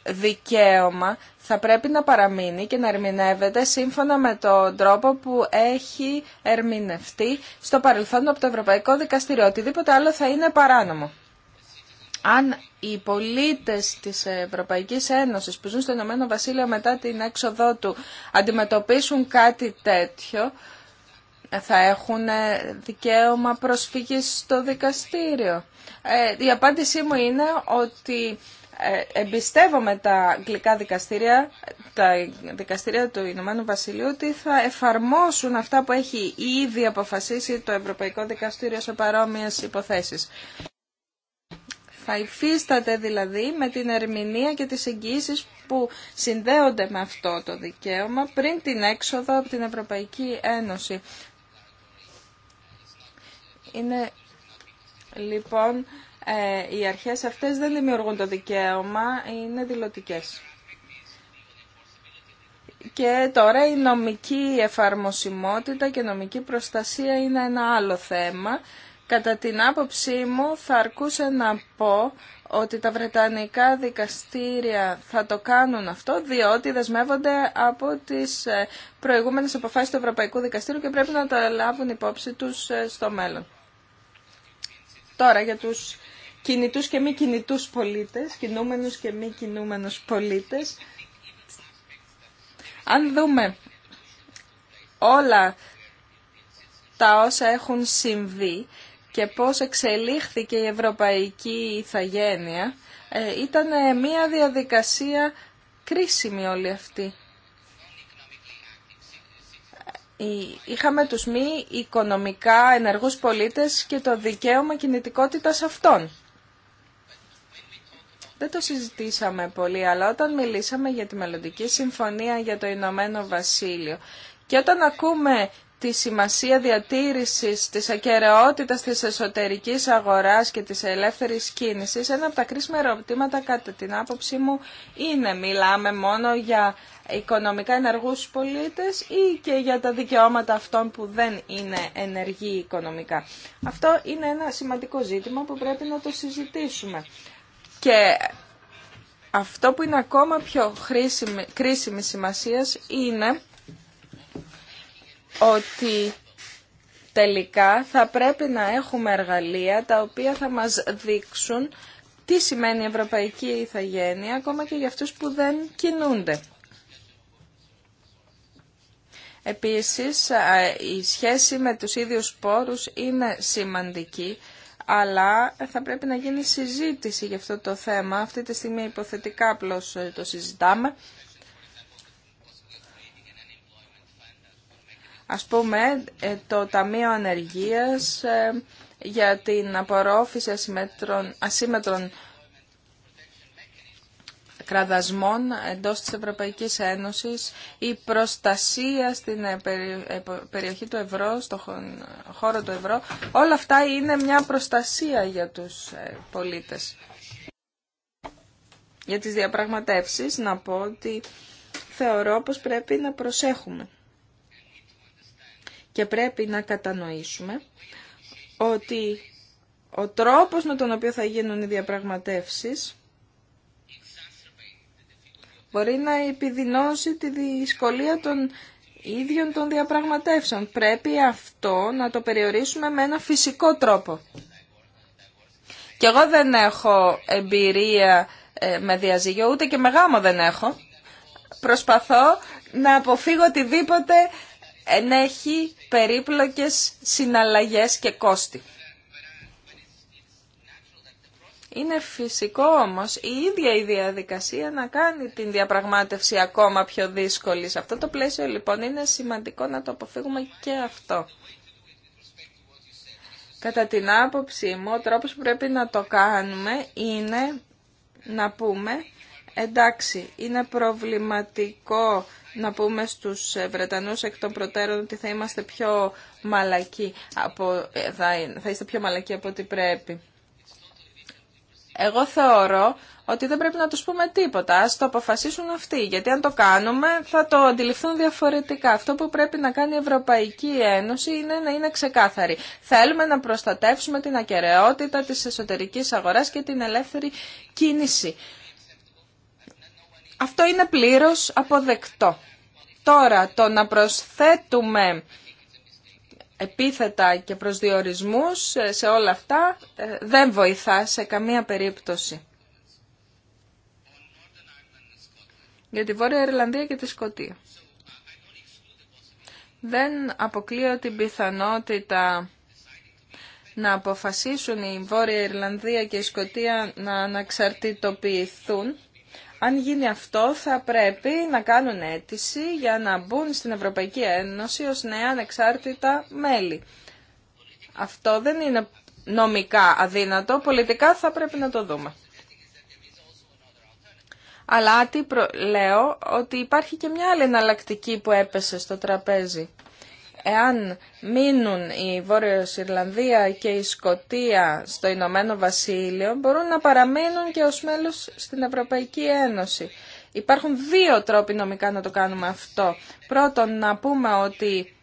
δικαίωμα θα πρέπει να παραμείνει και να ερμηνεύεται σύμφωνα με τον τρόπο που έχει ερμηνευτεί στο παρελθόν από το Ευρωπαϊκό Δικαστήριο. Οτιδήποτε άλλο θα είναι παράνομο. Αν οι πολίτες της Ευρωπαϊκής Ένωσης που ζουν στο Ηνωμένο Βασίλειο μετά την έξοδό του αντιμετωπίσουν κάτι τέτοιο, θα έχουν δικαίωμα προσφύγης στο δικαστήριο. Ε, η απάντησή μου είναι ότι ε, εμπιστεύομαι τα αγγλικά δικαστήρια, τα δικαστήρια του Ηνωμένου Βασιλείου, ότι θα εφαρμόσουν αυτά που έχει ήδη αποφασίσει το Ευρωπαϊκό Δικαστήριο σε παρόμοιες υποθέσεις. Θα υφίσταται δηλαδή με την ερμηνεία και τις εγγύησεις που συνδέονται με αυτό το δικαίωμα πριν την έξοδο από την Ευρωπαϊκή Ένωση. Είναι λοιπόν ε, οι αρχές αυτές δεν δημιουργούν το δικαίωμα, είναι δηλωτικές. Και τώρα η νομική εφαρμοσιμότητα και νομική προστασία είναι ένα άλλο θέμα Κατά την άποψή μου θα αρκούσε να πω ότι τα Βρετανικά δικαστήρια θα το κάνουν αυτό διότι δεσμεύονται από τις ε, προηγούμενες αποφάσεις του Ευρωπαϊκού Δικαστήριου και πρέπει να τα λάβουν υπόψη τους ε, στο μέλλον. Τώρα για τους κινητούς και μη κινητούς πολίτες, κινούμενους και μη κινούμενους πολίτες. Αν δούμε όλα τα όσα έχουν συμβεί, και πώς εξελίχθηκε η ευρωπαϊκή ηθαγένεια. Ε, ήταν ε, μια διαδικασία κρίσιμη όλη αυτή. Ε, είχαμε τους μη οικονομικά ενεργούς πολίτες και το δικαίωμα κινητικότητας αυτών. Δεν το συζητήσαμε πολύ, αλλά όταν μιλήσαμε για τη μελλοντική συμφωνία για το Ηνωμένο Βασίλειο και όταν ακούμε τη σημασία διατήρησης της ακαιρεότητας της εσωτερικής αγοράς και της ελεύθερης κίνησης, ένα από τα κρίσιμα ερωτήματα κατά την άποψή μου είναι μιλάμε μόνο για οικονομικά ενεργούς πολίτες ή και για τα δικαιώματα αυτών που δεν είναι ενεργοί οικονομικά. Αυτό είναι ένα σημαντικό ζήτημα που πρέπει να το συζητήσουμε. Και αυτό που είναι ακόμα πιο κρίσιμη σημασία είναι ότι τελικά θα πρέπει να έχουμε εργαλεία τα οποία θα μας δείξουν τι σημαίνει ευρωπαϊκή ηθαγένεια ακόμα και για αυτούς που δεν κινούνται. Επίσης, η σχέση με τους ίδιους πόρους είναι σημαντική, αλλά θα πρέπει να γίνει συζήτηση για αυτό το θέμα. Αυτή τη στιγμή υποθετικά απλώς το συζητάμε Ας πούμε, ε, το Ταμείο Ανεργίας ε, για την απορρόφηση ασύμετρων, κραδασμών εντός της Ευρωπαϊκής Ένωσης, η προστασία στην ε, περιοχή του ευρώ, στον χώρο του ευρώ, όλα αυτά είναι μια προστασία για τους πολίτες. Για τις διαπραγματεύσεις να πω ότι θεωρώ πως πρέπει να προσέχουμε. Και πρέπει να κατανοήσουμε ότι ο τρόπος με τον οποίο θα γίνουν οι διαπραγματεύσεις μπορεί να επιδεινώσει τη δυσκολία των ίδιων των διαπραγματεύσεων. Πρέπει αυτό να το περιορίσουμε με ένα φυσικό τρόπο. Και εγώ δεν έχω εμπειρία ε, με διαζύγιο, ούτε και με γάμο δεν έχω. Προσπαθώ να αποφύγω οτιδήποτε ενέχει περίπλοκες συναλλαγές και κόστη. Είναι φυσικό όμως η ίδια η διαδικασία να κάνει την διαπραγμάτευση ακόμα πιο δύσκολη. Σε αυτό το πλαίσιο λοιπόν είναι σημαντικό να το αποφύγουμε και αυτό. Κατά την άποψή μου, ο τρόπος που πρέπει να το κάνουμε είναι να πούμε Εντάξει, είναι προβληματικό να πούμε στους ε, Βρετανούς εκ των προτέρων ότι θα είμαστε πιο μαλακοί από, ε, θα, θα είστε πιο μαλακοί από ό,τι πρέπει. Εγώ θεωρώ ότι δεν πρέπει να τους πούμε τίποτα, ας το αποφασίσουν αυτοί, γιατί αν το κάνουμε θα το αντιληφθούν διαφορετικά. Αυτό που πρέπει να κάνει η Ευρωπαϊκή Ένωση είναι να είναι ξεκάθαρη. Θέλουμε να προστατεύσουμε την ακαιρεότητα της εσωτερικής αγοράς και την ελεύθερη κίνηση. Αυτό είναι πλήρως αποδεκτό. Τώρα το να προσθέτουμε επίθετα και προσδιορισμούς σε όλα αυτά ε, δεν βοηθά σε καμία περίπτωση. Για τη Βόρεια Ιρλανδία και τη Σκοτία. Δεν αποκλείω την πιθανότητα να αποφασίσουν η Βόρεια Ιρλανδία και η Σκωτία να αναξαρτητοποιηθούν αν γίνει αυτό θα πρέπει να κάνουν αίτηση για να μπουν στην Ευρωπαϊκή Ένωση ως νέα ανεξάρτητα μέλη. Αυτό δεν είναι νομικά αδύνατο, πολιτικά θα πρέπει να το δούμε. Αλλά τι λέω ότι υπάρχει και μια άλλη εναλλακτική που έπεσε στο τραπέζι εάν μείνουν η Βόρειος Ιρλανδία και η Σκοτία στο Ηνωμένο Βασίλειο, μπορούν να παραμείνουν και ως μέλος στην Ευρωπαϊκή Ένωση. Υπάρχουν δύο τρόποι νομικά να το κάνουμε αυτό. Πρώτον, να πούμε ότι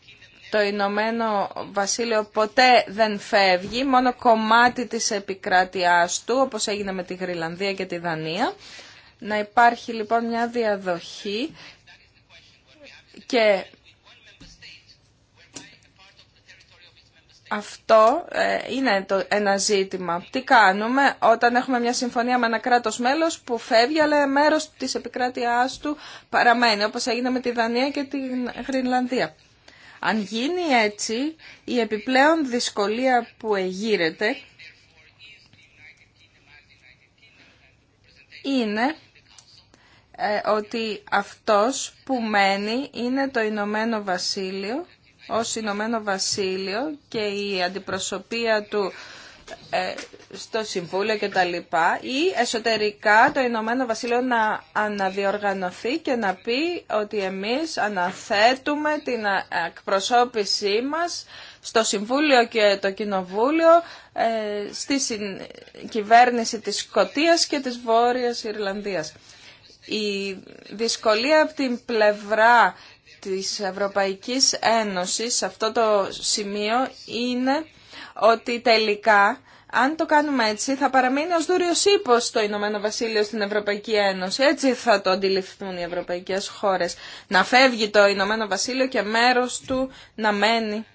το Ηνωμένο Βασίλειο ποτέ δεν φεύγει, μόνο κομμάτι της επικράτειάς του, όπως έγινε με τη Γρυλανδία και τη Δανία. Να υπάρχει λοιπόν μια διαδοχή και Αυτό ε, είναι το, ένα ζήτημα. Τι κάνουμε όταν έχουμε μια συμφωνία με ένα κράτος μέλος που φεύγει αλλά μέρος της επικράτειάς του παραμένει όπως έγινε με τη Δανία και τη Γρινλανδία. Αν γίνει έτσι, η επιπλέον δυσκολία που εγείρεται είναι ε, ότι αυτός που μένει είναι το Ηνωμένο Βασίλειο ως Ηνωμένο Βασίλειο και η αντιπροσωπεία του ε, στο Συμβούλιο και τα λοιπά ή εσωτερικά το Ηνωμένο Βασίλειο να αναδιοργανωθεί και να πει ότι εμείς αναθέτουμε την εκπροσώπησή μας στο Συμβούλιο και το Κοινοβούλιο ε, στη κυβέρνηση της Σκοτίας και της Βόρειας Ιρλανδίας. Η δυσκολία από την πλευρά της Ευρωπαϊκής Ένωσης σε αυτό το σημείο είναι ότι τελικά αν το κάνουμε έτσι θα παραμείνει ως δούριος ύπος το Ηνωμένο Βασίλειο στην Ευρωπαϊκή Ένωση. Έτσι θα το αντιληφθούν οι ευρωπαϊκές χώρες. Να φεύγει το Ηνωμένο Βασίλειο και μέρος του να μένει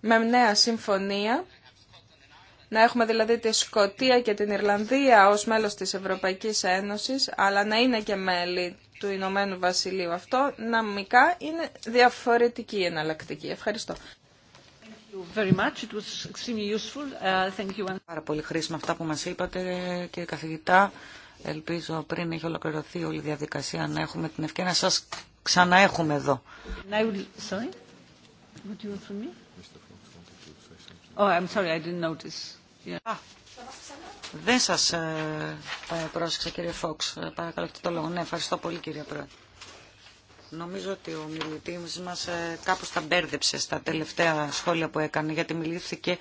με νέα συμφωνία. Να έχουμε δηλαδή τη Σκοτία και την Ιρλανδία ως μέλος της Ευρωπαϊκής Ένωσης, αλλά να είναι και μέλη του Ηνωμένου Βασιλείου. Αυτό να νομικά είναι διαφορετική εναλλακτική. Ευχαριστώ. Very much. It was extremely useful. Uh, thank you. Πάρα πολύ χρήσιμα αυτά που μας είπατε κύριε καθηγητά. Ελπίζω πριν έχει ολοκληρωθεί όλη η διαδικασία να έχουμε την ευκαιρία να σας ξαναέχουμε εδώ. Oh, I'm sorry, I didn't notice. Yeah. Δεν σας ε, ε, πρόσεξα κύριε Φόξ. Ε, παρακαλώ το λόγο. Ναι, ευχαριστώ πολύ κύριε Πρόεδρε. Νομίζω ότι ο μα μας ε, κάπως τα μπέρδεψε στα τελευταία σχόλια που έκανε, γιατί μιλήθηκε,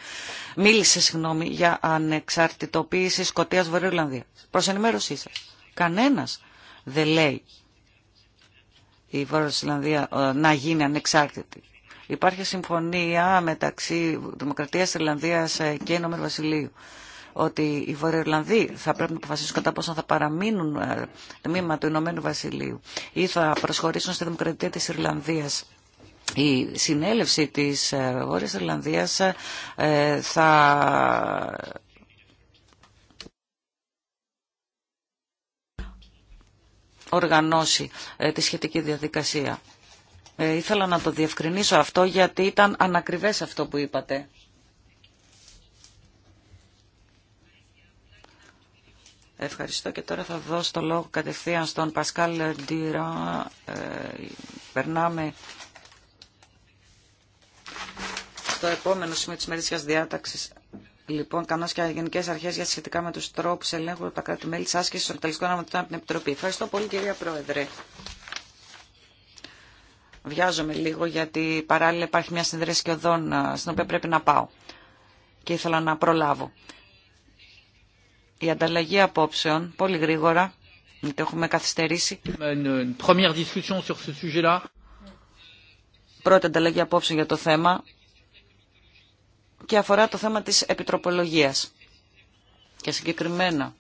μίλησε συγγνώμη, για ανεξαρτητοποίηση Σκοτίας Βορειοϊρλανδία. Προς ενημέρωσή σας. Κανένας δεν λέει η ε, να γίνει ανεξάρτητη. Υπάρχει συμφωνία μεταξύ Δημοκρατίας Ιρλανδίας και Ηνωμένου Βασιλείου ότι οι Βορειοϊρλανδοί θα πρέπει να αποφασίσουν κατά πόσο θα παραμείνουν ε, τμήμα του Ηνωμένου Βασιλείου ή θα προσχωρήσουν στη Δημοκρατία της Ιρλανδίας. Η συνέλευση της ε, Βόρειας Ιρλανδίας ε, θα οργανώσει τη σχετική διαδικασία. Ήθελα να το διευκρινίσω αυτό γιατί ήταν ανακριβές αυτό που είπατε. Ευχαριστώ και τώρα θα δώσω το λόγο κατευθείαν στον Πασκάλ Ντυρά. Ε, περνάμε στο επόμενο σημείο της μερίσιας διάταξης. Λοιπόν, κανό και γενικέ αρχέ για σχετικά με του τρόπου ελέγχου από τα κράτη-μέλη τη άσκηση των τελικών αναμετρών από την Επιτροπή. Ευχαριστώ πολύ, κυρία Πρόεδρε. Βιάζομαι λίγο, γιατί παράλληλα υπάρχει μια συνδρέση και ε, στην οποία πρέπει να πάω και ήθελα να προλάβω η ανταλλαγή απόψεων πολύ γρήγορα, γιατί έχουμε καθυστερήσει. Πρώτη ανταλλαγή απόψεων για το θέμα και αφορά το θέμα της επιτροπολογίας και συγκεκριμένα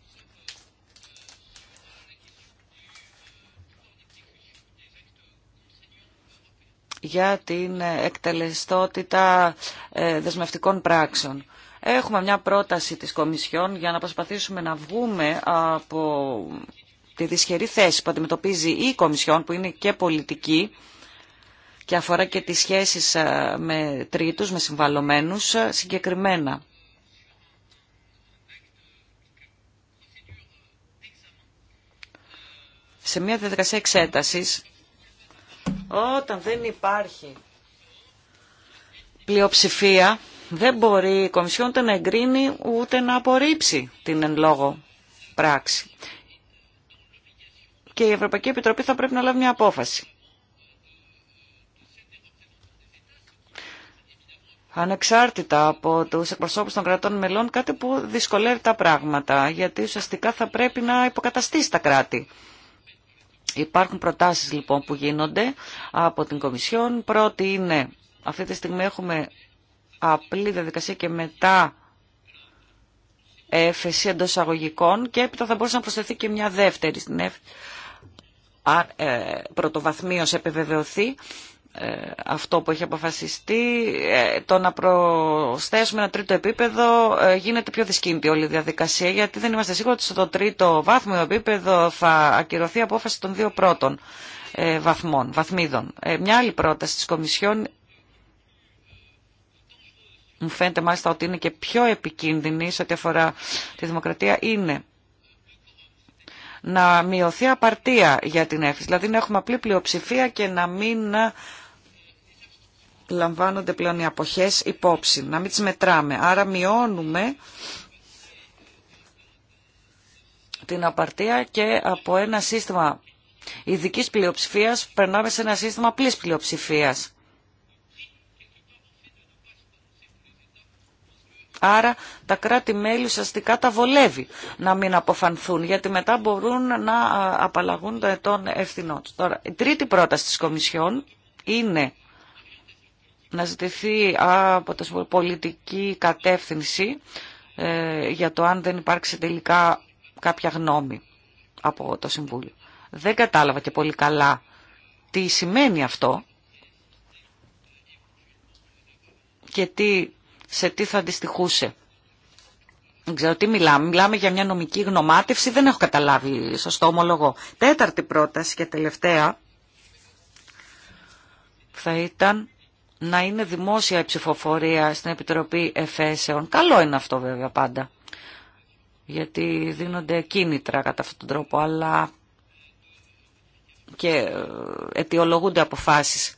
για την εκτελεστότητα ε, δεσμευτικών πράξεων. Έχουμε μια πρόταση της Κομισιόν για να προσπαθήσουμε να βγούμε από τη δυσχερή θέση που αντιμετωπίζει η Κομισιόν, που είναι και πολιτική και αφορά και τις σχέσεις ε, με τρίτους, με συμβαλωμένους, ε, συγκεκριμένα. Σε μια διαδικασία εξέτασης, όταν δεν υπάρχει πλειοψηφία δεν μπορεί η Κομισιόν ούτε να εγκρίνει ούτε να απορρίψει την εν λόγω πράξη. Και η Ευρωπαϊκή Επιτροπή θα πρέπει να λάβει μια απόφαση. ανεξάρτητα από τους εκπροσώπους των κρατών μελών, κάτι που δυσκολεύει τα πράγματα, γιατί ουσιαστικά θα πρέπει να υποκαταστήσει τα κράτη. Υπάρχουν προτάσεις λοιπόν που γίνονται από την Κομισιόν. Πρώτη είναι, αυτή τη στιγμή έχουμε απλή διαδικασία και μετά έφεση εντό αγωγικών και έπειτα θα μπορούσε να προσθεθεί και μια δεύτερη στην έφεση. Αν ε, πρωτοβαθμίως επιβεβαιωθεί ε, αυτό που έχει αποφασιστεί, ε, το να προσθέσουμε ένα τρίτο επίπεδο ε, γίνεται πιο δυσκίνητη όλη η διαδικασία γιατί δεν είμαστε σίγουροι ότι στο τρίτο βάθμιο επίπεδο θα ακυρωθεί απόφαση των δύο πρώτων βαθμών, βαθμίδων. Μια άλλη πρόταση της Κομισιόν μου φαίνεται μάλιστα ότι είναι και πιο επικίνδυνη σε ό,τι αφορά τη δημοκρατία, είναι να μειωθεί απαρτία για την έφηση. Δηλαδή να έχουμε απλή πλειοψηφία και να μην λαμβάνονται πλέον οι αποχές υπόψη, να μην τις μετράμε. Άρα μειώνουμε την απαρτία και από ένα σύστημα ειδικής πλειοψηφίας περνάμε σε ένα σύστημα απλής πλειοψηφίας. Άρα τα κράτη-μέλη ουσιαστικά τα βολεύει να μην αποφανθούν, γιατί μετά μπορούν να απαλλαγούν των ευθυνών του. Τώρα, η τρίτη πρόταση της Κομισιόν είναι να ζητηθεί από την πολιτική κατεύθυνση ε, για το αν δεν υπάρξει τελικά κάποια γνώμη από το Συμβούλιο. Δεν κατάλαβα και πολύ καλά τι σημαίνει αυτό και τι σε τι θα αντιστοιχούσε. Δεν ξέρω τι μιλάμε. Μιλάμε για μια νομική γνωμάτευση. Δεν έχω καταλάβει, σωστό όμολογο. Τέταρτη πρόταση και τελευταία θα ήταν να είναι δημόσια η ψηφοφορία στην Επιτροπή Εφέσεων. Καλό είναι αυτό βέβαια πάντα, γιατί δίνονται κίνητρα κατά αυτόν τον τρόπο, αλλά και ε, αιτιολογούνται αποφάσεις.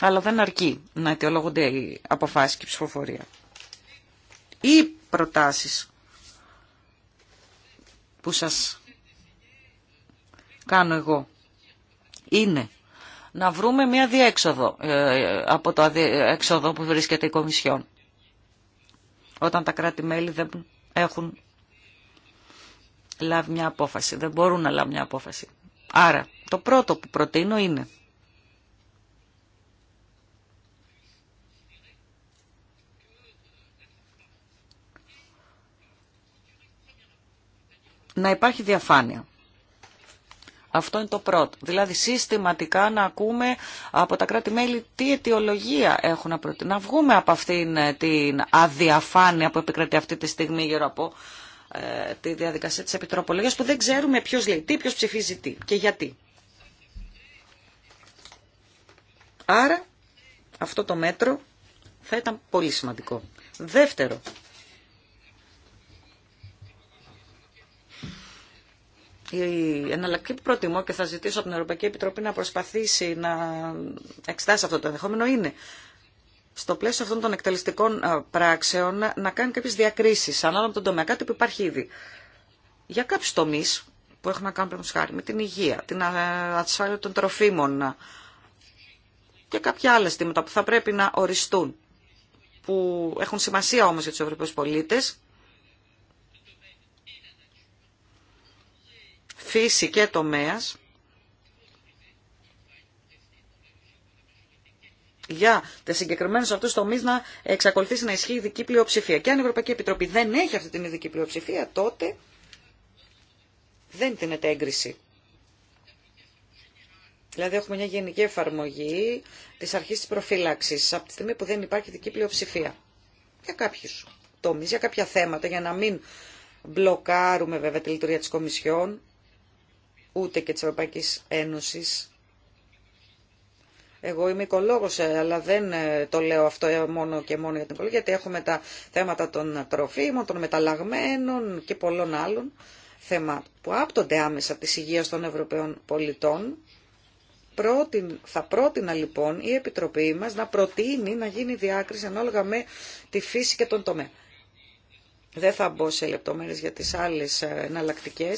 Αλλά δεν αρκεί να αιτιολογούνται οι αποφάσεις και η ψηφοφορία. Οι προτάσεις που σας κάνω εγώ είναι να βρούμε μια διέξοδο ε, από το έξοδο που βρίσκεται η Κομισιόν. Όταν τα κράτη-μέλη δεν έχουν λάβει μια απόφαση, δεν μπορούν να λάβουν μια απόφαση. Άρα, το πρώτο που προτείνω είναι να υπάρχει διαφάνεια. Αυτό είναι το πρώτο. Δηλαδή συστηματικά να ακούμε από τα κράτη-μέλη τι αιτιολογία έχουν να προτείνουν. Να βγούμε από αυτήν ε, την αδιαφάνεια που επικρατεί αυτή τη στιγμή γύρω από ε, τη διαδικασία της επιτροπολογίας που δεν ξέρουμε ποιος λέει τι, ποιος ψηφίζει τι και γιατί. Άρα αυτό το μέτρο θα ήταν πολύ σημαντικό. Δεύτερο, η εναλλακτική που προτιμώ και θα ζητήσω από την Ευρωπαϊκή Επιτροπή να προσπαθήσει να εξετάσει αυτό το ενδεχόμενο είναι στο πλαίσιο αυτών των εκτελεστικών πράξεων να κάνει κάποιε διακρίσει ανάλογα με τον τομέα, κάτι που υπάρχει ήδη. Για κάποιου τομεί που έχουν να κάνουν πραγματικά χάρη με την υγεία, την ασφάλεια των τροφίμων και κάποια άλλα αισθήματα που θα πρέπει να οριστούν, που έχουν σημασία όμως για τους Ευρωπαίου πολίτες, φύση και τομέας για τα συγκεκριμένου αυτού τομεί να εξακολουθήσει να ισχύει ειδική πλειοψηφία. Και αν η Ευρωπαϊκή Επιτροπή δεν έχει αυτή την ειδική πλειοψηφία, τότε δεν δίνεται έγκριση. Δηλαδή έχουμε μια γενική εφαρμογή της αρχής της προφύλαξης από τη στιγμή που δεν υπάρχει δική πλειοψηφία. Για κάποιους τομείς, για κάποια θέματα, για να μην μπλοκάρουμε βέβαια τη λειτουργία της Κομισιόν ούτε και της Ευρωπαϊκής Ένωσης. Εγώ είμαι οικολόγος, ε, αλλά δεν ε, το λέω αυτό ε, μόνο και μόνο για την οικολογία, γιατί έχουμε τα θέματα των τροφίμων, των μεταλλαγμένων και πολλών άλλων θεμάτων που άπτονται άμεσα της υγείας των Ευρωπαίων πολιτών. Θα πρότεινα λοιπόν η Επιτροπή μας να προτείνει να γίνει διάκριση ανάλογα με τη φύση και τον τομέα. Δεν θα μπω σε λεπτομέρειες για τις άλλες εναλλακτικέ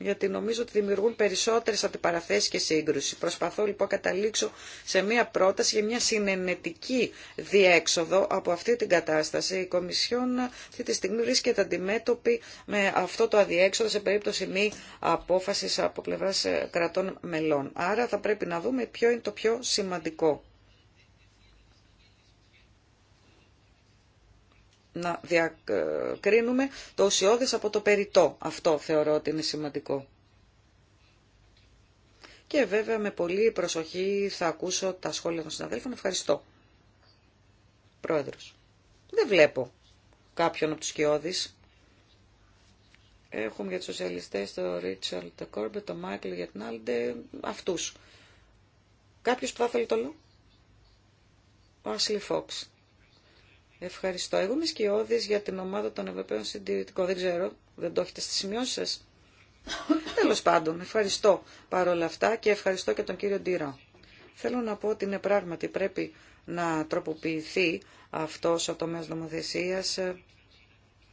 γιατί νομίζω ότι δημιουργούν περισσότερες αντιπαραθέσεις και σύγκρουση. Προσπαθώ λοιπόν να καταλήξω σε μια πρόταση για μια συνενετική διέξοδο από αυτή την κατάσταση. Η Κομισιόν αυτή τη στιγμή βρίσκεται αντιμέτωπη με αυτό το αδιέξοδο σε περίπτωση μη απόφασης από πλευράς ε, κρατών μελών. Άρα θα πρέπει να δούμε ποιο είναι το πιο σημαντικό. να διακρίνουμε το ουσιώδες από το περιτό. Αυτό θεωρώ ότι είναι σημαντικό. Και βέβαια με πολύ προσοχή θα ακούσω τα σχόλια των συναδέλφων. Ευχαριστώ. Πρόεδρος. Δεν βλέπω κάποιον από τους σκιώδεις. Έχουμε για τους σοσιαλιστές το Ρίτσαλ, το Κόρμπε, το Μάικλ, για την Άλντε, αυτούς. Κάποιος που θα θέλει το λόγο. Ο Άσλι Φόξ. Ευχαριστώ. Εγώ είμαι σκιώδη για την ομάδα των Ευρωπαίων Συντηρητικών. Δεν ξέρω, δεν το έχετε στι σημειώσει σα. Τέλο πάντων, ευχαριστώ παρόλα αυτά και ευχαριστώ και τον κύριο Ντύρα. Θέλω να πω ότι είναι πράγματι πρέπει να τροποποιηθεί αυτός ο τομέας νομοθεσία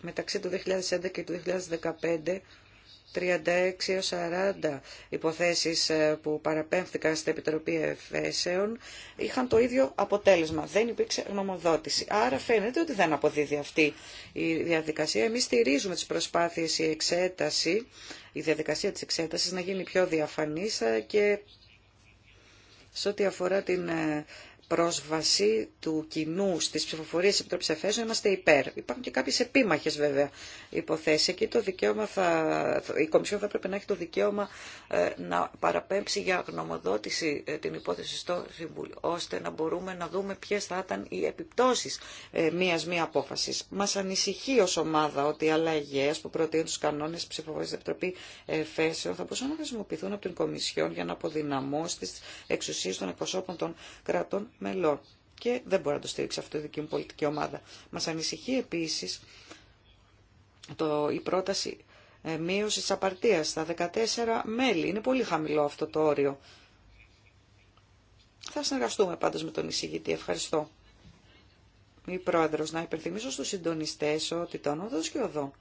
μεταξύ του 2011 και του 2015 36 40 υποθέσεις ε, που παραπέμφθηκαν στην Επιτροπή Εφέσεων είχαν το ίδιο αποτέλεσμα. Δεν υπήρξε γνωμοδότηση. Άρα φαίνεται ότι δεν αποδίδει αυτή η διαδικασία. Εμείς στηρίζουμε τις προσπάθειες η εξέταση, η διαδικασία της εξέτασης να γίνει πιο διαφανής ε, και σε ό,τι αφορά την ε, πρόσβαση του κοινού στις ψηφοφορίες Επιτροπής Εφέσεων είμαστε υπέρ. Υπάρχουν και κάποιες επίμαχες βέβαια υποθέσεις. Εκεί το δικαίωμα θα, η Κομισιόν θα πρέπει να έχει το δικαίωμα ε, να παραπέμψει για γνωμοδότηση ε, την υπόθεση στο Συμβούλιο, ώστε να μπορούμε να δούμε ποιες θα ήταν οι επιπτώσεις ε, μίας μία απόφασης. Μας ανησυχεί ως ομάδα ότι οι αλλαγές που προτείνουν τους κανόνες ψηφοφορίας της Επιτροπή Εφέσεων θα μπορούσαν να χρησιμοποιηθούν από την Κομισιόν για να αποδυναμώσει τις εξουσίε των εκπροσώπων των κρατών μελό Και δεν μπορεί να το στηρίξει αυτό η δική μου πολιτική ομάδα. Μας ανησυχεί επίσης το, η πρόταση ε, μείωση της απαρτίας στα 14 μέλη. Είναι πολύ χαμηλό αυτό το όριο. Θα συνεργαστούμε πάντως με τον εισηγητή. Ευχαριστώ. Ή πρόεδρος, να υπενθυμίσω στους συντονιστές ότι το και οδό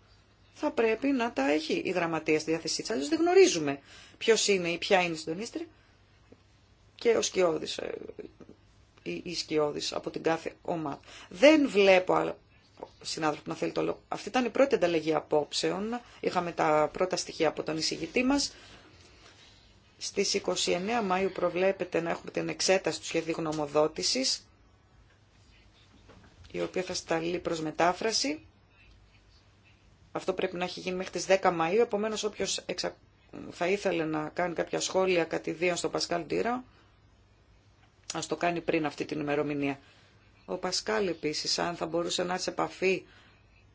θα πρέπει να τα έχει η γραμματεία στη διάθεσή της, αλλιώς δεν γνωρίζουμε ποιος είναι ή ποια είναι η συντονίστρια και ο σκιώδης ε, ή ισκιώδης από την κάθε ομάδα. Δεν βλέπω συνάδελφο να θέλει το λόγο. Αυτή ήταν η πρώτη ανταλλαγή απόψεων. Είχαμε τα πρώτα στοιχεία από τον εισηγητή μας. Στις 29 Μαΐου προβλέπεται να έχουμε την εξέταση του σχεδίου γνωμοδότησης, η οποία θα σταλεί προς μετάφραση. Αυτό πρέπει να έχει γίνει μέχρι τις 10 Μαΐου, επομένως όποιος θα ήθελε να κάνει κάποια σχόλια κατηδίαν στον Πασκάλ Ντύρα, Α το κάνει πριν αυτή την ημερομηνία. Ο Πασκάλ επίση, αν θα μπορούσε να έρθει σε επαφή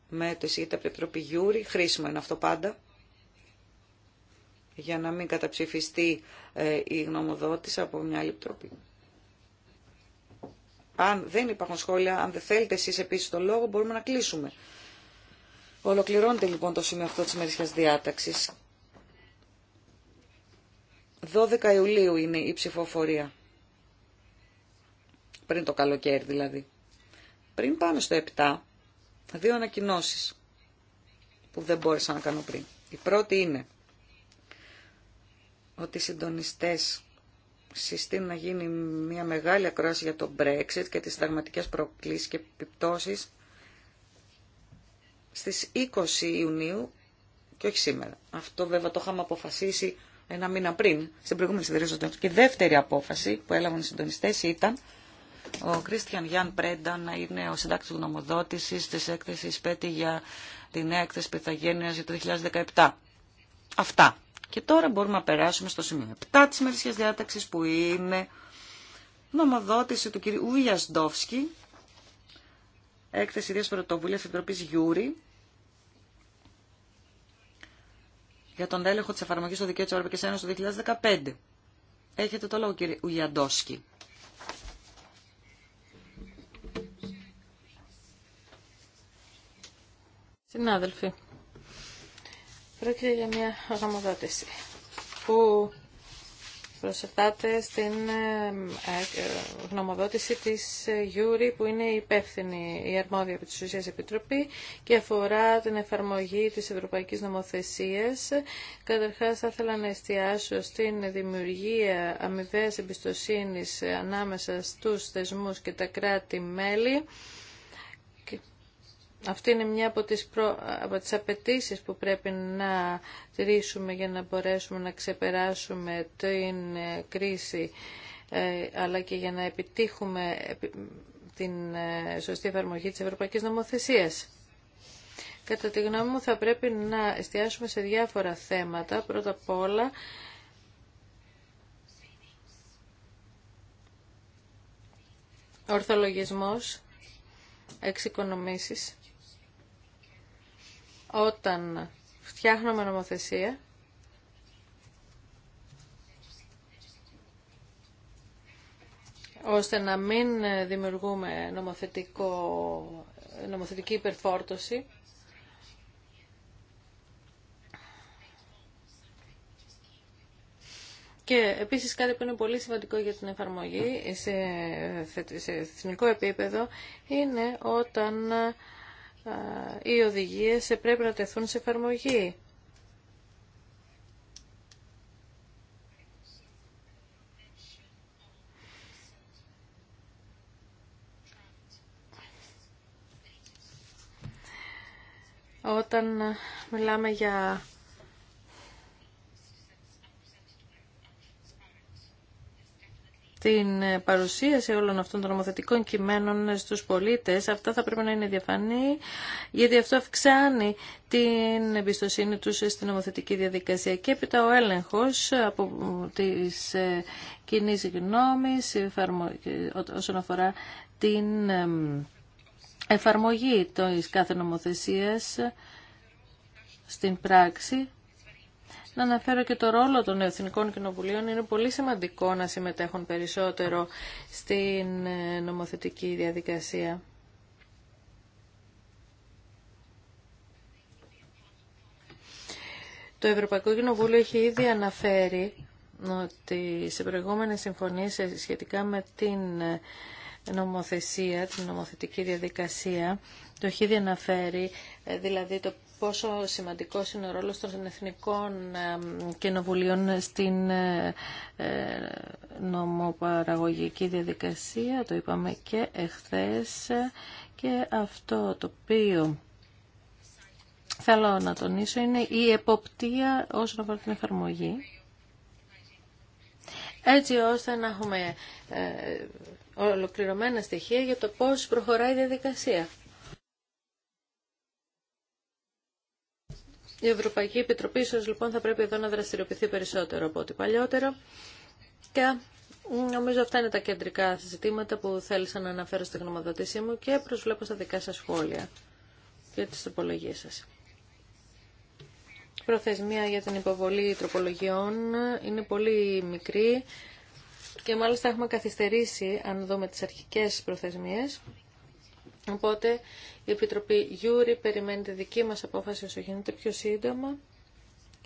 με το εισηγητή από την Επιτροπή Γιούρη, χρήσιμο είναι αυτό πάντα, για να μην καταψηφιστεί ε, η γνωμοδότηση από μια άλλη επιτροπή. Αν δεν υπάρχουν σχόλια, αν δεν θέλετε εσεί επίση το λόγο, μπορούμε να κλείσουμε. Ολοκληρώνεται λοιπόν το σημείο αυτό τη ημερήσια διάταξη. 12 Ιουλίου είναι η ψηφοφορία πριν το καλοκαίρι δηλαδή. Πριν πάνω στο 7, δύο ανακοινώσεις που δεν μπόρεσα να κάνω πριν. Η πρώτη είναι ότι οι συντονιστές συστήνουν να γίνει μια μεγάλη ακρόαση για το Brexit και τις συνταγματικές προκλήσεις και επιπτώσεις στις 20 Ιουνίου και όχι σήμερα. Αυτό βέβαια το είχαμε αποφασίσει ένα μήνα πριν, στην προηγούμενη συνδυασία. Και η δεύτερη απόφαση που έλαβαν οι συντονιστές ήταν ο Κρίστιαν Γιάν να είναι ο συντάκτης γνωμοδότησης της έκθεσης ΠΕΤΗ για την νέα έκθεση Πυθαγένειας για το 2017. Αυτά. Και τώρα μπορούμε να περάσουμε στο σημείο 7 της μερισιάς διάταξης που είναι νομοδότηση του κ. Ούλιας Ντόφσκι, έκθεση ιδίας πρωτοβουλίας Επιτροπής Γιούρη, για τον έλεγχο της εφαρμογής του δικαίου της Ευρωπαϊκής Ένωσης το 2015. Έχετε το λόγο κύριε Ουλιαντόσκη. Συνάδελφοι, πρόκειται για μια γνωμοδότηση που προσερτάται στην ε, ε, γνωμοδότηση της ε, Γιούρη που είναι η υπεύθυνη η αρμόδια από της Ουσίας Επιτροπή και αφορά την εφαρμογή της Ευρωπαϊκής Νομοθεσίας. Καταρχάς θα ήθελα να εστιάσω στην δημιουργία αμοιβαίας εμπιστοσύνης ανάμεσα στους θεσμούς και τα κράτη-μέλη αυτή είναι μια από τις, προ... απαιτήσεις που πρέπει να τηρήσουμε για να μπορέσουμε να ξεπεράσουμε την ε, κρίση ε, αλλά και για να επιτύχουμε την ε, σωστή εφαρμογή της Ευρωπαϊκής Νομοθεσίας. Κατά τη γνώμη μου θα πρέπει να εστιάσουμε σε διάφορα θέματα. Πρώτα απ' όλα ορθολογισμός, εξοικονομήσεις όταν φτιάχνουμε νομοθεσία ώστε να μην δημιουργούμε νομοθετικό, νομοθετική υπερφόρτωση Και επίσης κάτι που είναι πολύ σημαντικό για την εφαρμογή σε, σε εθνικό επίπεδο είναι όταν οι οδηγίες πρέπει να τεθούν σε εφαρμογή. Όταν μιλάμε για την παρουσίαση όλων αυτών των νομοθετικών κειμένων στους πολίτες. Αυτά θα πρέπει να είναι διαφανή, γιατί αυτό αυξάνει την εμπιστοσύνη τους στην νομοθετική διαδικασία. Και έπειτα ο έλεγχος από τις ε, κοινή γνώμης όσον αφορά την εφαρμογή της κάθε νομοθεσίας στην πράξη να αναφέρω και το ρόλο των Εθνικών Κοινοβουλίων. Είναι πολύ σημαντικό να συμμετέχουν περισσότερο στην ε, νομοθετική διαδικασία. Το Ευρωπαϊκό Κοινοβούλιο έχει ήδη αναφέρει ότι σε προηγούμενες συμφωνίες σχετικά με την ε, νομοθεσία, την νομοθετική διαδικασία, το έχει ήδη αναφέρει, ε, δηλαδή το πόσο σημαντικός είναι ο ρόλος των εθνικών ε, κοινοβουλίων στην ε, ε, νομοπαραγωγική διαδικασία, το είπαμε και εχθές, και αυτό το οποίο θέλω να τονίσω είναι η εποπτεία όσον αφορά την εφαρμογή, έτσι ώστε να έχουμε ολοκληρωμένα στοιχεία για το πώς προχωράει η διαδικασία. Η Ευρωπαϊκή Επιτροπή ίσως λοιπόν θα πρέπει εδώ να δραστηριοποιηθεί περισσότερο από ό,τι παλιότερα. Και νομίζω αυτά είναι τα κεντρικά ζητήματα που θέλησα να αναφέρω στη γνωμοδότησή μου και προσβλέπω στα δικά σας σχόλια και τις τροπολογίες σας. Προθεσμία για την υποβολή τροπολογιών είναι πολύ μικρή και μάλιστα έχουμε καθυστερήσει αν δούμε τις αρχικές προθεσμίες. Οπότε η Επιτροπή Γιούρι περιμένει τη δική μας απόφαση όσο γίνεται πιο σύντομα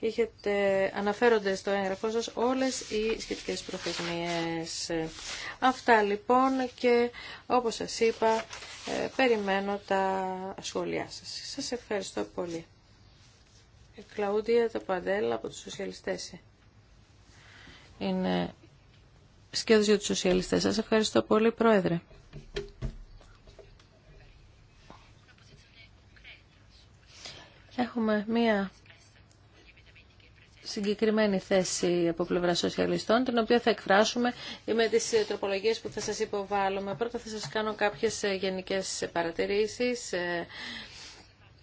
και αναφέρονται στο έγγραφό σας όλες οι σχετικές προθεσμίες. Αυτά λοιπόν και όπως σας είπα ε, περιμένω τα σχόλιά σας. Σας ευχαριστώ πολύ. Η ε, Κλαούντια Ταπαντέλα από τους Σοσιαλιστές είναι σκέδος για τους Σοσιαλιστές. Σας ευχαριστώ πολύ Πρόεδρε. Έχουμε μία συγκεκριμένη θέση από πλευρά σοσιαλιστών, την οποία θα εκφράσουμε με τις ε, τροπολογίες που θα σας υποβάλλουμε. Πρώτα θα σας κάνω κάποιες ε, γενικές παρατηρήσεις. Ε,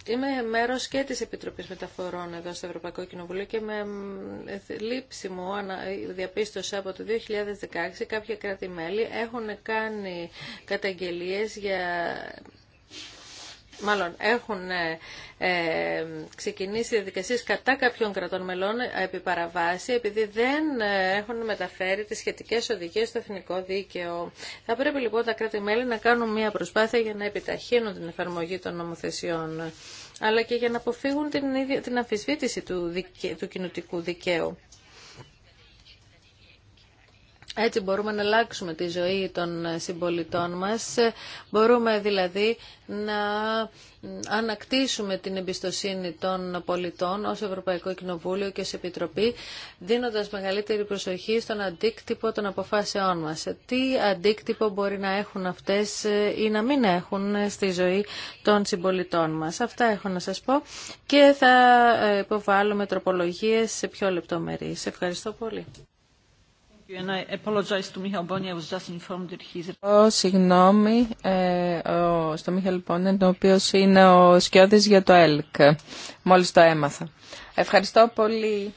είμαι μέρος και της Επιτροπής Μεταφορών εδώ στο Ευρωπαϊκό Κοινοβουλίο και με λήψη μου διαπίστωσα από το 2016 κάποια κράτη-μέλη έχουν κάνει καταγγελίες για μάλλον έχουν ε, ε, ξεκινήσει διαδικασίε κατά κάποιων κρατών μελών ε, επί παραβάση, επειδή δεν έχουν μεταφέρει τις σχετικές οδηγίες στο εθνικό δίκαιο. Θα πρέπει λοιπόν τα κράτη-μέλη να κάνουν μια προσπάθεια για να επιταχύνουν την εφαρμογή των νομοθεσιών, αλλά και για να αποφύγουν την, την αμφισβήτηση του, του δικαίου. Έτσι μπορούμε να αλλάξουμε τη ζωή των συμπολιτών μας. Μπορούμε δηλαδή να ανακτήσουμε την εμπιστοσύνη των πολιτών ως Ευρωπαϊκό Κοινοβούλιο και ως Επιτροπή, δίνοντας μεγαλύτερη προσοχή στον αντίκτυπο των αποφάσεών μας. Τι αντίκτυπο μπορεί να έχουν αυτές ε, ή να μην έχουν ε, στη ζωή των συμπολιτών μας. Αυτά έχω να σας πω και θα ε, υποβάλουμε τροπολογίες σε πιο λεπτομερείς. Ευχαριστώ πολύ. Oh, συγγνώμη ε, στο Μίχαλ Πόνεν, ο οποίο είναι ο σκιώδης για το ΕΛΚ. Μόλις το έμαθα. Ευχαριστώ πολύ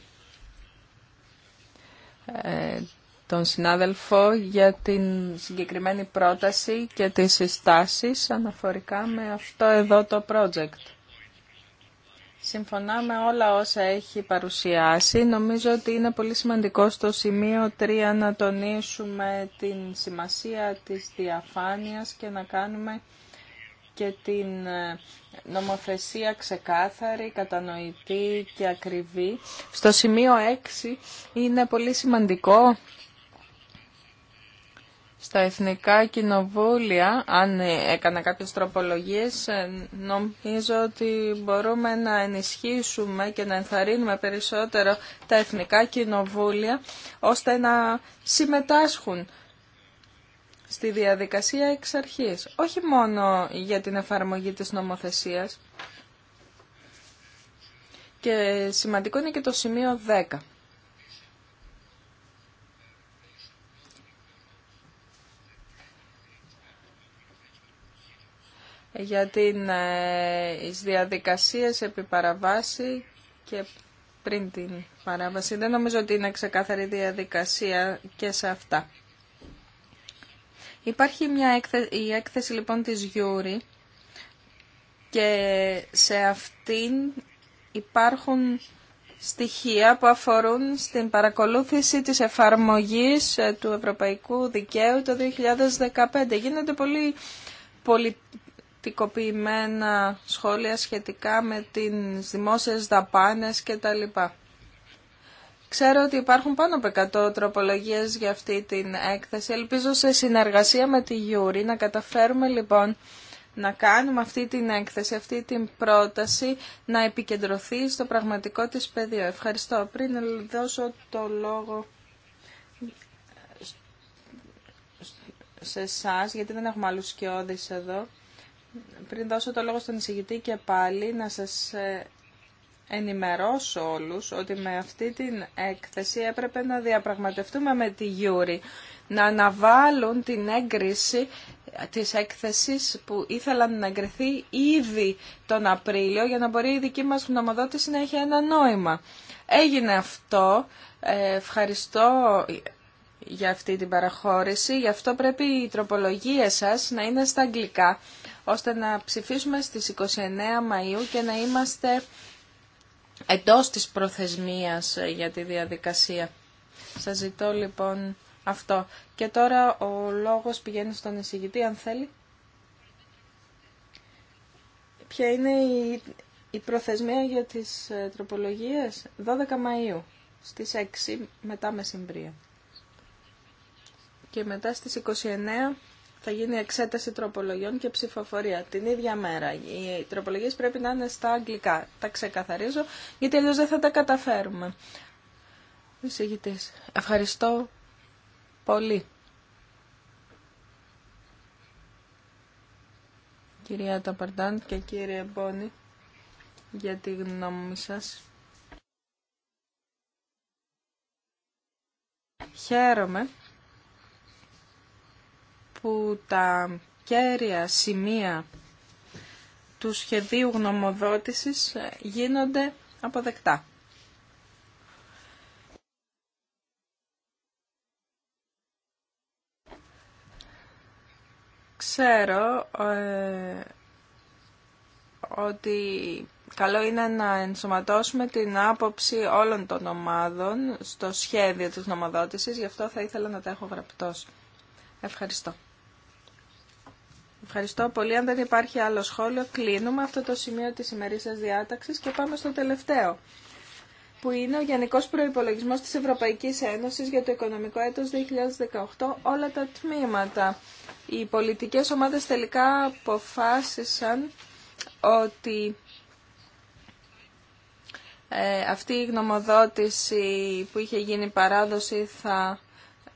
ε, τον συνάδελφο για την συγκεκριμένη πρόταση και τι συστάσεις αναφορικά με αυτό εδώ το project. Συμφωνά με όλα όσα έχει παρουσιάσει. Νομίζω ότι είναι πολύ σημαντικό στο σημείο 3 να τονίσουμε την σημασία της διαφάνειας και να κάνουμε και την ε, νομοθεσία ξεκάθαρη, κατανοητή και ακριβή. Στο σημείο 6 είναι πολύ σημαντικό στα εθνικά κοινοβούλια, αν έκανα κάποιες τροπολογίες, ε, νομίζω ότι μπορούμε να ενισχύσουμε και να ενθαρρύνουμε περισσότερο τα εθνικά κοινοβούλια, ώστε να συμμετάσχουν στη διαδικασία εξ αρχής. Όχι μόνο για την εφαρμογή της νομοθεσίας. Και σημαντικό είναι και το σημείο 10. για ε, τις διαδικασίες επί παραβάση και πριν την παράβαση. Δεν νομίζω ότι είναι ξεκάθαρη διαδικασία και σε αυτά. Υπάρχει μια η έκθεση λοιπόν της Γιούρη και σε αυτήν υπάρχουν στοιχεία που αφορούν στην παρακολούθηση της εφαρμογής ε, του Ευρωπαϊκού Δικαίου το 2015. Γίνονται πολύ τυπικοποιημένα σχόλια σχετικά με τις δημόσιες δαπάνες κτλ. Ξέρω ότι υπάρχουν πάνω από 100 τροπολογίες για αυτή την έκθεση. Ελπίζω σε συνεργασία με τη Γιούρη να καταφέρουμε λοιπόν να κάνουμε αυτή την έκθεση, αυτή την πρόταση να επικεντρωθεί στο πραγματικό της πεδίο. Ευχαριστώ. Πριν δώσω το λόγο σε εσά, γιατί δεν έχουμε άλλους σκιώδεις εδώ πριν δώσω το λόγο στον εισηγητή και πάλι να σας ε, ενημερώσω όλους ότι με αυτή την έκθεση έπρεπε να διαπραγματευτούμε με τη Γιούρη να αναβάλουν την έγκριση της έκθεσης που ήθελαν να εγκριθεί ήδη τον Απρίλιο για να μπορεί η δική μας γνωμοδότηση να έχει ένα νόημα. Έγινε αυτό. Ε, ευχαριστώ για αυτή την παραχώρηση. Γι' αυτό πρέπει η τροπολογία σας να είναι στα αγγλικά, ώστε να ψηφίσουμε στις 29 Μαΐου και να είμαστε εντός της προθεσμίας ε, για τη διαδικασία. Σας ζητώ λοιπόν αυτό. Και τώρα ο λόγος πηγαίνει στον εισηγητή, αν θέλει. Ποια είναι η, η προθεσμία για τις ε, τροπολογίες 12 Μαΐου στις 6 μετά και μετά στις 29 θα γίνει εξέταση τροπολογιών και ψηφοφορία την ίδια μέρα. Οι τροπολογίες πρέπει να είναι στα αγγλικά. Τα ξεκαθαρίζω γιατί αλλιώς δεν θα τα καταφέρουμε. Εισηγητής, ευχαριστώ πολύ. Κυρία Ταπαρντάν και κύριε Μπόνη για τη γνώμη σας. Χαίρομαι που τα κέρια σημεία του σχεδίου γνωμοδότησης ε, γίνονται αποδεκτά. Ξέρω ε, ότι καλό είναι να ενσωματώσουμε την άποψη όλων των ομάδων στο σχέδιο της νομοδότησης, γι' αυτό θα ήθελα να τα έχω γραπτός. Ευχαριστώ. Ευχαριστώ πολύ. Αν δεν υπάρχει άλλο σχόλιο, κλείνουμε αυτό το σημείο της σας διάταξης και πάμε στο τελευταίο, που είναι ο Γενικός Προϋπολογισμός της Ευρωπαϊκής Ένωσης για το οικονομικό έτος 2018, όλα τα τμήματα. Οι πολιτικές ομάδες τελικά αποφάσισαν ότι ε, αυτή η γνωμοδότηση που είχε γίνει παράδοση θα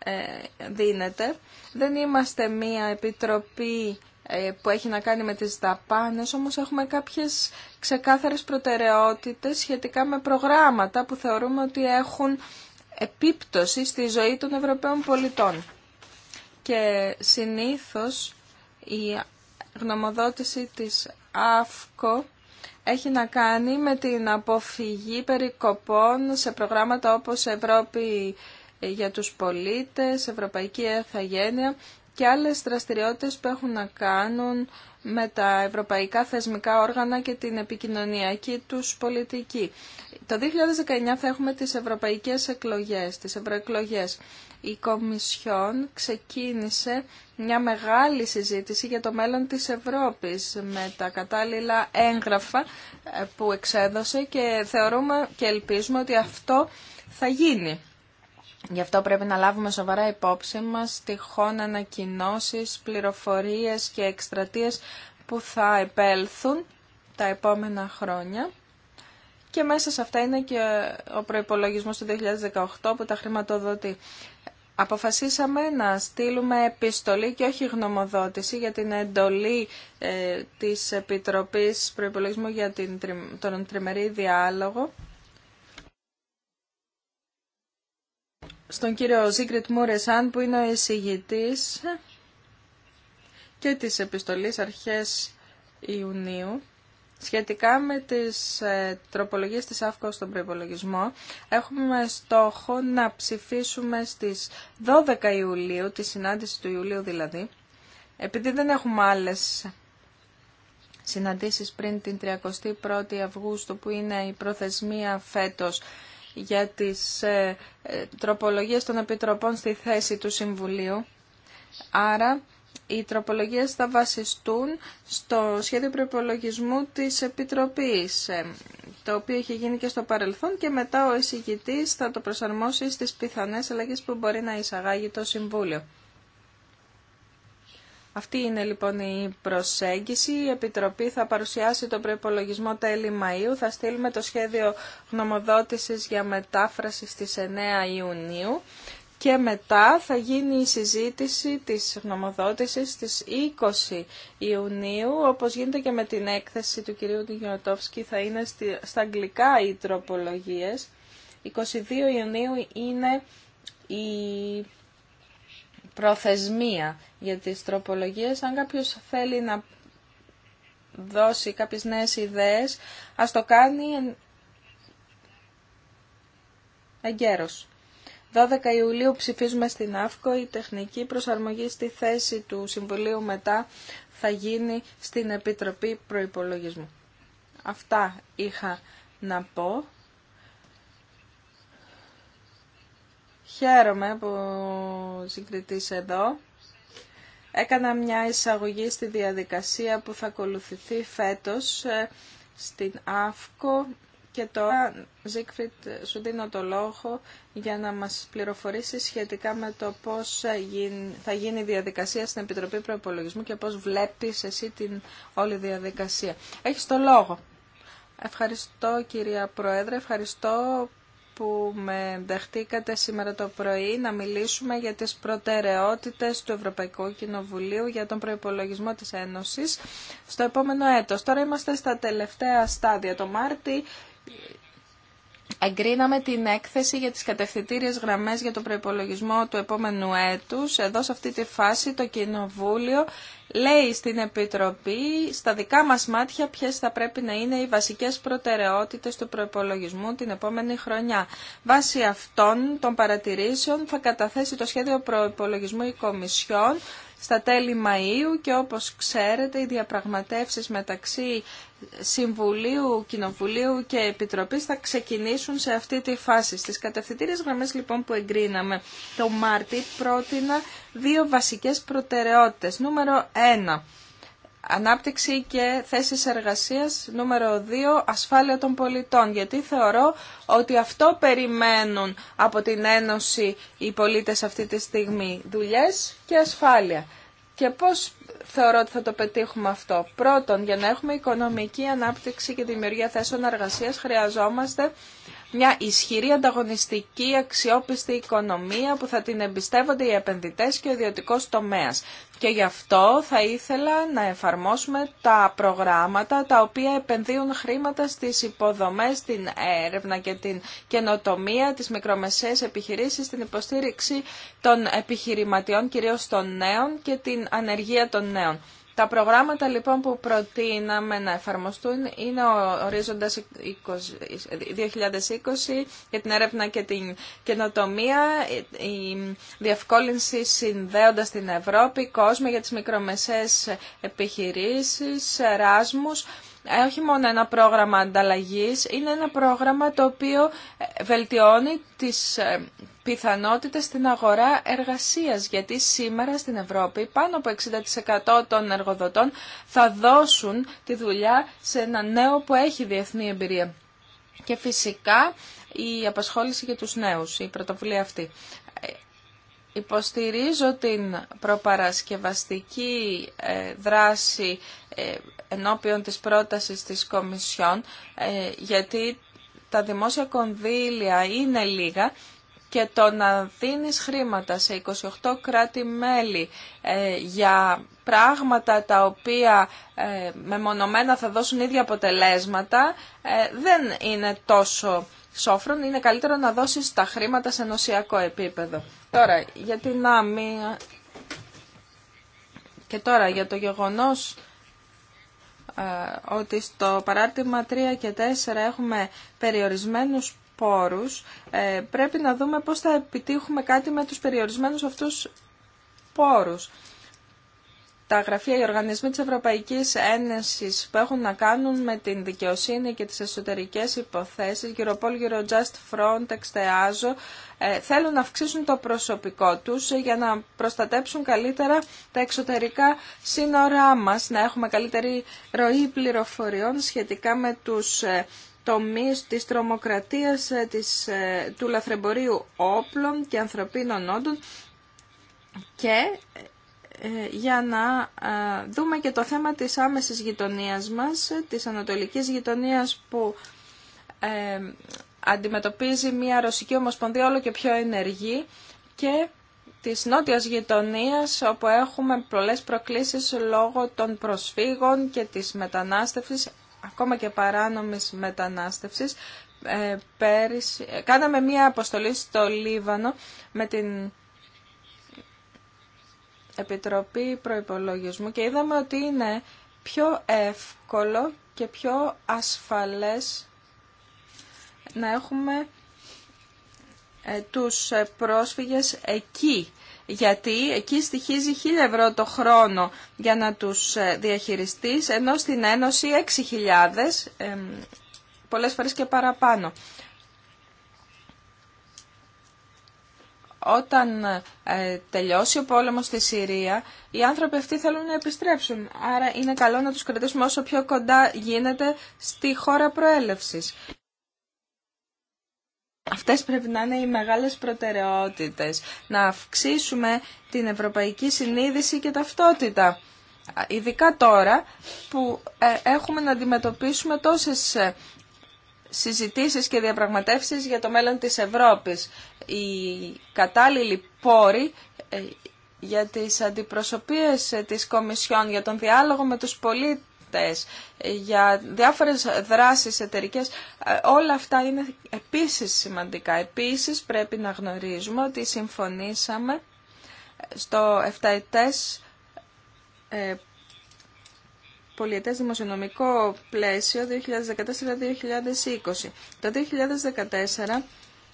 ε, δίνεται. Δεν είμαστε μία επιτροπή ε, που έχει να κάνει με τις δαπάνες, όμως έχουμε κάποιες ξεκάθαρες προτεραιότητες σχετικά με προγράμματα που θεωρούμε ότι έχουν επίπτωση στη ζωή των Ευρωπαίων πολιτών. Και συνήθως η γνωμοδότηση της ΑΦΚΟ έχει να κάνει με την αποφυγή περικοπών σε προγράμματα όπως Ευρώπη για τους πολίτες, ευρωπαϊκή εθαγένεια και άλλες δραστηριότητες που έχουν να κάνουν με τα ευρωπαϊκά θεσμικά όργανα και την επικοινωνιακή τους πολιτική. Το 2019 θα έχουμε τις ευρωπαϊκές εκλογές, τις ευρωεκλογές. Η Κομισιόν ξεκίνησε μια μεγάλη συζήτηση για το μέλλον της Ευρώπης με τα κατάλληλα έγγραφα ε, που εξέδωσε και θεωρούμε και ελπίζουμε ότι αυτό θα γίνει. Γι' αυτό πρέπει να λάβουμε σοβαρά υπόψη μας τυχόν ανακοινώσεις, πληροφορίες και εκστρατείες που θα επέλθουν τα επόμενα χρόνια. Και μέσα σε αυτά είναι και ο προϋπολογισμός του 2018 που τα χρηματοδοτεί. Αποφασίσαμε να στείλουμε επιστολή και όχι γνωμοδότηση για την εντολή ε, της Επιτροπής Προϋπολογισμού για τον τριμερή διάλογο στον κύριο Ζίγκριτ Μούρεσάν που είναι ο εισηγητής και της επιστολής αρχές Ιουνίου σχετικά με τις ε, τροπολογίες της ΑΦΚΟ στον προϋπολογισμό. Έχουμε στόχο να ψηφίσουμε στις 12 Ιουλίου, τη συνάντηση του Ιουλίου δηλαδή, επειδή δεν έχουμε άλλες συναντήσεις πριν την 31η Αυγούστου που είναι η προθεσμία φέτος για τις ε, ε, τροπολογίες των επιτροπών στη θέση του Συμβουλίου. Άρα, οι τροπολογίες θα βασιστούν στο σχέδιο προπολογισμού της Επιτροπής, ε, το οποίο έχει γίνει και στο παρελθόν και μετά ο εισηγητής θα το προσαρμόσει στις πιθανές αλλαγές που μπορεί να εισαγάγει το Συμβούλιο. Αυτή είναι λοιπόν η προσέγγιση. Η Επιτροπή θα παρουσιάσει τον προπολογισμό τέλη Μαΐου. Θα στείλουμε το σχέδιο γνωμοδότησης για μετάφραση στις 9 Ιουνίου. Και μετά θα γίνει η συζήτηση της γνωμοδότησης στις 20 Ιουνίου, όπως γίνεται και με την έκθεση του κυρίου Τιγιονοτόφσκη, θα είναι στα αγγλικά οι τροπολογίες. 22 Ιουνίου είναι η προθεσμία για τις τροπολογίες. Αν κάποιος θέλει να δώσει κάποιες νέες ιδέες, ας το κάνει εγκαίρως. 12 Ιουλίου ψηφίζουμε στην ΑΦΚΟ, η τεχνική προσαρμογή στη θέση του Συμβουλίου μετά θα γίνει στην Επιτροπή Προϋπολογισμού. Αυτά είχα να πω. Χαίρομαι που συγκριτής εδώ. Έκανα μια εισαγωγή στη διαδικασία που θα ακολουθηθεί φέτος ε, στην ΑΦΚΟ και τώρα, Ζίκφριτ, σου δίνω το λόγο για να μας πληροφορήσει σχετικά με το πώς θα γίνει η διαδικασία στην Επιτροπή προπολογισμού και πώς βλέπεις εσύ την όλη διαδικασία. Έχεις το λόγο. Ευχαριστώ κυρία Πρόεδρε, ευχαριστώ που με δεχτήκατε σήμερα το πρωί να μιλήσουμε για τις προτεραιότητες του Ευρωπαϊκού Κοινοβουλίου για τον προϋπολογισμό της Ένωσης στο επόμενο έτος. Τώρα είμαστε στα τελευταία στάδια. Το Μάρτι εγκρίναμε την έκθεση για τις κατευθυντήριες γραμμές για το προϋπολογισμό του επόμενου έτους. Εδώ σε αυτή τη φάση το Κοινοβούλιο λέει στην Επιτροπή στα δικά μας μάτια ποιες θα πρέπει να είναι οι βασικές προτεραιότητες του προϋπολογισμού την επόμενη χρονιά. Βάσει αυτών των παρατηρήσεων θα καταθέσει το σχέδιο προϋπολογισμού η Κομισιόν στα τέλη Μαΐου και όπως ξέρετε οι διαπραγματεύσεις μεταξύ Συμβουλίου, Κοινοβουλίου και Επιτροπής θα ξεκινήσουν σε αυτή τη φάση. Στις κατευθυντήριες γραμμές λοιπόν που εγκρίναμε το Μάρτι πρότεινα δύο βασικές προτεραιότητες. Νούμερο 1 Ανάπτυξη και θέσεις εργασίας νούμερο 2, ασφάλεια των πολιτών, γιατί θεωρώ ότι αυτό περιμένουν από την Ένωση οι πολίτες αυτή τη στιγμή, δουλειές και ασφάλεια. Και πώς θεωρώ ότι θα το πετύχουμε αυτό. Πρώτον, για να έχουμε οικονομική ανάπτυξη και δημιουργία θέσεων εργασίας χρειαζόμαστε μια ισχυρή ανταγωνιστική αξιόπιστη οικονομία που θα την εμπιστεύονται οι επενδυτές και ο ιδιωτικό τομέας. Και γι' αυτό θα ήθελα να εφαρμόσουμε τα προγράμματα τα οποία επενδύουν χρήματα στις υποδομές, την έρευνα και την καινοτομία, τις μικρομεσαίες επιχειρήσεις, την υποστήριξη των επιχειρηματιών, κυρίως των νέων και την ανεργία των νέων. Τα προγράμματα λοιπόν που προτείναμε να εφαρμοστούν είναι ο ορίζοντας 2020 για την έρευνα και την καινοτομία, η διευκόλυνση συνδέοντας την Ευρώπη, κόσμο για τις μικρομεσαίες επιχειρήσεις, εράσμους. Ε, όχι μόνο ένα πρόγραμμα ανταλλαγής, είναι ένα πρόγραμμα το οποίο ε, βελτιώνει τις ε, πιθανότητες στην αγορά εργασίας, γιατί σήμερα στην Ευρώπη πάνω από 60% των εργοδοτών θα δώσουν τη δουλειά σε ένα νέο που έχει διεθνή εμπειρία. Και φυσικά η απασχόληση για τους νέους, η πρωτοβουλία αυτή. Υποστηρίζω την προπαρασκευαστική ε, δράση ε, ενώπιον της πρότασης της Κομισιόν ε, γιατί τα δημόσια κονδύλια είναι λίγα και το να δίνεις χρήματα σε 28 κράτη-μέλη για πράγματα τα οποία μεμονωμένα θα δώσουν ίδια αποτελέσματα δεν είναι τόσο σόφρον, είναι καλύτερο να δώσεις τα χρήματα σε νοσιακό επίπεδο. Τώρα, για την και τώρα για το γεγονός ε, ότι στο παράρτημα 3 και 4 έχουμε περιορισμένους πόρους, ε, πρέπει να δούμε πώς θα επιτύχουμε κάτι με τους περιορισμένους αυτούς πόρους τα γραφεία οι οργανισμοί της Ευρωπαϊκής Ένωσης που έχουν να κάνουν με την δικαιοσύνη και τις εσωτερικές υποθέσεις, Europol, just front, εξτεάζω θέλουν να αυξήσουν το προσωπικό τους για να προστατέψουν καλύτερα τα εξωτερικά σύνορά μας, να έχουμε καλύτερη ροή πληροφοριών σχετικά με τους ε, τομείς της τρομοκρατίας, ε, της, ε, του λαθρεμπορίου όπλων και ανθρωπίνων όντων ε, για να ε, δούμε και το θέμα της άμεσης γειτονίας μας, ε, της ανατολικής γειτονίας που αντιμετωπίζει μια ρωσική ομοσπονδία όλο και πιο ενεργή και της νότιας γειτονίας όπου έχουμε πολλές προκλήσεις λόγω των προσφύγων και της μετανάστευσης, ακόμα και παράνομης μετανάστευσης. Πέρυσι, κάναμε μια αποστολή στο Λίβανο με την Επιτροπή Προϋπολογισμού και είδαμε ότι είναι πιο εύκολο και πιο ασφαλές να έχουμε ε, τους πρόσφυγες εκεί. Γιατί εκεί στοιχίζει 1.000 ευρώ το χρόνο για να τους ε, διαχειριστείς, ενώ στην Ένωση 6.000, πολλές φορές και παραπάνω. Όταν ε, τελειώσει ο πόλεμος στη Συρία, οι άνθρωποι αυτοί θέλουν να επιστρέψουν. Άρα είναι καλό να τους κρατήσουμε όσο πιο κοντά γίνεται στη χώρα προέλευσης. Αυτές πρέπει να είναι οι μεγάλες προτεραιότητες. Να αυξήσουμε την ευρωπαϊκή συνείδηση και ταυτότητα. Ειδικά τώρα που ε, έχουμε να αντιμετωπίσουμε τόσες ε, συζητήσεις και διαπραγματεύσεις για το μέλλον της Ευρώπης. Οι κατάλληλοι πόροι ε, για τις αντιπροσωπείες ε, της Κομισιόν, για τον διάλογο με τους πολίτες, ε, για διάφορες δράσεις εταιρικέ, όλα αυτά είναι επίσης σημαντικά. Επίσης πρέπει να γνωρίζουμε ότι συμφωνήσαμε στο 7 πολιετές δημοσιονομικό πλαίσιο 2014-2020. Το 2014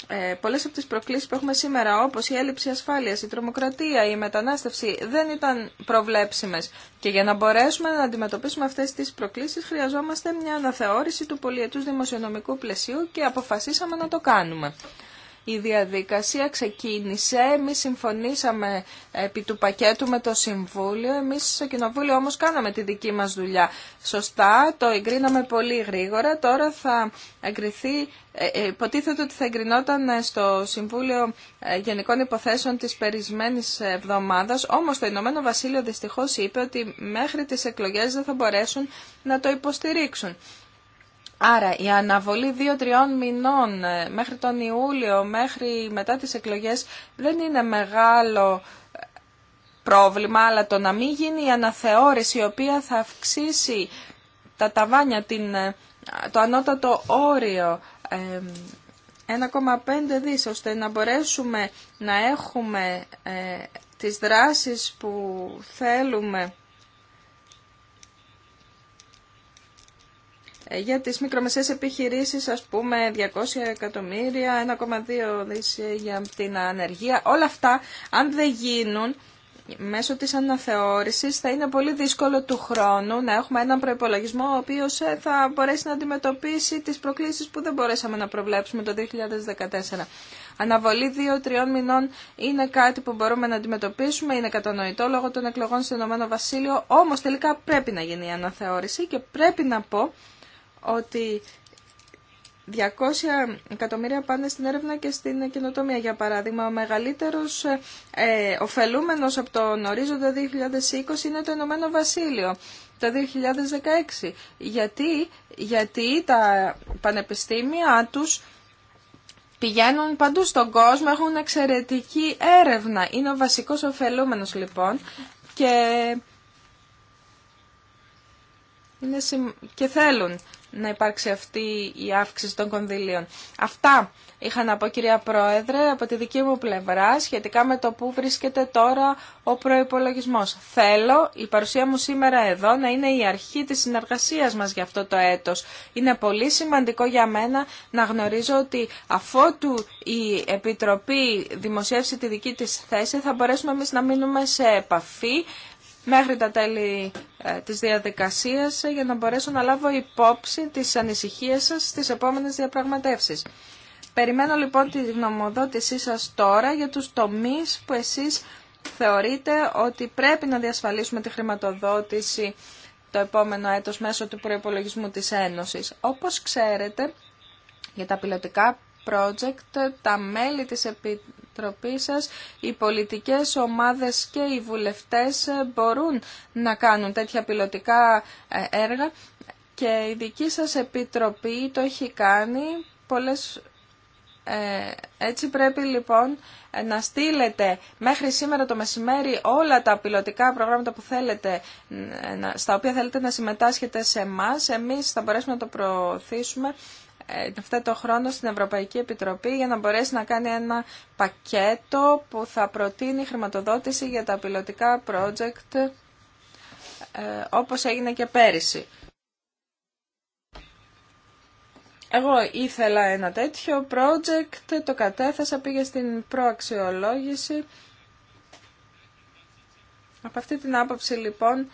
ε, πολλές από τις προκλήσεις που έχουμε σήμερα όπως η έλλειψη ασφάλειας, η τρομοκρατία, η μετανάστευση δεν ήταν προβλέψιμες και για να μπορέσουμε να αντιμετωπίσουμε αυτές τις προκλήσεις χρειαζόμαστε μια αναθεώρηση του πολιετούς δημοσιονομικού πλαισίου και αποφασίσαμε να το κάνουμε. Η διαδικασία ξεκίνησε, εμείς συμφωνήσαμε επί του πακέτου με το Συμβούλιο, εμείς στο Κοινοβούλιο όμως κάναμε τη δική μας δουλειά. Σωστά, το εγκρίναμε πολύ γρήγορα, τώρα θα εγκριθεί, ε, ε, υποτίθεται ότι θα εγκρινόταν ε, στο Συμβούλιο Γενικών Υποθέσεων της περισμένης εβδομάδας, όμως το Ηνωμένο Βασίλειο δυστυχώς είπε ότι μέχρι τις εκλογές δεν θα μπορέσουν να το υποστηρίξουν. Άρα η αναβολή δύο-τριών μηνών ε, μέχρι τον Ιούλιο, μέχρι μετά τις εκλογές δεν είναι μεγάλο ε, πρόβλημα, αλλά το να μην γίνει η αναθεώρηση η οποία θα αυξήσει τα ταβάνια, την, ε, το ανώτατο όριο 1,5 δις, ώστε να μπορέσουμε να έχουμε τις δράσεις που θέλουμε Ε, για τις μικρομεσαίες επιχειρήσεις, ας πούμε, 200 εκατομμύρια, 1,2 δις για την ανεργία. Όλα αυτά, αν δεν γίνουν, μέσω της αναθεώρησης θα είναι πολύ δύσκολο του χρόνου να έχουμε έναν προϋπολογισμό ο οποίος ε, θα μπορέσει να αντιμετωπίσει τις προκλήσεις που δεν μπορέσαμε να προβλέψουμε το 2014. αναβολη 2 2-3 μηνών είναι κάτι που μπορούμε να αντιμετωπίσουμε, είναι κατανοητό λόγω των εκλογών στο ΕΒ Βασίλειο, όμως τελικά πρέπει να γίνει η αναθεώρηση και πρέπει να πω ότι 200 εκατομμύρια πάνε στην έρευνα και στην καινοτομία. Για παράδειγμα, ο μεγαλύτερος ε, ωφελούμενος από τον ορίζοντα 2020 είναι το Ηνωμένο Βασίλειο το 2016. Γιατί, γιατί τα πανεπιστήμια τους πηγαίνουν παντού στον κόσμο, έχουν εξαιρετική έρευνα. Είναι ο βασικός ωφελούμενος λοιπόν και, είναι και θέλουν να υπάρξει αυτή η αύξηση των κονδυλίων. Αυτά είχα να πω κυρία Πρόεδρε από τη δική μου πλευρά σχετικά με το που βρίσκεται τώρα ο προϋπολογισμός. Θέλω η παρουσία μου σήμερα εδώ να είναι η αρχή της συνεργασίας μας για αυτό το έτος. Είναι πολύ σημαντικό για μένα να γνωρίζω ότι αφότου η Επιτροπή δημοσιεύσει τη δική της θέση θα μπορέσουμε εμείς να μείνουμε σε επαφή μέχρι τα τέλη ε, της διαδικασίας ε, για να μπορέσω να λάβω υπόψη τις ανησυχίες σας στις επόμενες διαπραγματεύσεις. Περιμένω λοιπόν τη γνωμοδότησή σας τώρα για τους τομείς που εσείς θεωρείτε ότι πρέπει να διασφαλίσουμε τη χρηματοδότηση το επόμενο έτος μέσω του προϋπολογισμού της Ένωσης. Όπως ξέρετε, για τα πιλωτικά project, τα μέλη της, Επι... Επιτροπή οι πολιτικές ομάδες και οι βουλευτές ε, μπορούν να κάνουν τέτοια πιλωτικά ε, έργα και η δική σας Επιτροπή το έχει κάνει πολλές ε, έτσι πρέπει λοιπόν να στείλετε μέχρι σήμερα το μεσημέρι όλα τα πιλωτικά προγράμματα που θέλετε, στα οποία θέλετε να συμμετάσχετε σε εμά. Εμείς θα μπορέσουμε να το προωθήσουμε ε, αυτό το χρόνο στην Ευρωπαϊκή Επιτροπή για να μπορέσει να κάνει ένα πακέτο που θα προτείνει χρηματοδότηση για τα πιλωτικά project ε, όπως έγινε και πέρυσι. Εγώ ήθελα ένα τέτοιο project, το κατέθεσα, πήγε στην προαξιολόγηση. Από αυτή την άποψη λοιπόν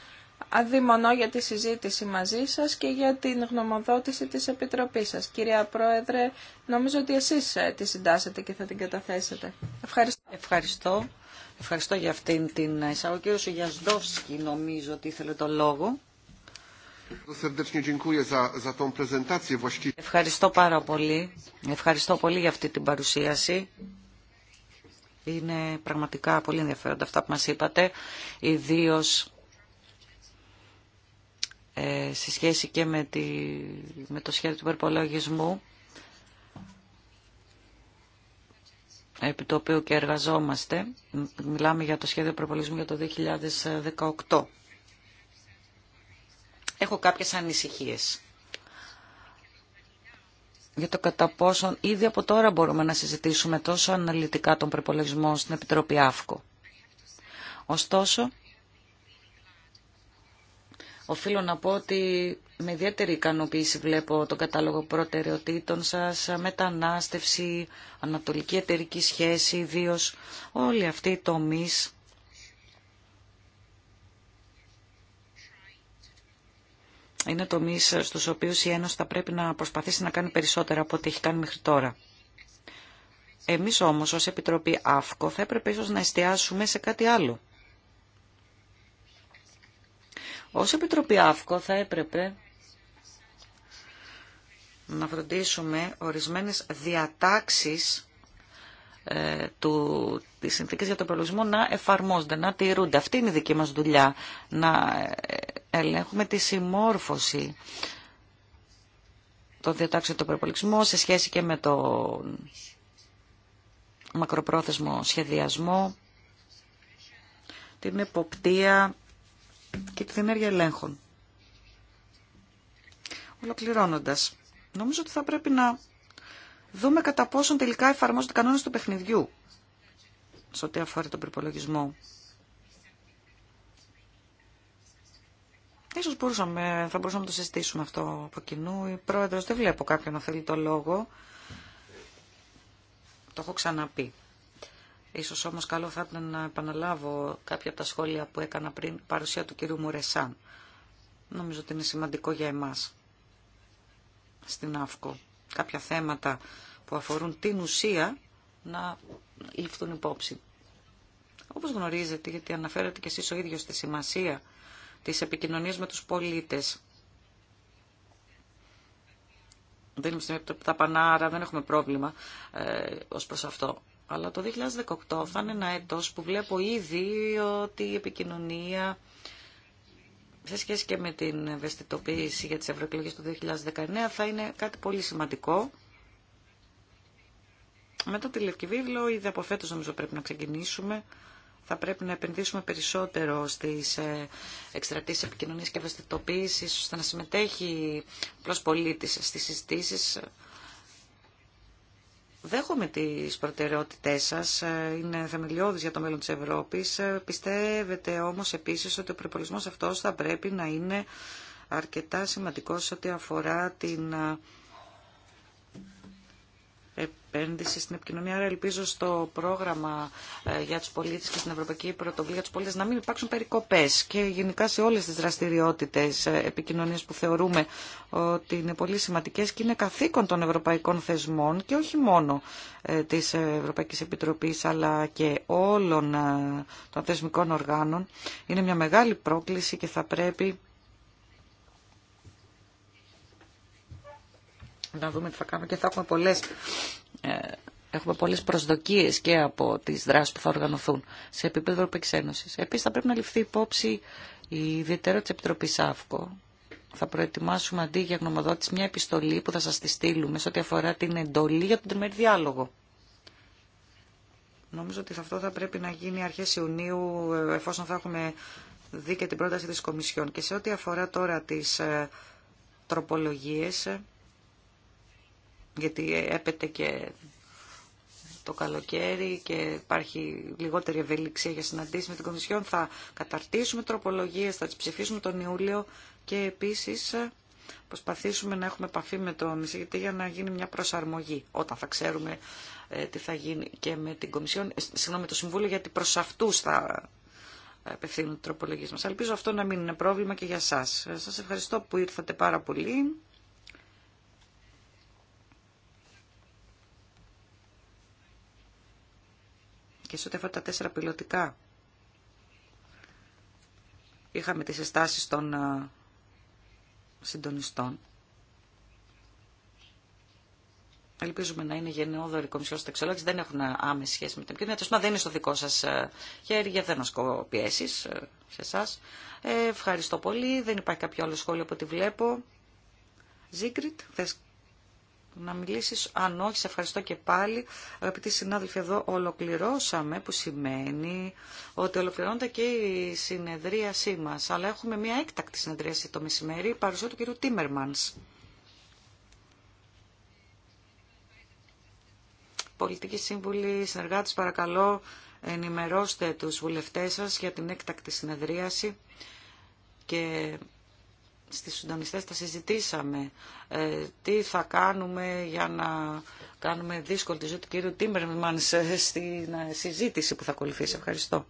αδειμονώ για τη συζήτηση μαζί σας και για την γνωμοδότηση της Επιτροπής σας. Κυρία Πρόεδρε, νομίζω ότι εσείς ε, τη συντάσσετε και θα την καταθέσετε. Ευχαριστώ. Ευχαριστώ. Ευχαριστώ για αυτήν την εισαγωγή. Ο κύριος Ιασδόσκη νομίζω ότι ήθελε το λόγο. Ευχαριστώ πάρα πολύ. Ευχαριστώ πολύ για αυτή την παρουσίαση. Είναι πραγματικά πολύ ενδιαφέροντα αυτά που μας είπατε, ιδίως ε, σε σχέση και με, τη, με το σχέδιο του υπερπολογισμού επί το οποίο και εργαζόμαστε. Μιλάμε για το σχέδιο προπολογισμού για το 2018. Έχω κάποιες ανησυχίες για το κατά πόσον ήδη από τώρα μπορούμε να συζητήσουμε τόσο αναλυτικά τον προπολογισμό στην Επιτροπή ΑΦΚΟ. Ωστόσο, Οφείλω να πω ότι με ιδιαίτερη ικανοποίηση βλέπω τον κατάλογο προτεραιοτήτων σας, μετανάστευση, ανατολική εταιρική σχέση, ιδίω όλοι αυτοί οι τομείς. Είναι τομείς στους οποίους η Ένωση θα πρέπει να προσπαθήσει να κάνει περισσότερα από ό,τι έχει κάνει μέχρι τώρα. Εμείς όμως ως Επιτροπή ΑΦΚΟ θα έπρεπε ίσως να εστιάσουμε σε κάτι άλλο. Ως Επιτροπή ΑΦΚΟ θα έπρεπε να φροντίσουμε ορισμένες διατάξεις ε, του, της συνθήκης για τον προλογισμό να εφαρμόζονται, να τηρούνται. Αυτή είναι η δική μας δουλειά, να ε, ελέγχουμε τη συμμόρφωση των διατάξεων του προπολογισμού σε σχέση και με το μακροπρόθεσμο σχεδιασμό, την εποπτεία και τη ενέργεια ελέγχων. Ολοκληρώνοντας, νομίζω ότι θα πρέπει να δούμε κατά πόσον τελικά εφαρμόζονται οι κανόνες του παιχνιδιού σε ό,τι αφορά τον προπολογισμό. Ίσως μπορούσαμε, θα μπορούσαμε να το συζητήσουμε αυτό από κοινού. Η πρόεδρος δεν βλέπω κάποιον να θέλει το λόγο. Το έχω ξαναπεί. Ίσως όμως καλό θα ήταν να επαναλάβω κάποια από τα σχόλια που έκανα πριν παρουσία του κυρίου Μουρεσάν. Νομίζω ότι είναι σημαντικό για εμάς στην ΑΦΚΟ. Κάποια θέματα που αφορούν την ουσία να ληφθούν υπόψη. Όπως γνωρίζετε, γιατί αναφέρατε και εσείς ο ίδιος τη σημασία της επικοινωνίας με τους πολίτες. Δεν είμαστε τα πανάρα, δεν έχουμε πρόβλημα ε, ως προς αυτό. Αλλά το 2018 θα είναι ένα έτος που βλέπω ήδη ότι η επικοινωνία σε σχέση και με την ευαισθητοποίηση για τις ευρωεκλογές του 2019 θα είναι κάτι πολύ σημαντικό. Μετά τη Λευκή Βίβλο, ήδη από φέτος νομίζω πρέπει να ξεκινήσουμε. Θα πρέπει να επενδύσουμε περισσότερο στις ε, εκστρατείες επικοινωνίας και ευαισθητοποίησης, ώστε να συμμετέχει πλώς πολίτης στις συζητήσεις. Δέχομαι τι προτεραιότητές σας, ε, είναι θεμελιώδης για το μέλλον της Ευρώπης. Ε, πιστεύετε όμως επίσης ότι ο προπολογισμό αυτός θα πρέπει να είναι αρκετά σημαντικός ό,τι αφορά την ε, επένδυση στην επικοινωνία. Άρα ελπίζω στο πρόγραμμα ε, για τους πολίτες και στην Ευρωπαϊκή Πρωτοβουλία για τους πολίτες να μην υπάρξουν περικοπές και γενικά σε όλες τις δραστηριότητες ε, επικοινωνίας που θεωρούμε ότι είναι πολύ σημαντικές και είναι καθήκον των ευρωπαϊκών θεσμών και όχι μόνο ε, της Ευρωπαϊκής Επιτροπής αλλά και όλων των θεσμικών οργάνων. Είναι μια μεγάλη πρόκληση και θα πρέπει να δούμε τι θα κάνουμε και θα έχουμε πολλές, ε, έχουμε πολλές προσδοκίες και από τις δράσεις που θα οργανωθούν σε επίπεδο Ευρωπαϊκής Ένωσης. Επίσης θα πρέπει να ληφθεί υπόψη η ιδιαίτερα της Επιτροπής ΑΦΚΟ. Θα προετοιμάσουμε αντί για γνωμοδότηση μια επιστολή που θα σας τη στείλουμε σε ό,τι αφορά την εντολή για τον τριμερή διάλογο. Νομίζω ότι αυτό θα πρέπει να γίνει αρχές Ιουνίου ε, εφόσον θα έχουμε δει και την πρόταση της Κομισιόν. Και σε ό,τι αφορά τώρα τις ε, τροπολογίες, γιατί έπεται και το καλοκαίρι και υπάρχει λιγότερη ευελιξία για συναντήσεις με την Κομισιόν. Θα καταρτήσουμε τροπολογίες, θα τις ψηφίσουμε τον Ιούλιο και επίσης ε, προσπαθήσουμε να έχουμε επαφή με τον εισηγητή για να γίνει μια προσαρμογή όταν θα ξέρουμε ε, τι θα γίνει και με την Κομισιόν, ε, συγγνώμη, το Συμβούλιο, γιατί προς αυτούς θα απευθύνουν τροπολογίες μας. Ελπίζω αυτό να μην είναι πρόβλημα και για σας. Σας ευχαριστώ που ήρθατε πάρα πολύ. και σε ό,τι αφορά τα τέσσερα πιλωτικά. Είχαμε τις εστάσεις των ε, συντονιστών. Ελπίζουμε να είναι γενναιόδορη κομισιόν τη Δεν έχουν άμεση σχέση με την ποιότητα. δεν είναι στο δικό σα ε, χέρι, για δεν ασκώ πιέσει ε, σε εσά. ευχαριστώ πολύ. Δεν υπάρχει κάποιο άλλο σχόλιο από ό,τι βλέπω. Ζίγκριτ, θες να μιλήσεις. Αν όχι, σε ευχαριστώ και πάλι. Αγαπητοί συνάδελφοι, εδώ ολοκληρώσαμε, που σημαίνει ότι ολοκληρώνεται και η συνεδρίασή μας. Αλλά έχουμε μια έκτακτη συνεδρίαση το μεσημέρι, παρουσία του κυρίου Τίμερμανς. Πολιτική Σύμβουλη, συνεργάτες, παρακαλώ, ενημερώστε τους βουλευτές σας για την έκτακτη συνεδρίαση και στις συντονιστές τα συζητήσαμε ε, τι θα κάνουμε για να κάνουμε δύσκολη τη ζωή του κύριου Τίμπερμαν ε, στην ε, συζήτηση που θα ακολουθήσει. Ευχαριστώ.